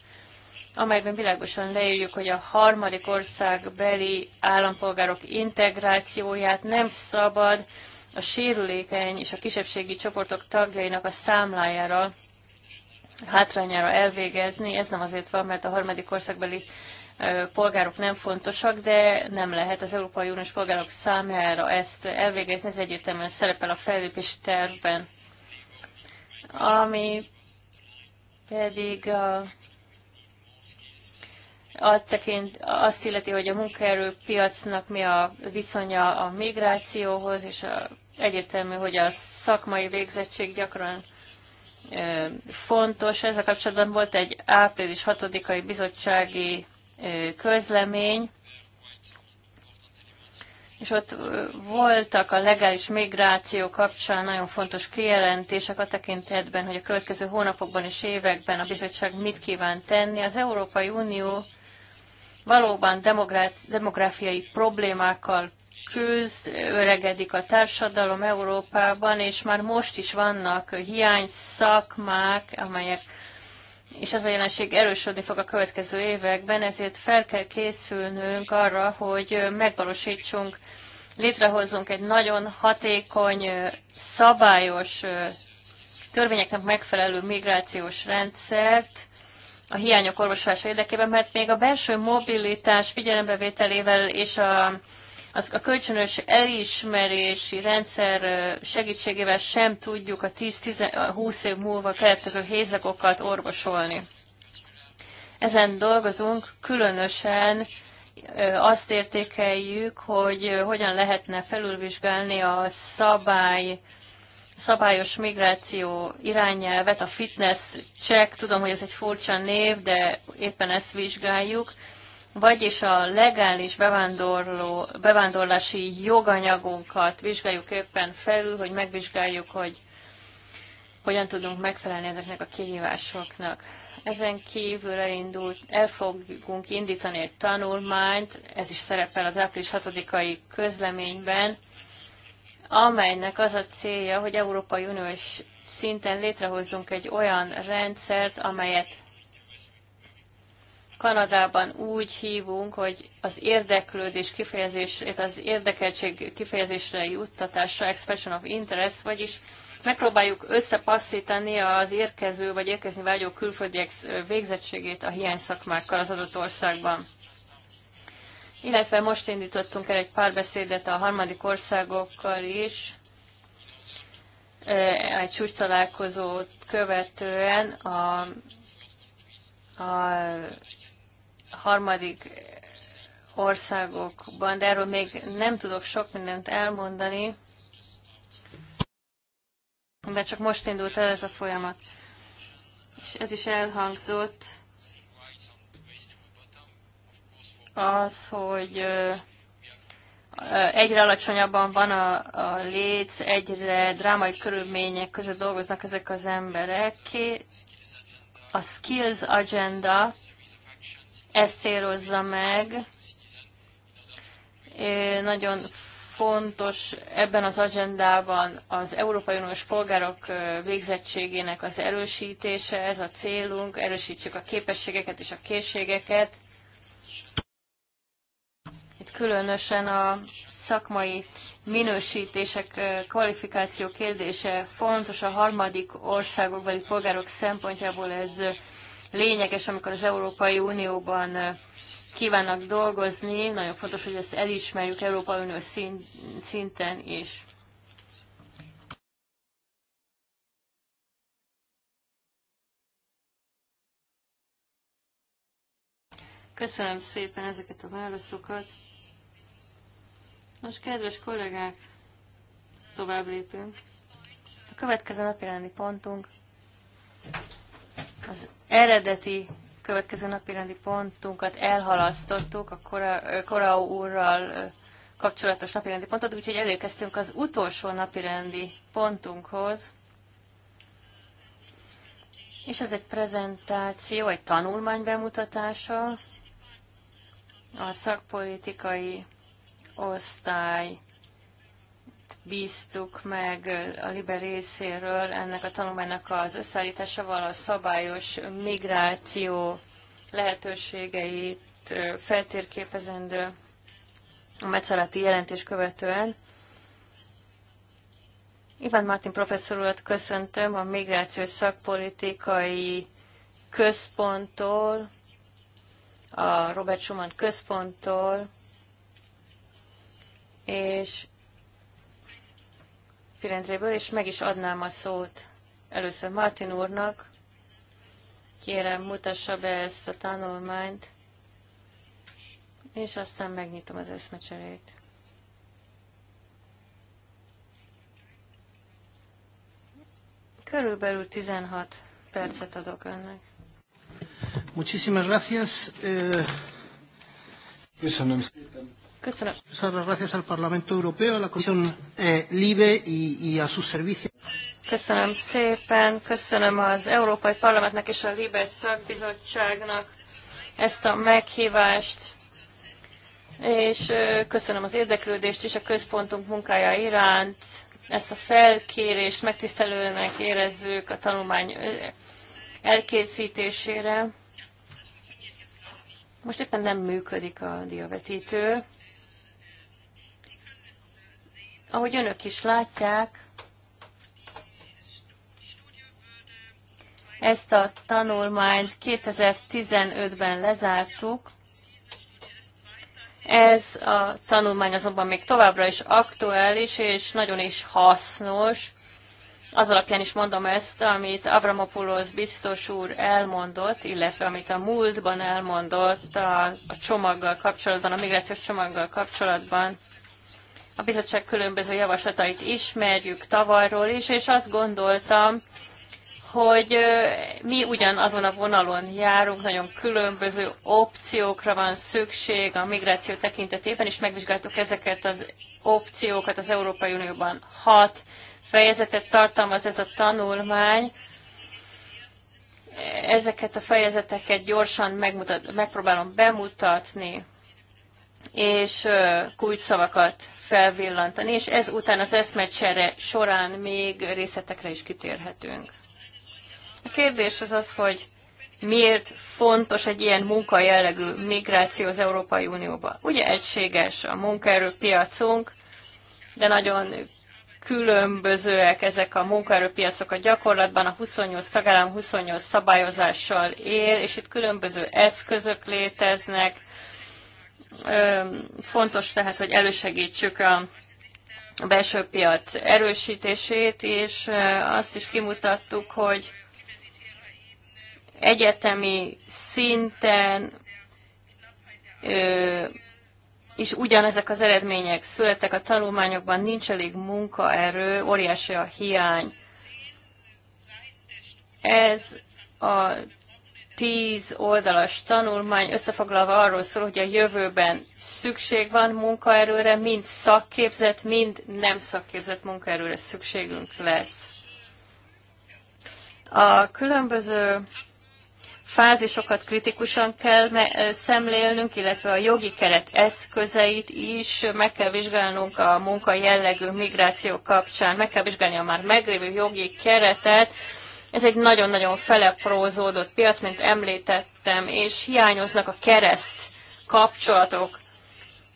amelyben világosan leírjuk, hogy a harmadik ország beli állampolgárok integrációját nem szabad a sérülékeny és a kisebbségi csoportok tagjainak a számlájára hátrányára elvégezni. Ez nem azért van, mert a harmadik országbeli polgárok nem fontosak, de nem lehet az Európai Uniós polgárok számára ezt elvégezni, ez egyértelműen szerepel a fellépési tervben. Ami pedig a azt illeti, hogy a munkaerőpiacnak mi a viszonya a migrációhoz, és a, egyértelmű, hogy a szakmai végzettség gyakran fontos. Ezzel kapcsolatban volt egy április 6-ai bizottsági közlemény, és ott voltak a legális migráció kapcsán nagyon fontos kijelentések a tekintetben, hogy a következő hónapokban és években a bizottság mit kíván tenni. Az Európai Unió valóban demográfiai problémákkal küzd, öregedik a társadalom Európában, és már most is vannak hiány szakmák, amelyek és ez a jelenség erősödni fog a következő években, ezért fel kell készülnünk arra, hogy megvalósítsunk, létrehozzunk egy nagyon hatékony, szabályos, törvényeknek megfelelő migrációs rendszert, a hiányok orvoslása érdekében, mert még a belső mobilitás figyelembevételével és a az a kölcsönös elismerési rendszer segítségével sem tudjuk a 10-20 év múlva keletkező hézagokat orvosolni. Ezen dolgozunk, különösen azt értékeljük, hogy hogyan lehetne felülvizsgálni a szabály, szabályos migráció irányelvet, a fitness check, tudom, hogy ez egy furcsa név, de éppen ezt vizsgáljuk, vagyis a legális bevándorló, bevándorlási joganyagunkat vizsgáljuk éppen felül, hogy megvizsgáljuk, hogy hogyan tudunk megfelelni ezeknek a kihívásoknak. Ezen kívül elindult, el fogunk indítani egy tanulmányt, ez is szerepel az április 6-ai közleményben, amelynek az a célja, hogy Európai Uniós szinten létrehozzunk egy olyan rendszert, amelyet Kanadában úgy hívunk, hogy az érdeklődés kifejezés, az érdekeltség kifejezésre juttatása, expression of interest, vagyis megpróbáljuk összepasszítani az érkező vagy érkezni vágyó külföldiek végzettségét a hiány szakmákkal az adott országban. Illetve most indítottunk el egy párbeszédet a harmadik országokkal is, egy csúcs találkozót követően a, a harmadik országokban, de erről még nem tudok sok mindent elmondani, mert csak most indult el ez a folyamat. És ez is elhangzott, az, hogy egyre alacsonyabban van a, a léc, egyre drámai körülmények között dolgoznak ezek az emberek. A Skills Agenda ezt célozza meg. Nagyon fontos ebben az agendában az Európai Uniós polgárok végzettségének az erősítése, ez a célunk, erősítsük a képességeket és a készségeket. Itt különösen a szakmai minősítések, kvalifikáció kérdése fontos a harmadik országokbeli polgárok szempontjából ez lényeges, amikor az Európai Unióban kívánnak dolgozni. Nagyon fontos, hogy ezt elismerjük Európai Unió szinten is. Köszönöm szépen ezeket a válaszokat. Most, kedves kollégák, tovább lépünk. A következő napi pontunk az eredeti következő napirendi pontunkat elhalasztottuk a Kora, Kora úrral kapcsolatos napirendi pontot, úgyhogy elérkeztünk az utolsó napirendi pontunkhoz. És ez egy prezentáció, egy tanulmány bemutatása a szakpolitikai osztály bíztuk meg a Liber részéről ennek a tanulmánynak az összeállításával a szabályos migráció lehetőségeit feltérképezendő a Metzalati jelentés követően. Ivan Martin professzor urat köszöntöm a Migrációs Szakpolitikai Központtól, a Robert Schumann Központtól, és Firenzéből, és meg is adnám a szót először Martin úrnak. Kérem, mutassa be ezt a tanulmányt, és aztán megnyitom az eszmecserét. Körülbelül 16 percet adok önnek. Muchísimas gracias. Eh. Köszönöm szépen. Köszönöm. Köszönöm szépen, köszönöm az Európai Parlamentnek és a Libe Szakbizottságnak ezt a meghívást, és köszönöm az érdeklődést is a központunk munkája iránt. Ezt a felkérést megtisztelőnek érezzük a tanulmány elkészítésére. Most éppen nem működik a diavetítő. Ahogy önök is látják, ezt a tanulmányt 2015-ben lezártuk. Ez a tanulmány azonban még továbbra is aktuális és nagyon is hasznos. Az alapján is mondom ezt, amit Avramopoulos biztos úr elmondott, illetve amit a múltban elmondott a, a csomaggal kapcsolatban, a migrációs csomaggal kapcsolatban, a bizottság különböző javaslatait ismerjük tavalyról is, és azt gondoltam, hogy mi ugyanazon a vonalon járunk, nagyon különböző opciókra van szükség a migráció tekintetében, és megvizsgáltuk ezeket az opciókat az Európai Unióban. Hat fejezetet tartalmaz ez a tanulmány, ezeket a fejezeteket gyorsan megmutat, megpróbálom bemutatni és kulcsszavakat felvillantani, és ezután az eszmecsere során még részletekre is kitérhetünk. A kérdés az az, hogy miért fontos egy ilyen munkajellegű migráció az Európai Unióba. Ugye egységes a munkaerőpiacunk, de nagyon különbözőek ezek a munkaerőpiacok a gyakorlatban, a 28 tagállam 28 szabályozással él, és itt különböző eszközök léteznek, Fontos tehát, hogy elősegítsük a belső piac erősítését, és azt is kimutattuk, hogy egyetemi szinten és ugyanezek az eredmények születtek a tanulmányokban, nincs elég munkaerő, óriási a hiány. Ez a tíz oldalas tanulmány összefoglalva arról szól, hogy a jövőben szükség van munkaerőre, mind szakképzett, mind nem szakképzett munkaerőre szükségünk lesz. A különböző fázisokat kritikusan kell szemlélnünk, illetve a jogi keret eszközeit is meg kell vizsgálnunk a munka jellegű migráció kapcsán, meg kell vizsgálni a már meglévő jogi keretet, ez egy nagyon-nagyon feleprózódott piac, mint említettem, és hiányoznak a kereszt kapcsolatok,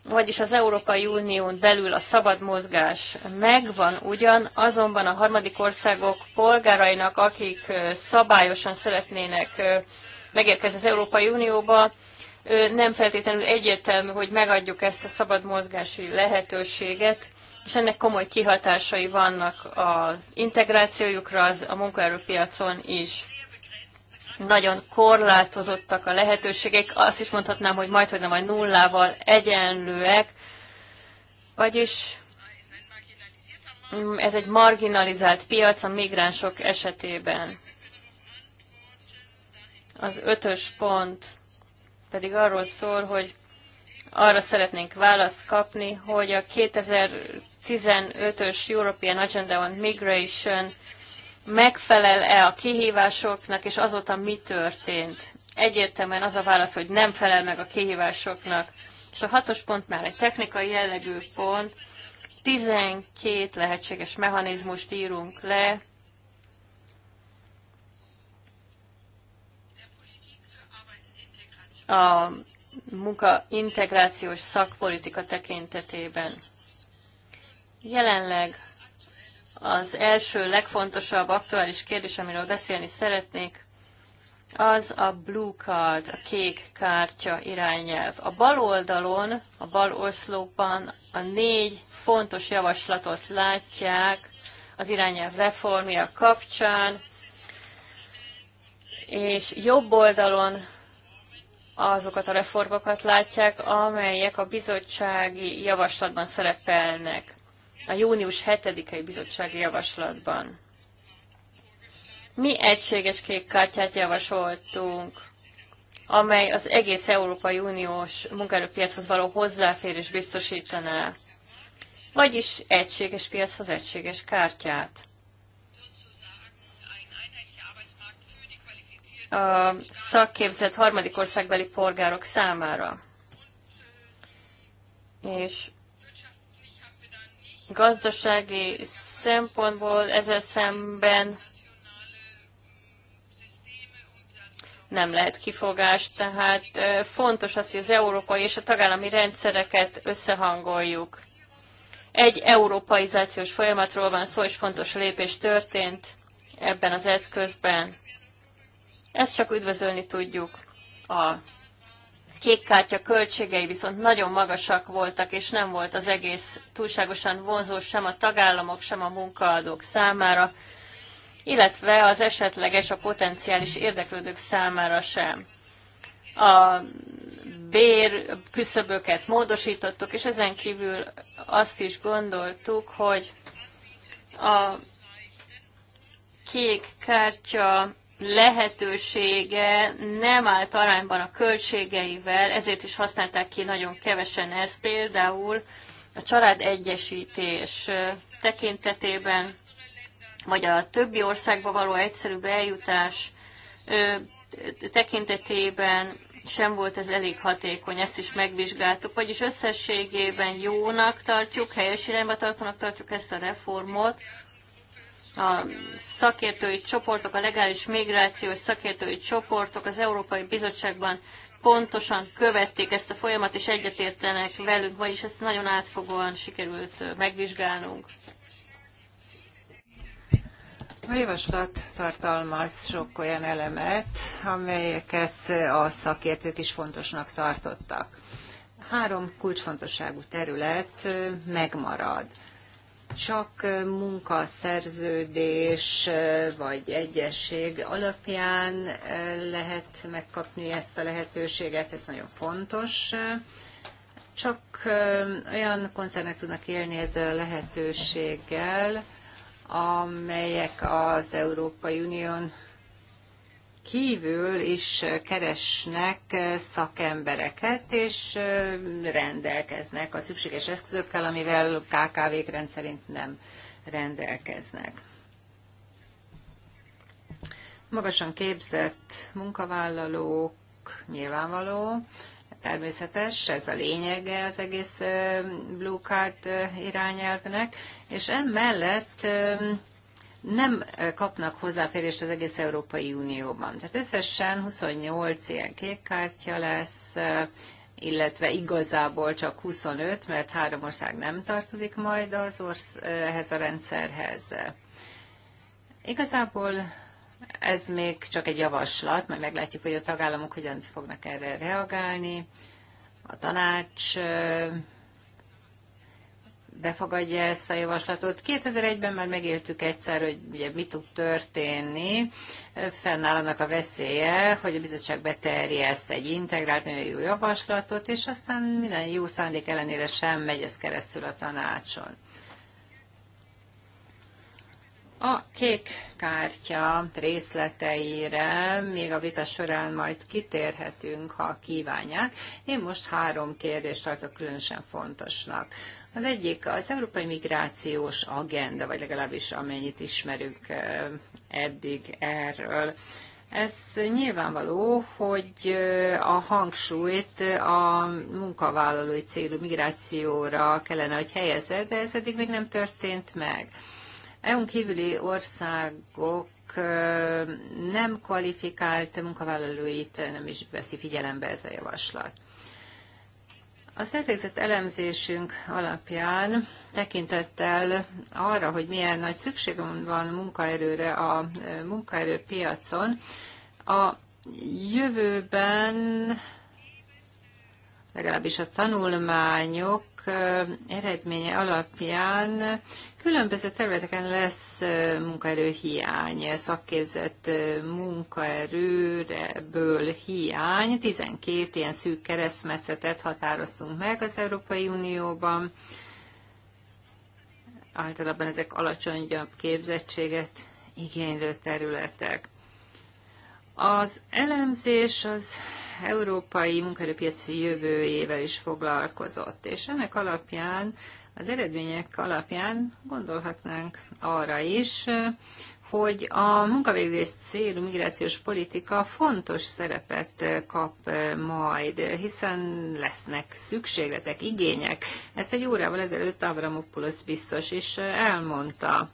vagyis az Európai Unión belül a szabad mozgás megvan ugyan, azonban a harmadik országok polgárainak, akik szabályosan szeretnének megérkezni az Európai Unióba, nem feltétlenül egyértelmű, hogy megadjuk ezt a szabad mozgási lehetőséget, és ennek komoly kihatásai vannak az integrációjukra, az a munkaerőpiacon is. Nagyon korlátozottak a lehetőségek, azt is mondhatnám, hogy majd, hogy nem a nullával egyenlőek, vagyis mm, ez egy marginalizált piac a migránsok esetében. Az ötös pont pedig arról szól, hogy arra szeretnénk választ kapni, hogy a 15-ös European Agenda on Migration megfelel-e a kihívásoknak, és azóta mi történt? Egyértelműen az a válasz, hogy nem felel meg a kihívásoknak. És a hatos pont már egy technikai jellegű pont. 12 lehetséges mechanizmust írunk le, a munkaintegrációs szakpolitika tekintetében. Jelenleg az első legfontosabb aktuális kérdés, amiről beszélni szeretnék, az a blue card, a kék kártya irányelv. A bal oldalon, a bal oszlopban a négy fontos javaslatot látják az irányelv reformja kapcsán, és jobb oldalon azokat a reformokat látják, amelyek a bizottsági javaslatban szerepelnek a június 7-i bizottsági javaslatban. Mi egységes kék kártyát javasoltunk, amely az egész Európai Uniós munkaerőpiachoz való hozzáférés biztosítaná, vagyis egységes piachoz egységes kártyát. a szakképzett harmadik országbeli polgárok számára. És Gazdasági szempontból ezzel szemben nem lehet kifogás, tehát fontos az, hogy az európai és a tagállami rendszereket összehangoljuk. Egy európaizációs folyamatról van szó, és fontos lépés történt ebben az eszközben. Ezt csak üdvözölni tudjuk a kékkártya költségei viszont nagyon magasak voltak, és nem volt az egész túlságosan vonzó sem a tagállamok, sem a munkaadók számára, illetve az esetleges, a potenciális érdeklődők számára sem. A bér küszöböket módosítottuk, és ezen kívül azt is gondoltuk, hogy a kék kártya lehetősége nem állt arányban a költségeivel, ezért is használták ki nagyon kevesen ez például a család egyesítés tekintetében, vagy a többi országba való egyszerűbb eljutás tekintetében sem volt ez elég hatékony, ezt is megvizsgáltuk, vagyis összességében jónak tartjuk, helyes irányba tartanak tartjuk ezt a reformot, a szakértői csoportok, a legális migrációs szakértői csoportok az Európai Bizottságban pontosan követték ezt a folyamat, és egyetértenek velünk, vagyis ezt nagyon átfogóan sikerült megvizsgálnunk. A javaslat tartalmaz sok olyan elemet, amelyeket a szakértők is fontosnak tartottak. Három kulcsfontosságú terület megmarad csak munkaszerződés vagy egyesség alapján lehet megkapni ezt a lehetőséget, ez nagyon fontos. Csak olyan koncernek tudnak élni ezzel a lehetőséggel, amelyek az Európai Unión kívül is keresnek szakembereket, és rendelkeznek a szükséges eszközökkel, amivel KKV-k rendszerint nem rendelkeznek. Magasan képzett munkavállalók nyilvánvaló, természetes, ez a lényege az egész Blue Card irányelvnek, és emellett nem kapnak hozzáférést az egész Európai Unióban. Tehát összesen 28 ilyen kékkártya lesz, illetve igazából csak 25, mert három ország nem tartozik majd az orsz- ehhez a rendszerhez. Igazából ez még csak egy javaslat, majd meglátjuk, hogy a tagállamok hogyan fognak erre reagálni. A tanács befogadja ezt a javaslatot. 2001-ben már megéltük egyszer, hogy ugye mit tud történni. Fennáll annak a veszélye, hogy a bizottság beterjeszt egy integrált, nagyon jó javaslatot, és aztán minden jó szándék ellenére sem megy ez keresztül a tanácson. A kék kártya részleteire még a vita során majd kitérhetünk, ha kívánják. Én most három kérdést tartok különösen fontosnak. Az egyik az európai migrációs agenda, vagy legalábbis amennyit ismerünk eddig erről. Ez nyilvánvaló, hogy a hangsúlyt a munkavállalói célú migrációra kellene, hogy helyezze, de ez eddig még nem történt meg. EU-n kívüli országok nem kvalifikált munkavállalóit nem is veszi figyelembe ez a javaslat. Az elvégzett elemzésünk alapján tekintettel arra, hogy milyen nagy szükség van munkaerőre a e, munkaerőpiacon, a jövőben legalábbis a tanulmányok eredménye alapján különböző területeken lesz munkaerőhiány, szakképzett munkaerőből hiány. 12 ilyen szűk keresztmetszetet határoztunk meg az Európai Unióban. Általában ezek alacsonyabb képzettséget igénylő területek. Az elemzés az európai munkaerőpiaci jövőjével is foglalkozott, és ennek alapján, az eredmények alapján gondolhatnánk arra is, hogy a munkavégzés célú migrációs politika fontos szerepet kap majd, hiszen lesznek szükségletek, igények. Ezt egy órával ezelőtt Avramopoulos biztos is elmondta.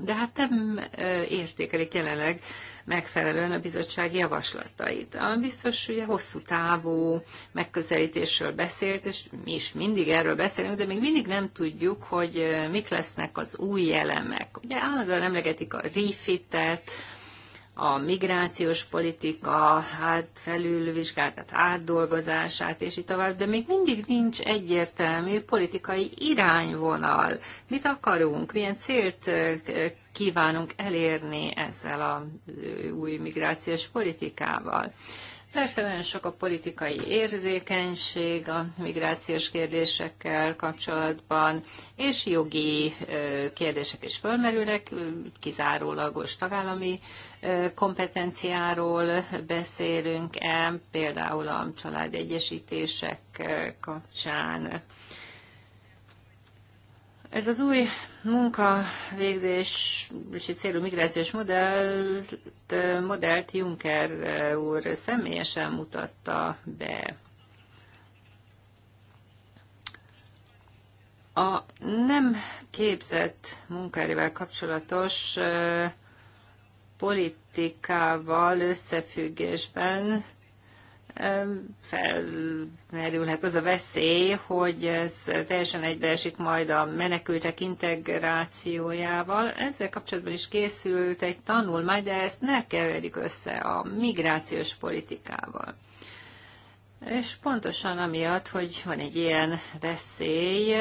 De hát nem értékelik jelenleg megfelelően a bizottság javaslatait. A biztos ugye hosszú távú megközelítésről beszélt, és mi is mindig erről beszélünk, de még mindig nem tudjuk, hogy eh, mik lesznek az új elemek. Ugye állandóan emlegetik a refitet, a migrációs politika hát felülvizsgáltat átdolgozását, és így tovább, de még mindig nincs egyértelmű politikai irányvonal. Mit akarunk, milyen célt kívánunk elérni ezzel a új migrációs politikával. Persze nagyon sok a politikai érzékenység a migrációs kérdésekkel kapcsolatban, és jogi kérdések is fölmerülnek, kizárólagos tagállami kompetenciáról beszélünk-e, például a családegyesítések kapcsán. Ez az új munkavégzési célú migrációs modellt, modellt Juncker úr személyesen mutatta be. A nem képzett munkaerővel kapcsolatos uh, politikával összefüggésben felmerülhet az a veszély, hogy ez teljesen egybeesik majd a menekültek integrációjával. Ezzel kapcsolatban is készült egy tanulmány, de ezt ne keverjük össze a migrációs politikával. És pontosan amiatt, hogy van egy ilyen veszély,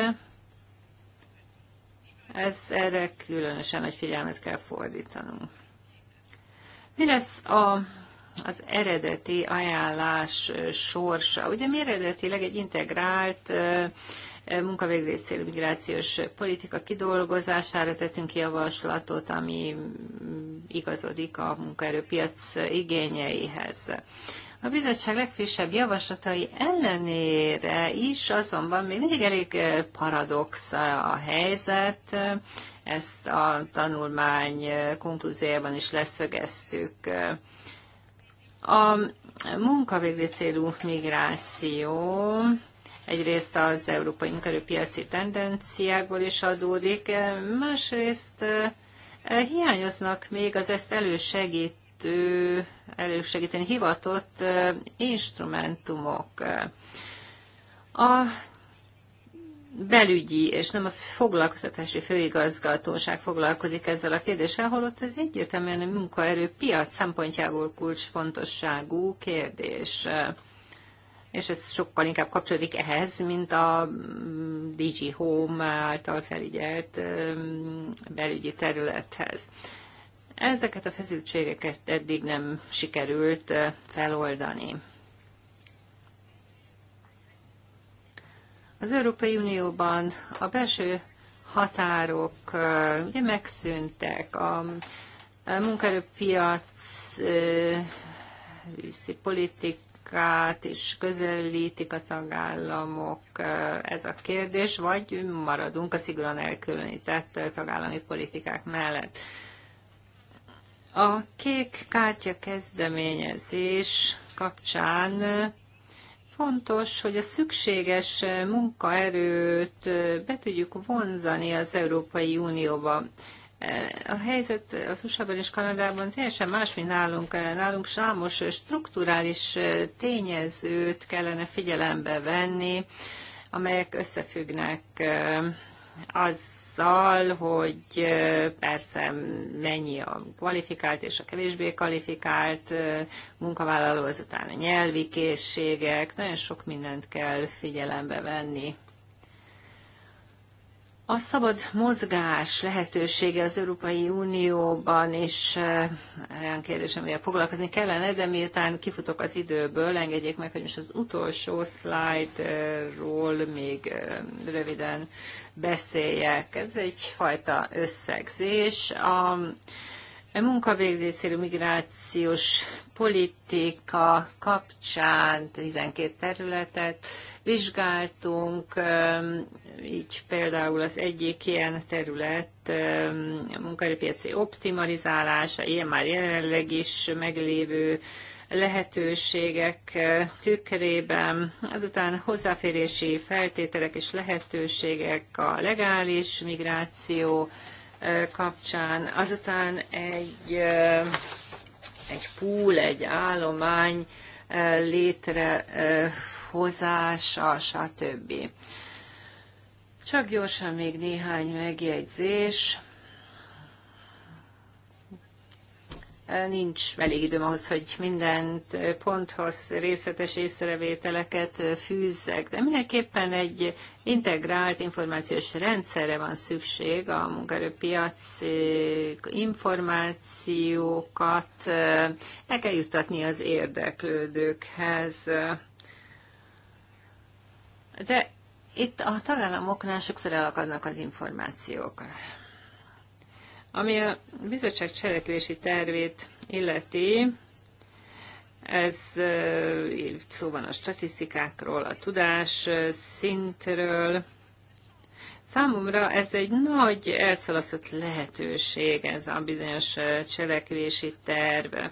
ez erre különösen nagy figyelmet kell fordítanunk. Mi lesz a az eredeti ajánlás sorsa. Ugye mi eredetileg egy integrált munkavégzés célú migrációs politika kidolgozására tettünk javaslatot, ami igazodik a munkaerőpiac igényeihez. A bizottság legfrissebb javaslatai ellenére is azonban még mindig elég paradox a helyzet, ezt a tanulmány konklúziában is leszögeztük. A munkavégzés célú migráció egyrészt az európai munkerőpiaci tendenciákból is adódik, másrészt e, hiányoznak még az ezt elősegítő, elősegíteni hivatott e, instrumentumok. A belügyi és nem a foglalkoztatási főigazgatóság foglalkozik ezzel a kérdéssel, holott ez egyértelműen a munkaerő piac szempontjából kulcsfontosságú kérdés. És ez sokkal inkább kapcsolódik ehhez, mint a Digi Home által felügyelt um, belügyi területhez. Ezeket a feszültségeket eddig nem sikerült uh, feloldani. Az Európai Unióban a belső határok ugye megszűntek, a munkaerőpiac politikát is közelítik a tagállamok, ez a kérdés, vagy maradunk a szigorúan elkülönített tagállami politikák mellett. A kék kártya kezdeményezés kapcsán fontos, hogy a szükséges munkaerőt be tudjuk vonzani az Európai Unióba. A helyzet az USA-ban és Kanadában teljesen más, mint nálunk. Nálunk számos strukturális tényezőt kellene figyelembe venni, amelyek összefüggnek az azzal, hogy persze mennyi a kvalifikált és a kevésbé kvalifikált munkavállaló, ezután a nyelvi készségek, nagyon sok mindent kell figyelembe venni. A szabad mozgás lehetősége az Európai Unióban és olyan kérdésem, hogy foglalkozni kellene, de miután kifutok az időből, engedjék meg, hogy most az utolsó szlájdról még röviden beszéljek. Ez egyfajta összegzés. A munkavégzésszerű migrációs politika kapcsán 12 területet vizsgáltunk, így például az egyik ilyen terület a munkaerőpiaci optimalizálása, ilyen már jelenleg is meglévő lehetőségek eh, tükrében, azután hozzáférési feltételek és lehetőségek a legális migráció eh, kapcsán, azután egy, eh, egy pool, egy állomány létrehozása, stb. Csak gyorsan még néhány megjegyzés. Eh, nincs elég időm ahhoz, hogy mindent eh, ponthoz részletes észrevételeket eh, fűzzek, de mindenképpen egy integrált információs rendszerre van szükség a munkaerőpiac információkat le kell juttatni az érdeklődőkhez. De itt a tagállamoknál sokszor elakadnak az információk. Ami a bizottság cselekvési tervét illeti, ez szó van a statisztikákról, a tudás szintről. Számomra ez egy nagy elszalasztott lehetőség, ez a bizonyos cselekvési terve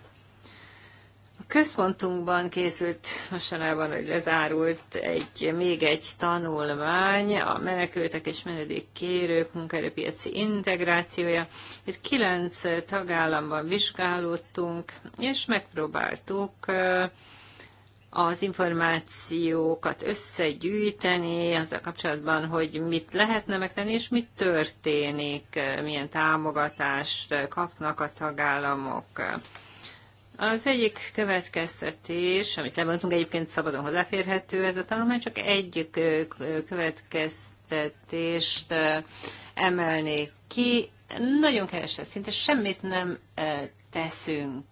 központunkban készült mostanában, hogy lezárult egy, még egy tanulmány, a menekültek és menedékkérők munkaerőpiaci integrációja. Itt kilenc tagállamban vizsgálódtunk, és megpróbáltuk az információkat összegyűjteni azzal kapcsolatban, hogy mit lehetne megtenni, és mit történik, milyen támogatást kapnak a tagállamok az egyik következtetés, amit lemondtunk, egyébként szabadon hozzáférhető ez a tanulmány, csak egy következtetést emelnék ki. Nagyon keveset, szinte semmit nem teszünk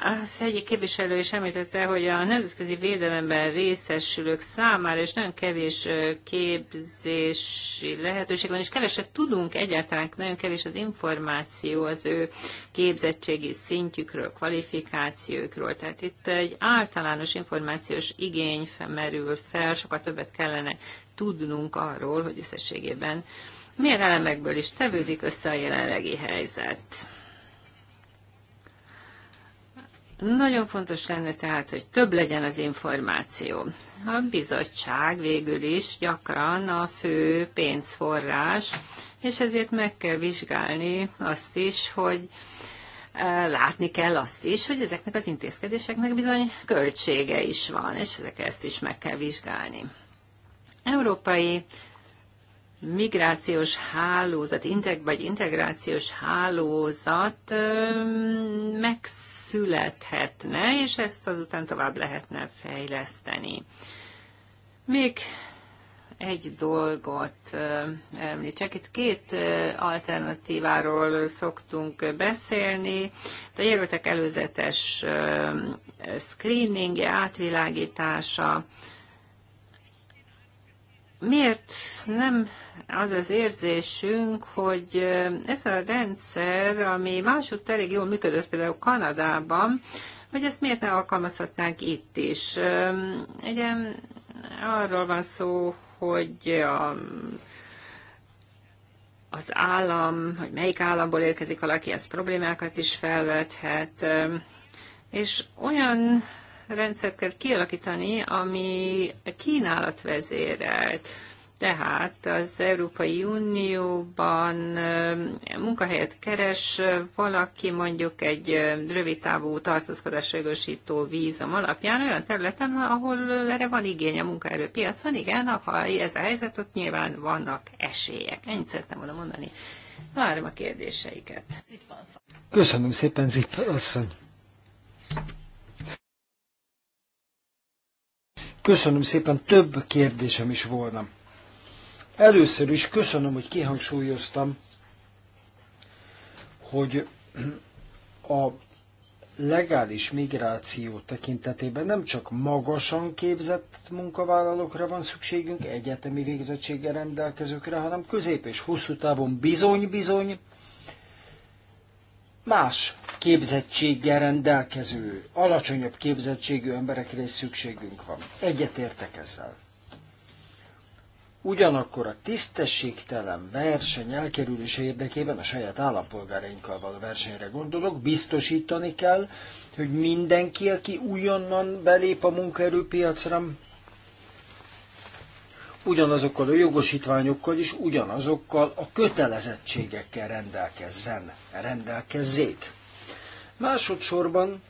az egyik képviselő is említette, hogy a nemzetközi védelemben részesülők számára és nagyon kevés képzési lehetőség van, és keveset tudunk egyáltalán, nagyon kevés az információ az ő képzettségi szintjükről, kvalifikációkról. Tehát itt egy általános információs igény merül fel, sokkal többet kellene tudnunk arról, hogy összességében milyen elemekből is tevődik össze a jelenlegi helyzet. Nagyon fontos lenne tehát, hogy több legyen az információ. A bizottság végül is gyakran a fő pénzforrás, és ezért meg kell vizsgálni azt is, hogy e, látni kell azt is, hogy ezeknek az intézkedéseknek bizony költsége is van, és ezeket ezt is meg kell vizsgálni. Európai migrációs hálózat, integ, vagy integrációs hálózat megsz születhetne, és ezt azután tovább lehetne fejleszteni. Még egy dolgot említsek. Itt két alternatíváról szoktunk beszélni. A jelöltek előzetes screeningje, átvilágítása. Miért nem az az érzésünk, hogy ez a rendszer, ami máshogy elég jól működött például Kanadában, hogy ezt miért ne alkalmazhatnánk itt is. Ugye arról van szó, hogy a, az állam, hogy melyik államból érkezik valaki, ez problémákat is felvethet, és olyan rendszert kell kialakítani, ami kínálat vezérelt. Tehát az Európai Unióban munkahelyet keres valaki mondjuk egy távú tartózkodásra jogosító vízom alapján olyan területen, ahol erre van igény a munkaerőpiacon, igen, ha ez a helyzet, ott nyilván vannak esélyek. Ennyit szerettem volna mondani. Várom a kérdéseiket. Köszönöm szépen, Zip asszony. Köszönöm szépen, több kérdésem is volna. Először is köszönöm, hogy kihangsúlyoztam, hogy a legális migráció tekintetében nem csak magasan képzett munkavállalókra van szükségünk, egyetemi végzettséggel rendelkezőkre, hanem közép és hosszú távon bizony-bizony más képzettséggel rendelkező, alacsonyabb képzettségű emberekre is szükségünk van. Egyetértek ezzel. Ugyanakkor a tisztességtelen verseny elkerülése érdekében a saját állampolgárainkkal való versenyre gondolok, biztosítani kell, hogy mindenki, aki újonnan belép a munkaerőpiacra, ugyanazokkal a jogosítványokkal és ugyanazokkal a kötelezettségekkel rendelkezzen, rendelkezzék. Másodszorban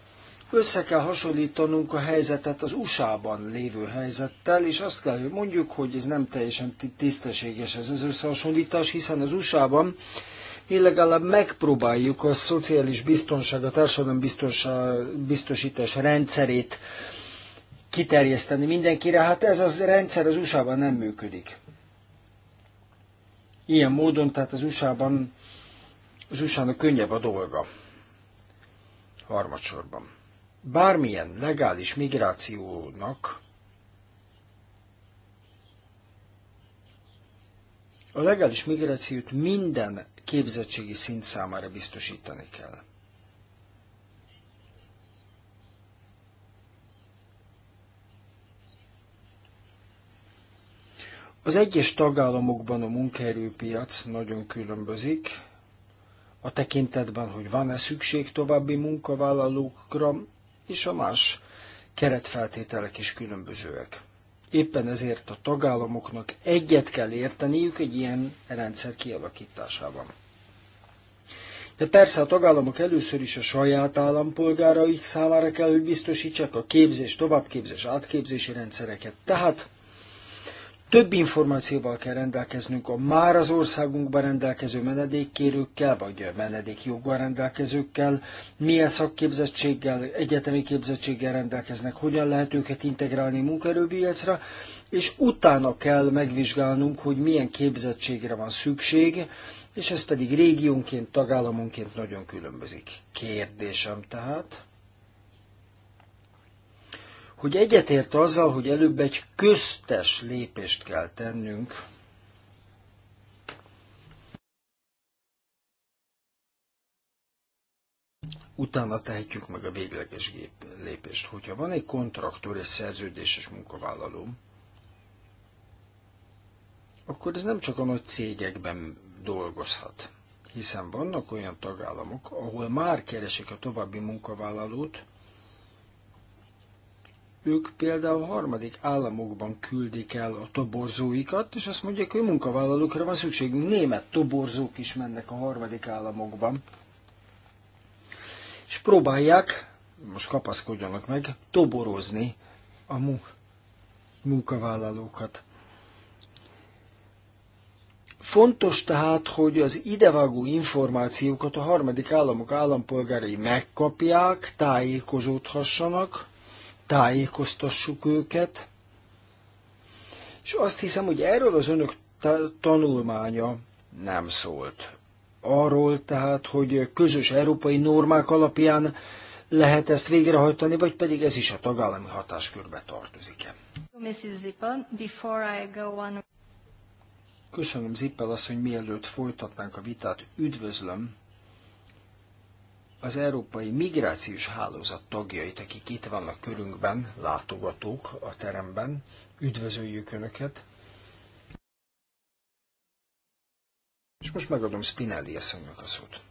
össze kell hasonlítanunk a helyzetet az USA-ban lévő helyzettel, és azt kell, hogy mondjuk, hogy ez nem teljesen tisztességes ez az összehasonlítás, hiszen az USA-ban mi legalább megpróbáljuk a szociális biztonság, a társadalom biztosítás rendszerét kiterjeszteni mindenkire. Hát ez az rendszer az USA-ban nem működik. Ilyen módon, tehát az USA-ban az USA-nak könnyebb a dolga. Harmadsorban bármilyen legális migrációnak a legális migrációt minden képzettségi szint számára biztosítani kell. Az egyes tagállamokban a munkaerőpiac nagyon különbözik, a tekintetben, hogy van-e szükség további munkavállalókra, és a más keretfeltételek is különbözőek. Éppen ezért a tagállamoknak egyet kell érteniük egy ilyen rendszer kialakításában. De persze a tagállamok először is a saját állampolgáraik számára kell, hogy biztosítsák a képzés, továbbképzés, átképzési rendszereket. Tehát több információval kell rendelkeznünk a már az országunkban rendelkező menedékkérőkkel, vagy menedékjoggal rendelkezőkkel, milyen szakképzettséggel, egyetemi képzettséggel rendelkeznek, hogyan lehet őket integrálni munkaerőpiacra, és utána kell megvizsgálnunk, hogy milyen képzettségre van szükség, és ez pedig régiónként, tagállamonként nagyon különbözik. Kérdésem tehát, hogy egyetért azzal, hogy előbb egy köztes lépést kell tennünk, utána tehetjük meg a végleges gép lépést. Hogyha van egy kontraktor és szerződéses munkavállaló, akkor ez nem csak a nagy cégekben dolgozhat, hiszen vannak olyan tagállamok, ahol már keresik a további munkavállalót, ők például harmadik államokban küldik el a toborzóikat, és azt mondják, hogy munkavállalókra van szükség. Német toborzók is mennek a harmadik államokban. És próbálják, most kapaszkodjanak meg, toborozni a munkavállalókat. Fontos tehát, hogy az idevágó információkat a harmadik államok állampolgárai megkapják, tájékozódhassanak, tájékoztassuk őket. És azt hiszem, hogy erről az önök tanulmánya nem szólt. Arról tehát, hogy közös európai normák alapján lehet ezt végrehajtani, vagy pedig ez is a tagállami hatáskörbe tartozik-e. Köszönöm Zippel azt, hogy mielőtt folytatnánk a vitát, üdvözlöm az Európai Migrációs Hálózat tagjait, akik itt vannak körünkben, látogatók a teremben. Üdvözöljük Önöket! És most megadom Spinelli eszemnek a szót.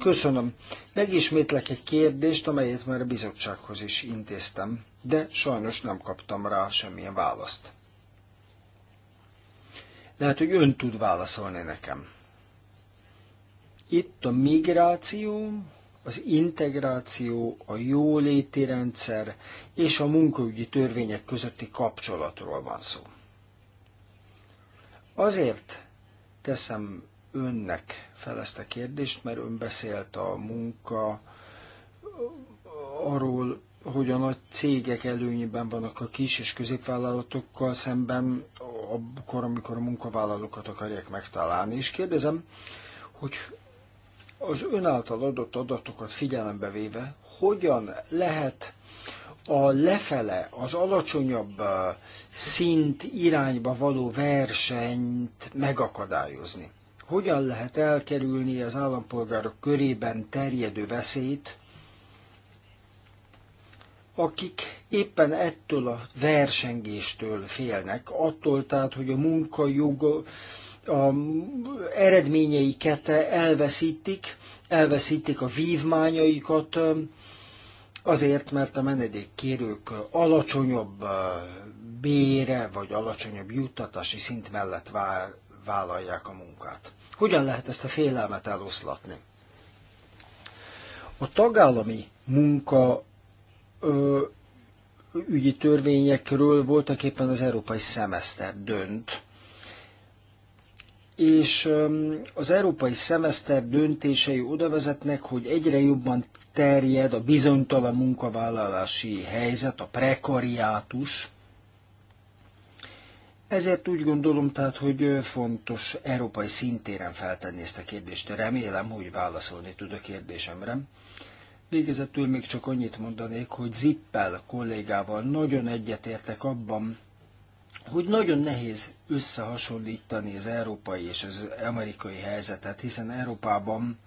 Köszönöm. Megismétlek egy kérdést, amelyet már a bizottsághoz is intéztem, de sajnos nem kaptam rá semmilyen választ. Lehet, hogy ön tud válaszolni nekem. Itt a migráció, az integráció, a jóléti rendszer és a munkaügyi törvények közötti kapcsolatról van szó. Azért teszem önnek fel ezt a kérdést, mert ön beszélt a munka arról, hogy a nagy cégek előnyében vannak a kis és középvállalatokkal szemben, akkor, amikor a munkavállalókat akarják megtalálni. És kérdezem, hogy az ön által adott adatokat figyelembe véve, hogyan lehet a lefele, az alacsonyabb szint irányba való versenyt megakadályozni? Hogyan lehet elkerülni az állampolgárok körében terjedő veszélyt, akik éppen ettől a versengéstől félnek, attól tehát, hogy a munkajog a eredményeiket elveszítik, elveszítik a vívmányaikat, azért, mert a menedékkérők alacsonyabb bére vagy alacsonyabb juttatási szint mellett vállalják a munkát. Hogyan lehet ezt a félelmet eloszlatni? A tagállami munka ö, ügyi törvényekről voltak éppen az európai szemeszter dönt. És az európai szemeszter döntései oda vezetnek, hogy egyre jobban terjed a bizonytalan munkavállalási helyzet, a prekariátus. Ezért úgy gondolom tehát, hogy fontos európai szintéren feltenni ezt a kérdést. Remélem, hogy válaszolni tud a kérdésemre. Végezetül még csak annyit mondanék, hogy Zippel kollégával nagyon egyetértek abban, hogy nagyon nehéz összehasonlítani az európai és az amerikai helyzetet, hiszen Európában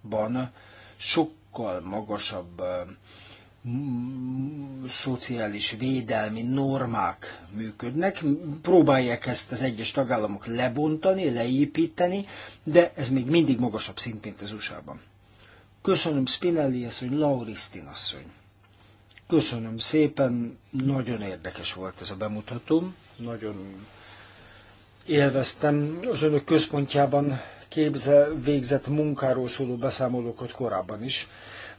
van sokkal magasabb szociális védelmi normák működnek. Próbálják ezt az egyes tagállamok lebontani, leépíteni, de ez még mindig magasabb szint, mint az USA-ban. Köszönöm Spinelli asszony, Laurisztin asszony. Köszönöm szépen, nagyon érdekes volt ez a bemutatóm, nagyon élveztem az önök központjában képze végzett munkáról szóló beszámolókat korábban is.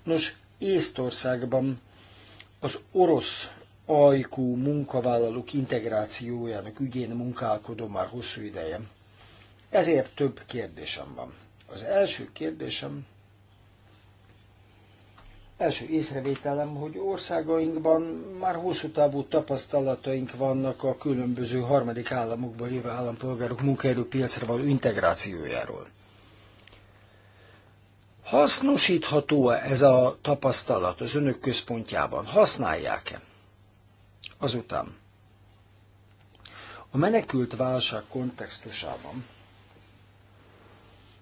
Nos, Észtországban az orosz ajkú munkavállalók integrációjának ügyén munkálkodom már hosszú ideje. Ezért több kérdésem van. Az első kérdésem Első észrevételem, hogy országainkban már hosszú távú tapasztalataink vannak a különböző harmadik államokból jövő állampolgárok munkaerőpiacra való integrációjáról. Hasznosítható-e ez a tapasztalat az önök központjában? Használják-e? Azután. A menekült válság kontextusában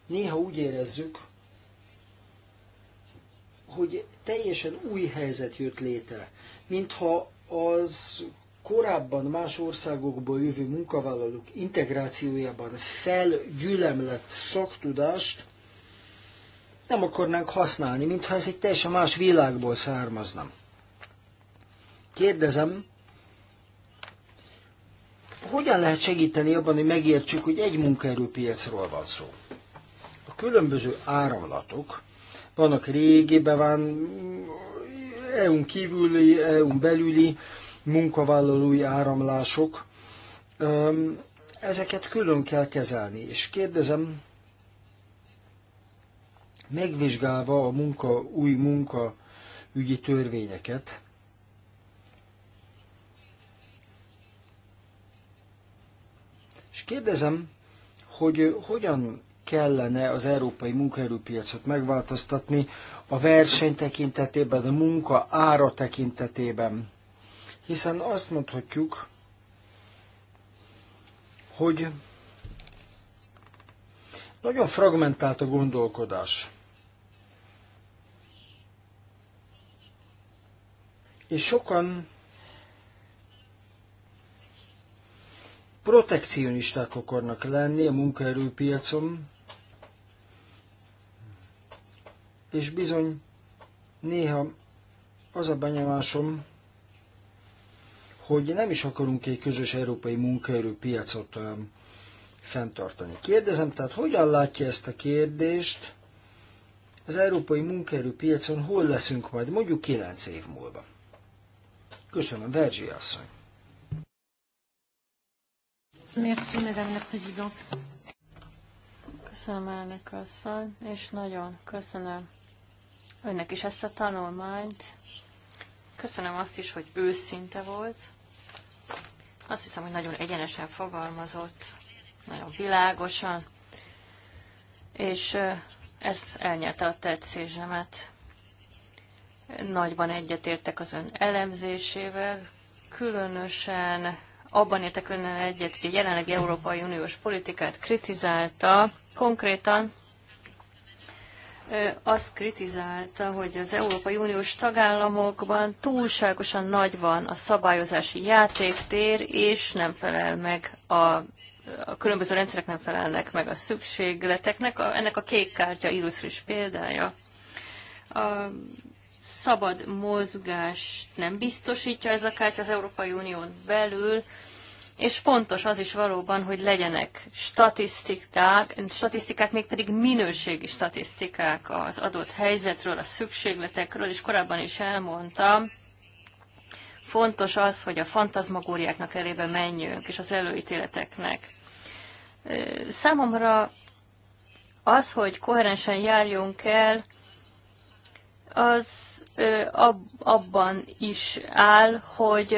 néha úgy érezzük, hogy teljesen új helyzet jött létre, mintha az korábban más országokból jövő munkavállalók integrációjában felgyülemlett szaktudást nem akarnánk használni, mintha ez egy teljesen más világból származna. Kérdezem, hogyan lehet segíteni abban, hogy megértsük, hogy egy munkaerőpiacról van szó? A különböző áramlatok, vannak régi van, EU-n kívüli, EU-n belüli munkavállalói áramlások. Ezeket külön kell kezelni, és kérdezem, megvizsgálva a munka, új munkaügyi törvényeket, és kérdezem, hogy hogyan kellene az európai munkaerőpiacot megváltoztatni a verseny tekintetében, a munka ára tekintetében. Hiszen azt mondhatjuk, hogy nagyon fragmentált a gondolkodás. És sokan protekcionisták akarnak lenni a munkaerőpiacon, és bizony néha az a benyomásom, hogy nem is akarunk egy közös európai munkaerőpiacot fenntartani. Kérdezem, tehát hogyan látja ezt a kérdést az európai munkaerőpiacon, hol leszünk majd mondjuk 9 év múlva? Köszönöm, Vergyi asszony. Merci, Madame la Présidente. Köszönöm, elnök asszony, és nagyon köszönöm önnek is ezt a tanulmányt. Köszönöm azt is, hogy őszinte volt. Azt hiszem, hogy nagyon egyenesen fogalmazott, nagyon világosan, és ezt elnyerte a tetszésemet. Nagyban egyetértek az ön elemzésével, különösen abban értek önnel egyet, hogy a jelenlegi Európai Uniós politikát kritizálta, konkrétan azt kritizálta, hogy az Európai Uniós tagállamokban túlságosan nagy van a szabályozási játéktér, és nem felel meg a, a különböző rendszerek nem felelnek meg a szükségleteknek. A, ennek a kék kártya illusztris példája. A szabad mozgást nem biztosítja ez a kártya az Európai Unión belül, és fontos az is valóban, hogy legyenek statisztikák, statisztikák mégpedig minőségi statisztikák az adott helyzetről, a szükségletekről, és korábban is elmondtam, fontos az, hogy a fantazmagóriáknak elébe menjünk, és az előítéleteknek. Számomra az, hogy koherensen járjunk el, az abban is áll, hogy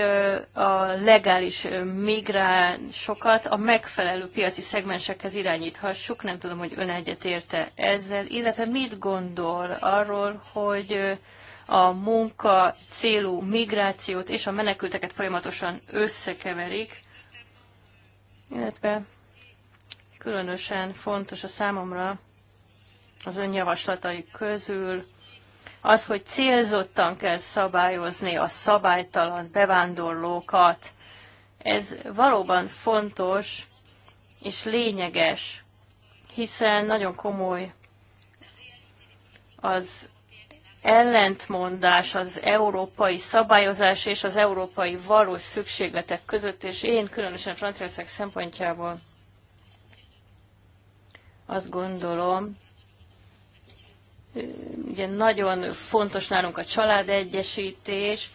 a legális migránsokat a megfelelő piaci szegmensekhez irányíthassuk. Nem tudom, hogy ön egyet érte ezzel, illetve mit gondol arról, hogy a munka célú migrációt és a menekülteket folyamatosan összekeverik, illetve különösen fontos a számomra az önjavaslatai közül, az, hogy célzottan kell szabályozni a szabálytalan bevándorlókat, ez valóban fontos és lényeges, hiszen nagyon komoly az ellentmondás az európai szabályozás és az európai valós szükségletek között, és én különösen Franciaország szempontjából azt gondolom, ugye nagyon fontos nálunk a családegyesítés,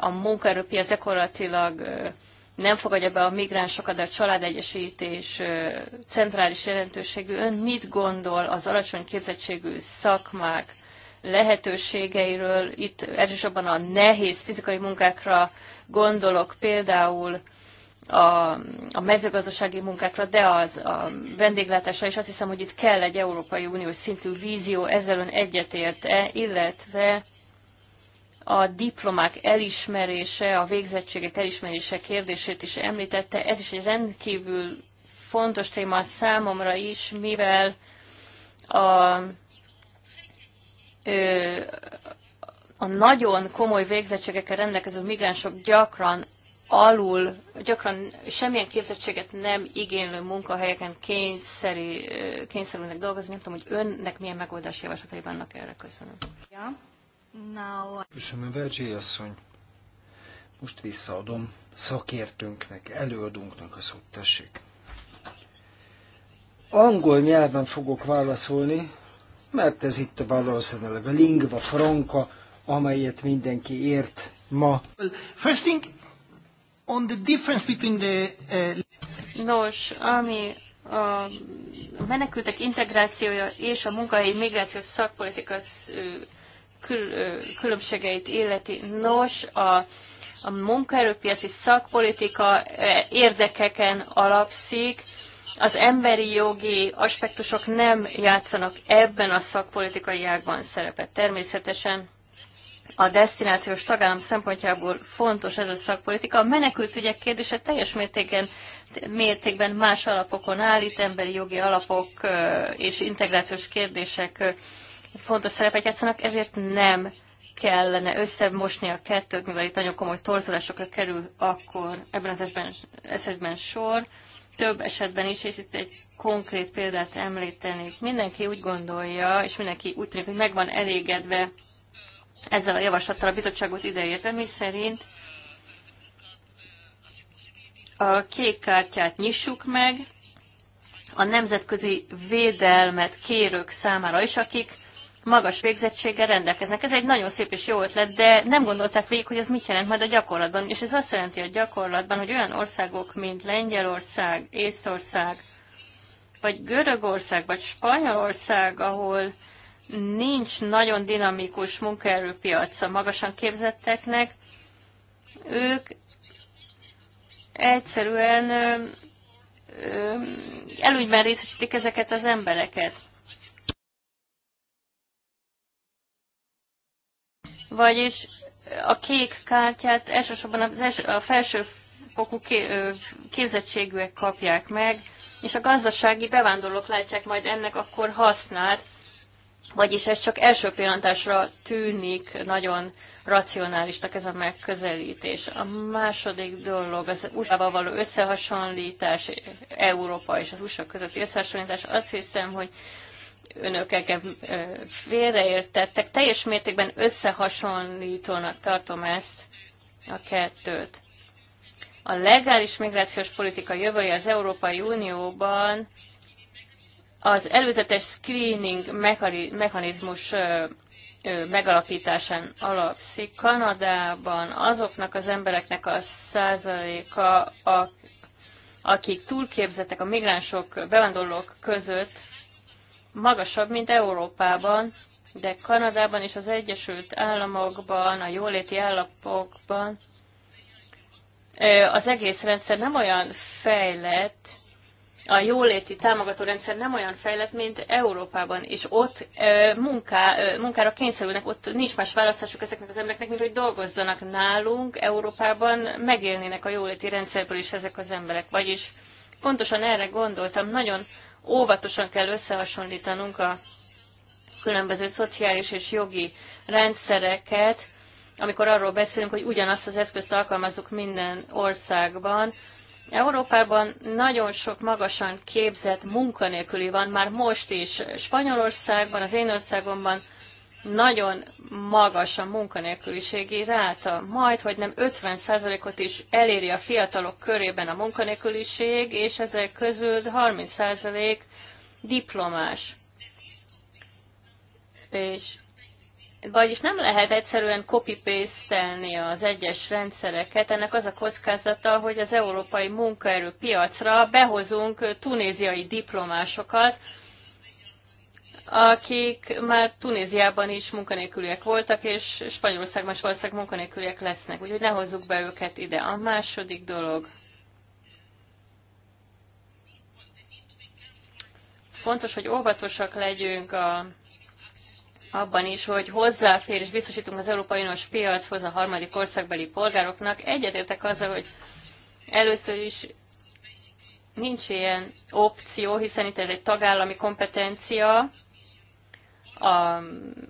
a munkaerőpiac gyakorlatilag nem fogadja be a migránsokat, de a családegyesítés centrális jelentőségű. Ön mit gondol az alacsony képzettségű szakmák lehetőségeiről? Itt elsősorban a nehéz fizikai munkákra gondolok, például a, a mezőgazdasági munkákra, de az a vendéglátásra, és azt hiszem, hogy itt kell egy Európai Uniós szintű vízió, ezzel ön egyetért-e, illetve a diplomák elismerése, a végzettségek elismerése kérdését is említette. Ez is egy rendkívül fontos téma számomra is, mivel a, ö, a nagyon komoly végzettségekkel rendelkező migránsok gyakran alul, gyakran semmilyen képzettséget nem igénylő munkahelyeken kényszeri, kényszerülnek dolgozni. Nem tudom, hogy önnek milyen megoldási javaslatai vannak erre. Köszönöm. Köszönöm, Vergyi asszony. Most visszaadom szakértőnknek, előadónknak a szót, tessék. Angol nyelven fogok válaszolni, mert ez itt valószínűleg a lingva franca, amelyet mindenki ért ma. First thing on the difference between the... Uh... Nos, ami a menekültek integrációja és a munkahelyi migrációs szakpolitika kül, különbségeit illeti. Nos, a, a munkaerőpiaci szakpolitika érdekeken alapszik, az emberi jogi aspektusok nem játszanak ebben a szakpolitikai ágban szerepet. Természetesen a destinációs tagállam szempontjából fontos ez a szakpolitika. A menekültügyek kérdése teljes mértéken, mértékben más alapokon állít, emberi jogi alapok és integrációs kérdések fontos szerepet játszanak, ezért nem kellene összemosni a kettőt, mivel itt nagyon komoly torzulásokra kerül, akkor ebben az esetben, esetben sor. Több esetben is, és itt egy konkrét példát említenék. Mindenki úgy gondolja, és mindenki úgy tűnik, hogy megvan elégedve ezzel a javaslattal a bizottságot ideértve, mi szerint a kék kártyát nyissuk meg a nemzetközi védelmet kérők számára is, akik magas végzettséggel rendelkeznek. Ez egy nagyon szép és jó ötlet, de nem gondolták végig, hogy ez mit jelent majd a gyakorlatban. És ez azt jelenti a gyakorlatban, hogy olyan országok, mint Lengyelország, Észtország, vagy Görögország, vagy Spanyolország, ahol nincs nagyon dinamikus munkaerőpiaca magasan képzetteknek, ők egyszerűen ö, részesítik ezeket az embereket. Vagyis a kék kártyát elsősorban az els, a felsőfokú képzettségűek kapják meg, és a gazdasági bevándorlók látják majd ennek akkor hasznát, vagyis ez csak első pillantásra tűnik nagyon racionálisnak ez a megközelítés. A második dolog, az USA-val való összehasonlítás, Európa és az USA közötti összehasonlítás, azt hiszem, hogy önök engem félreértettek. Teljes mértékben összehasonlítónak tartom ezt a kettőt. A legális migrációs politika jövője az Európai Unióban az előzetes screening mechanizmus megalapításán alapszik. Kanadában azoknak az embereknek a százaléka, a, akik túlképzettek a migránsok, bevándorlók között, magasabb, mint Európában, de Kanadában és az Egyesült Államokban, a jóléti állapokban az egész rendszer nem olyan fejlett, a jóléti támogató rendszer nem olyan fejlett, mint Európában, és ott e, munká, e, munkára kényszerülnek, ott nincs más választásuk ezeknek az embereknek, mint hogy dolgozzanak nálunk, Európában megélnének a jóléti rendszerből is ezek az emberek. Vagyis pontosan erre gondoltam, nagyon óvatosan kell összehasonlítanunk a különböző szociális és jogi rendszereket, amikor arról beszélünk, hogy ugyanazt az eszközt alkalmazunk minden országban, Európában nagyon sok magasan képzett munkanélküli van, már most is Spanyolországban, az én országomban nagyon magas a munkanélküliségi ráta, majd, hogy nem 50%-ot is eléri a fiatalok körében a munkanélküliség, és ezek közül 30% diplomás. És vagyis nem lehet egyszerűen copy paste az egyes rendszereket. Ennek az a kockázata, hogy az európai munkaerőpiacra behozunk tunéziai diplomásokat, akik már Tunéziában is munkanélküliek voltak, és Spanyolországban is valószínűleg munkanélküliek lesznek. Úgyhogy ne hozzuk be őket ide. A második dolog. Fontos, hogy óvatosak legyünk a abban is, hogy és biztosítunk az Európai Uniós piachoz a harmadik országbeli polgároknak. Egyetértek azzal, hogy először is nincs ilyen opció, hiszen itt ez egy tagállami kompetencia, a,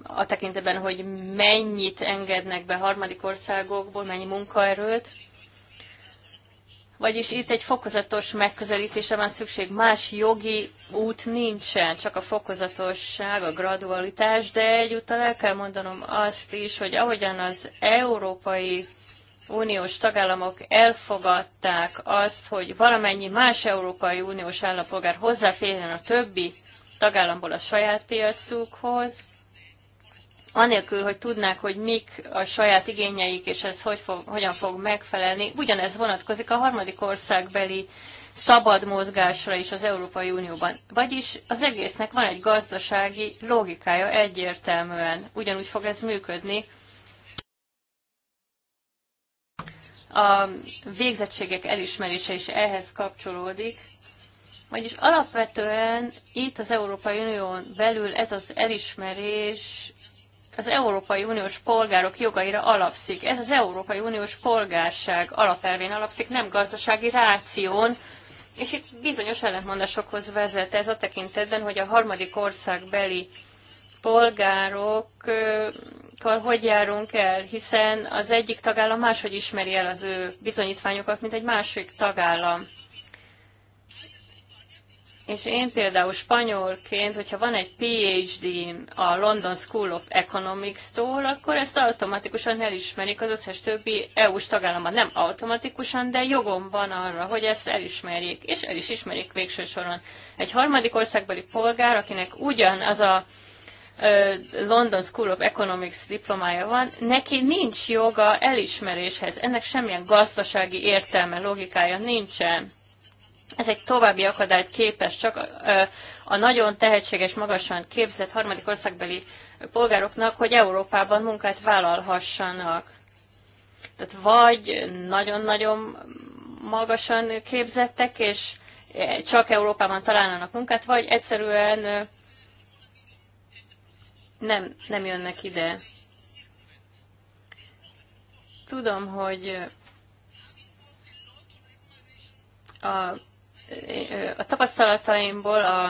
a tekintetben, hogy mennyit engednek be harmadik országokból, mennyi munkaerőt, vagyis itt egy fokozatos megközelítésre van szükség. Más jogi út nincsen, csak a fokozatosság, a gradualitás, de egyúttal el kell mondanom azt is, hogy ahogyan az európai uniós tagállamok elfogadták azt, hogy valamennyi más európai uniós állampolgár hozzáférjen a többi tagállamból a saját piacukhoz, anélkül, hogy tudnák, hogy mik a saját igényeik, és ez hogy fog, hogyan fog megfelelni. Ugyanez vonatkozik a harmadik országbeli szabad mozgásra is az Európai Unióban. Vagyis az egésznek van egy gazdasági logikája egyértelműen. Ugyanúgy fog ez működni. A végzettségek elismerése is ehhez kapcsolódik. Vagyis alapvetően itt az Európai Unión belül ez az elismerés az Európai Uniós polgárok jogaira alapszik. Ez az Európai Uniós polgárság alapelvén alapszik, nem gazdasági ráción, és itt bizonyos ellentmondásokhoz vezet ez a tekintetben, hogy a harmadik országbeli polgárokkal hogy járunk el, hiszen az egyik tagállam máshogy ismeri el az ő bizonyítványokat, mint egy másik tagállam. És én például spanyolként, hogyha van egy phd a London School of Economics-tól, akkor ezt automatikusan elismerik az összes többi EU-s tagállamban. Nem automatikusan, de jogom van arra, hogy ezt elismerjék, és el is ismerik végső soron. Egy harmadik országbeli polgár, akinek ugyanaz a London School of Economics diplomája van, neki nincs joga elismeréshez, ennek semmilyen gazdasági értelme, logikája nincsen. Ez egy további akadályt képes csak a nagyon tehetséges, magasan képzett harmadik országbeli polgároknak, hogy Európában munkát vállalhassanak. Tehát vagy nagyon-nagyon magasan képzettek, és csak Európában találnának munkát, vagy egyszerűen nem, nem jönnek ide. Tudom, hogy a a tapasztalataimból a,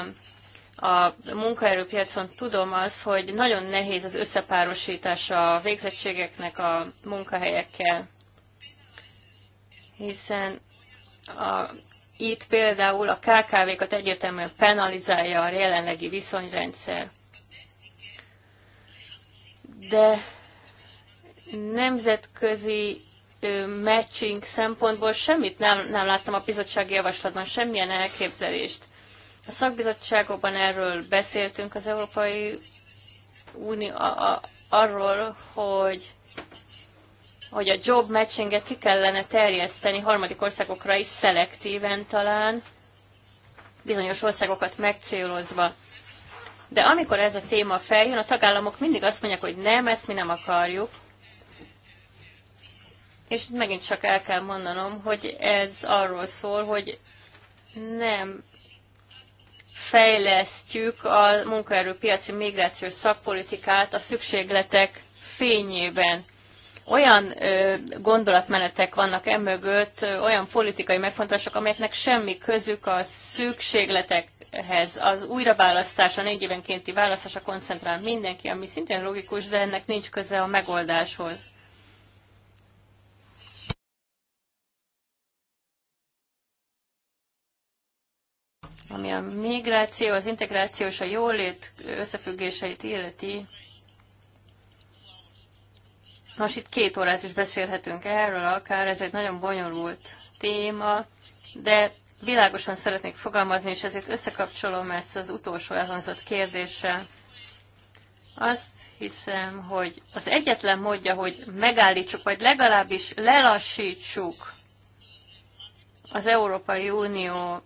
a munkaerőpiacon tudom azt, hogy nagyon nehéz az összepárosítása a végzettségeknek a munkahelyekkel, hiszen a, itt például a KKV-kat egyértelműen penalizálja a jelenlegi viszonyrendszer. De nemzetközi matching szempontból semmit nem, nem láttam a bizottsági javaslatban, semmilyen elképzelést. A szakbizottságokban erről beszéltünk az Európai Unió a, a, arról, hogy hogy a job matchinget ki kellene terjeszteni harmadik országokra is szelektíven talán, bizonyos országokat megcélozva. De amikor ez a téma feljön, a tagállamok mindig azt mondják, hogy nem, ezt mi nem akarjuk, és megint csak el kell mondanom, hogy ez arról szól, hogy nem fejlesztjük a munkaerőpiaci migrációs szakpolitikát a szükségletek fényében. Olyan ö, gondolatmenetek vannak emögött, ö, olyan politikai megfontolások, amelyeknek semmi közük a szükségletekhez. Az a négy évenkénti választásra koncentrál mindenki, ami szintén logikus, de ennek nincs köze a megoldáshoz. Ami a migráció, az integráció és a jólét összefüggéseit illeti, Nos, itt két órát is beszélhetünk erről, akár ez egy nagyon bonyolult téma, de világosan szeretnék fogalmazni, és ezért összekapcsolom ezt az utolsó elhangzott kérdéssel. Azt hiszem, hogy az egyetlen módja, hogy megállítsuk, vagy legalábbis lelassítsuk az Európai Unió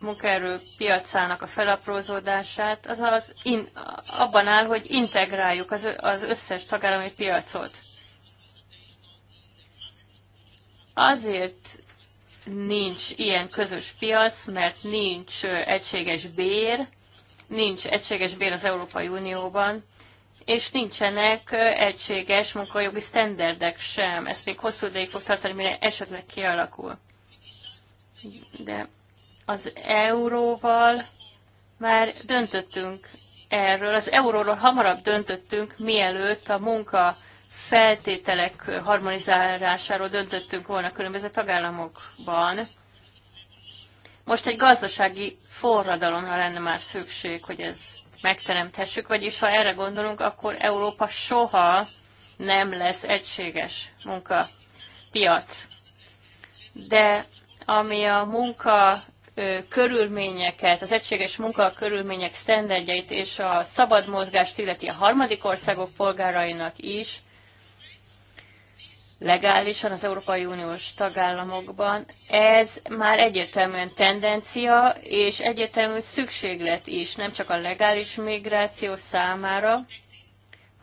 munkaerő piacának a felaprózódását, az, az in, abban áll, hogy integráljuk az, az összes tagállami piacot. Azért nincs ilyen közös piac, mert nincs egységes bér, nincs egységes bér az Európai Unióban, és nincsenek egységes munkajogi sztenderdek sem. Ezt még hosszú ideig fog tartani, mire esetleg kialakul de az euróval már döntöttünk erről. Az euróról hamarabb döntöttünk, mielőtt a munka feltételek harmonizálásáról döntöttünk volna különböző tagállamokban. Most egy gazdasági forradalomra lenne már szükség, hogy ez megteremthessük, vagyis ha erre gondolunk, akkor Európa soha nem lesz egységes munkapiac. De ami a munka körülményeket, az egységes munkakörülmények sztenderdjeit és a szabad mozgást illeti a harmadik országok polgárainak is, legálisan az Európai Uniós tagállamokban, ez már egyértelműen tendencia, és egyértelmű szükséglet is, nem csak a legális migráció számára,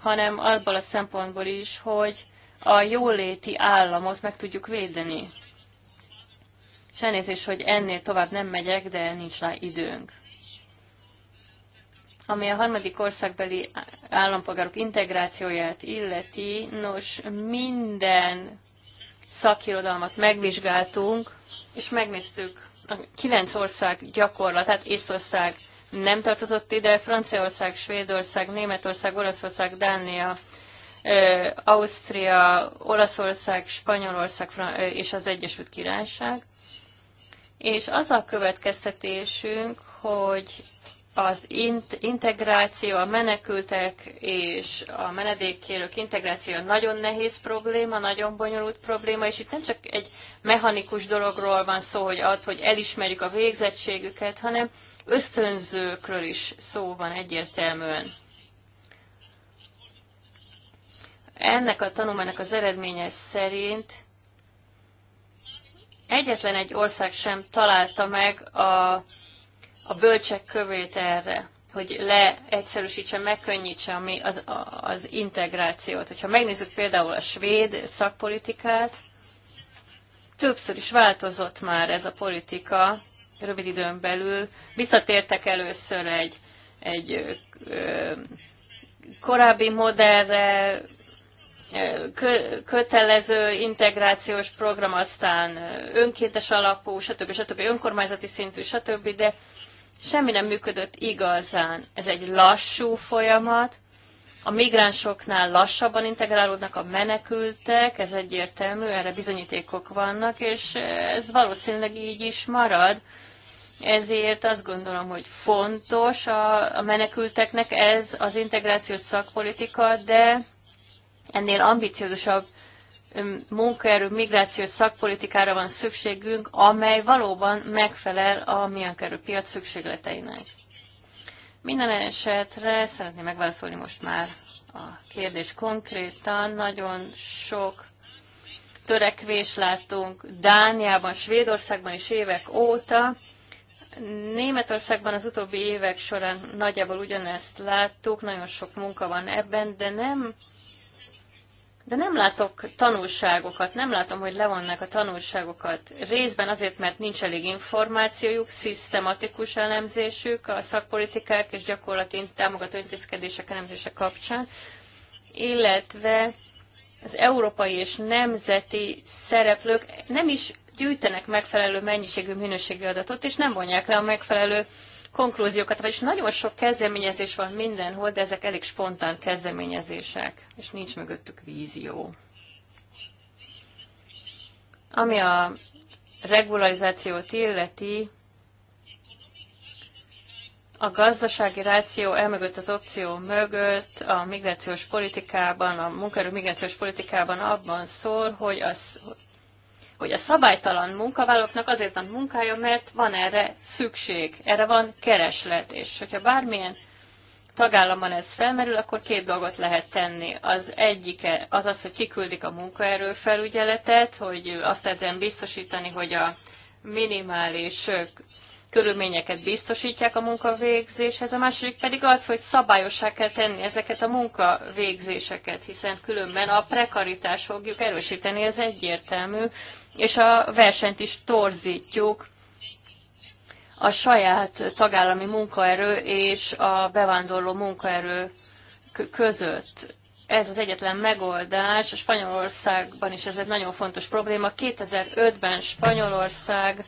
hanem abból a szempontból is, hogy a jóléti államot meg tudjuk védeni. És elnézés, hogy ennél tovább nem megyek, de nincs rá időnk. Ami a harmadik országbeli állampolgárok integrációját illeti, nos, minden szakirodalmat megvizsgáltunk, és megnéztük a kilenc ország gyakorlatát, Észtország nem tartozott ide, Franciaország, Svédország, Németország, Olaszország, Dánia, Ausztria, Olaszország, Spanyolország és az Egyesült Királyság és az a következtetésünk, hogy az integráció, a menekültek és a menedékkérők integráció nagyon nehéz probléma, nagyon bonyolult probléma, és itt nem csak egy mechanikus dologról van szó, hogy az, hogy elismerjük a végzettségüket, hanem ösztönzőkről is szó van egyértelműen. Ennek a tanulmánynak az eredménye szerint egyetlen egy ország sem találta meg a, a bölcsek kövét erre, hogy leegyszerűsítse, megkönnyítse ami az, az integrációt. Hogyha megnézzük például a svéd szakpolitikát, többször is változott már ez a politika rövid időn belül. Visszatértek először egy, egy ö, korábbi modellre, kö, kötelező integrációs program, aztán önkéntes alapú, stb. stb. önkormányzati szintű, stb. De semmi nem működött igazán. Ez egy lassú folyamat, a migránsoknál lassabban integrálódnak a menekültek, ez egyértelmű, erre bizonyítékok vannak, és ez valószínűleg így is marad. Ezért azt gondolom, hogy fontos a, a menekülteknek ez az integrációs szakpolitika, de ennél ambiciózusabb munkaerő migrációs szakpolitikára van szükségünk, amely valóban megfelel a piac szükségleteinek. Minden esetre szeretném megválaszolni most már a kérdés konkrétan. Nagyon sok törekvés látunk Dániában, Svédországban is évek óta. Németországban az utóbbi évek során nagyjából ugyanezt láttuk, nagyon sok munka van ebben, de nem de nem látok tanulságokat, nem látom, hogy levonnak a tanulságokat. Részben azért, mert nincs elég információjuk, szisztematikus elemzésük a szakpolitikák és gyakorlati támogató intézkedések elemzése kapcsán, illetve az európai és nemzeti szereplők nem is gyűjtenek megfelelő mennyiségű minőségi adatot, és nem vonják le a megfelelő konklúziókat, vagyis nagyon sok kezdeményezés van mindenhol, de ezek elég spontán kezdeményezések, és nincs mögöttük vízió. Ami a regularizációt illeti, a gazdasági ráció elmögött az opció mögött a migrációs politikában, a munkaerő migrációs politikában abban szól, hogy az hogy a szabálytalan munkavállalóknak azért van munkája, mert van erre szükség, erre van kereslet, és hogyha bármilyen tagállamban ez felmerül, akkor két dolgot lehet tenni. Az egyike az az, hogy kiküldik a munkaerő hogy azt lehetően biztosítani, hogy a minimális körülményeket biztosítják a munkavégzéshez, a második pedig az, hogy szabályossá kell tenni ezeket a munkavégzéseket, hiszen különben a prekaritás fogjuk erősíteni, ez egyértelmű, és a versenyt is torzítjuk a saját tagállami munkaerő és a bevándorló munkaerő között. Ez az egyetlen megoldás. A Spanyolországban is ez egy nagyon fontos probléma. 2005-ben Spanyolország,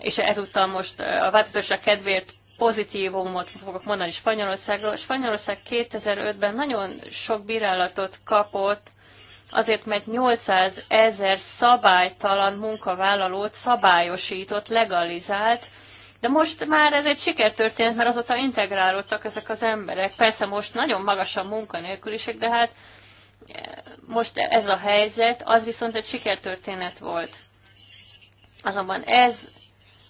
és ezúttal most a változatosság kedvéért pozitívumot fogok mondani Spanyolországról. Spanyolország 2005-ben nagyon sok bírálatot kapott azért, mert 800 ezer szabálytalan munkavállalót szabályosított, legalizált, de most már ez egy sikertörténet, mert azóta integrálódtak ezek az emberek. Persze most nagyon magas a munkanélküliség, de hát eh, most ez a helyzet, az viszont egy sikertörténet volt. Azonban ez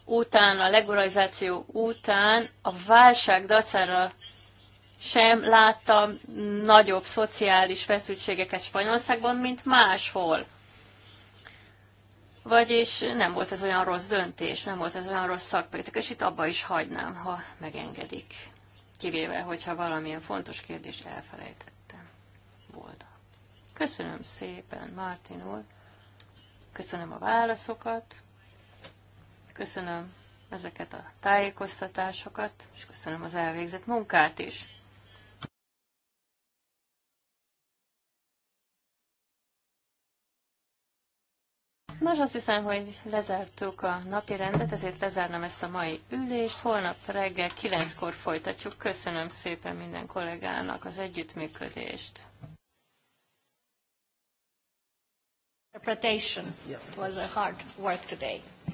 után, a legalizáció után a válság dacára sem láttam nagyobb szociális feszültségeket Spanyolországban, mint máshol. Vagyis nem volt ez olyan rossz döntés, nem volt ez olyan rossz szakpolitika, és itt abba is hagynám, ha megengedik. Kivéve, hogyha valamilyen fontos kérdést elfelejtettem volna. Köszönöm szépen, Martin úr. Köszönöm a válaszokat. Köszönöm ezeket a tájékoztatásokat, és köszönöm az elvégzett munkát is. Nos, azt hiszem, hogy lezártuk a napi rendet, ezért lezárnám ezt a mai ülést. Holnap reggel kilenckor folytatjuk. Köszönöm szépen minden kollégának az együttműködést. Interpretation. It was a hard work today.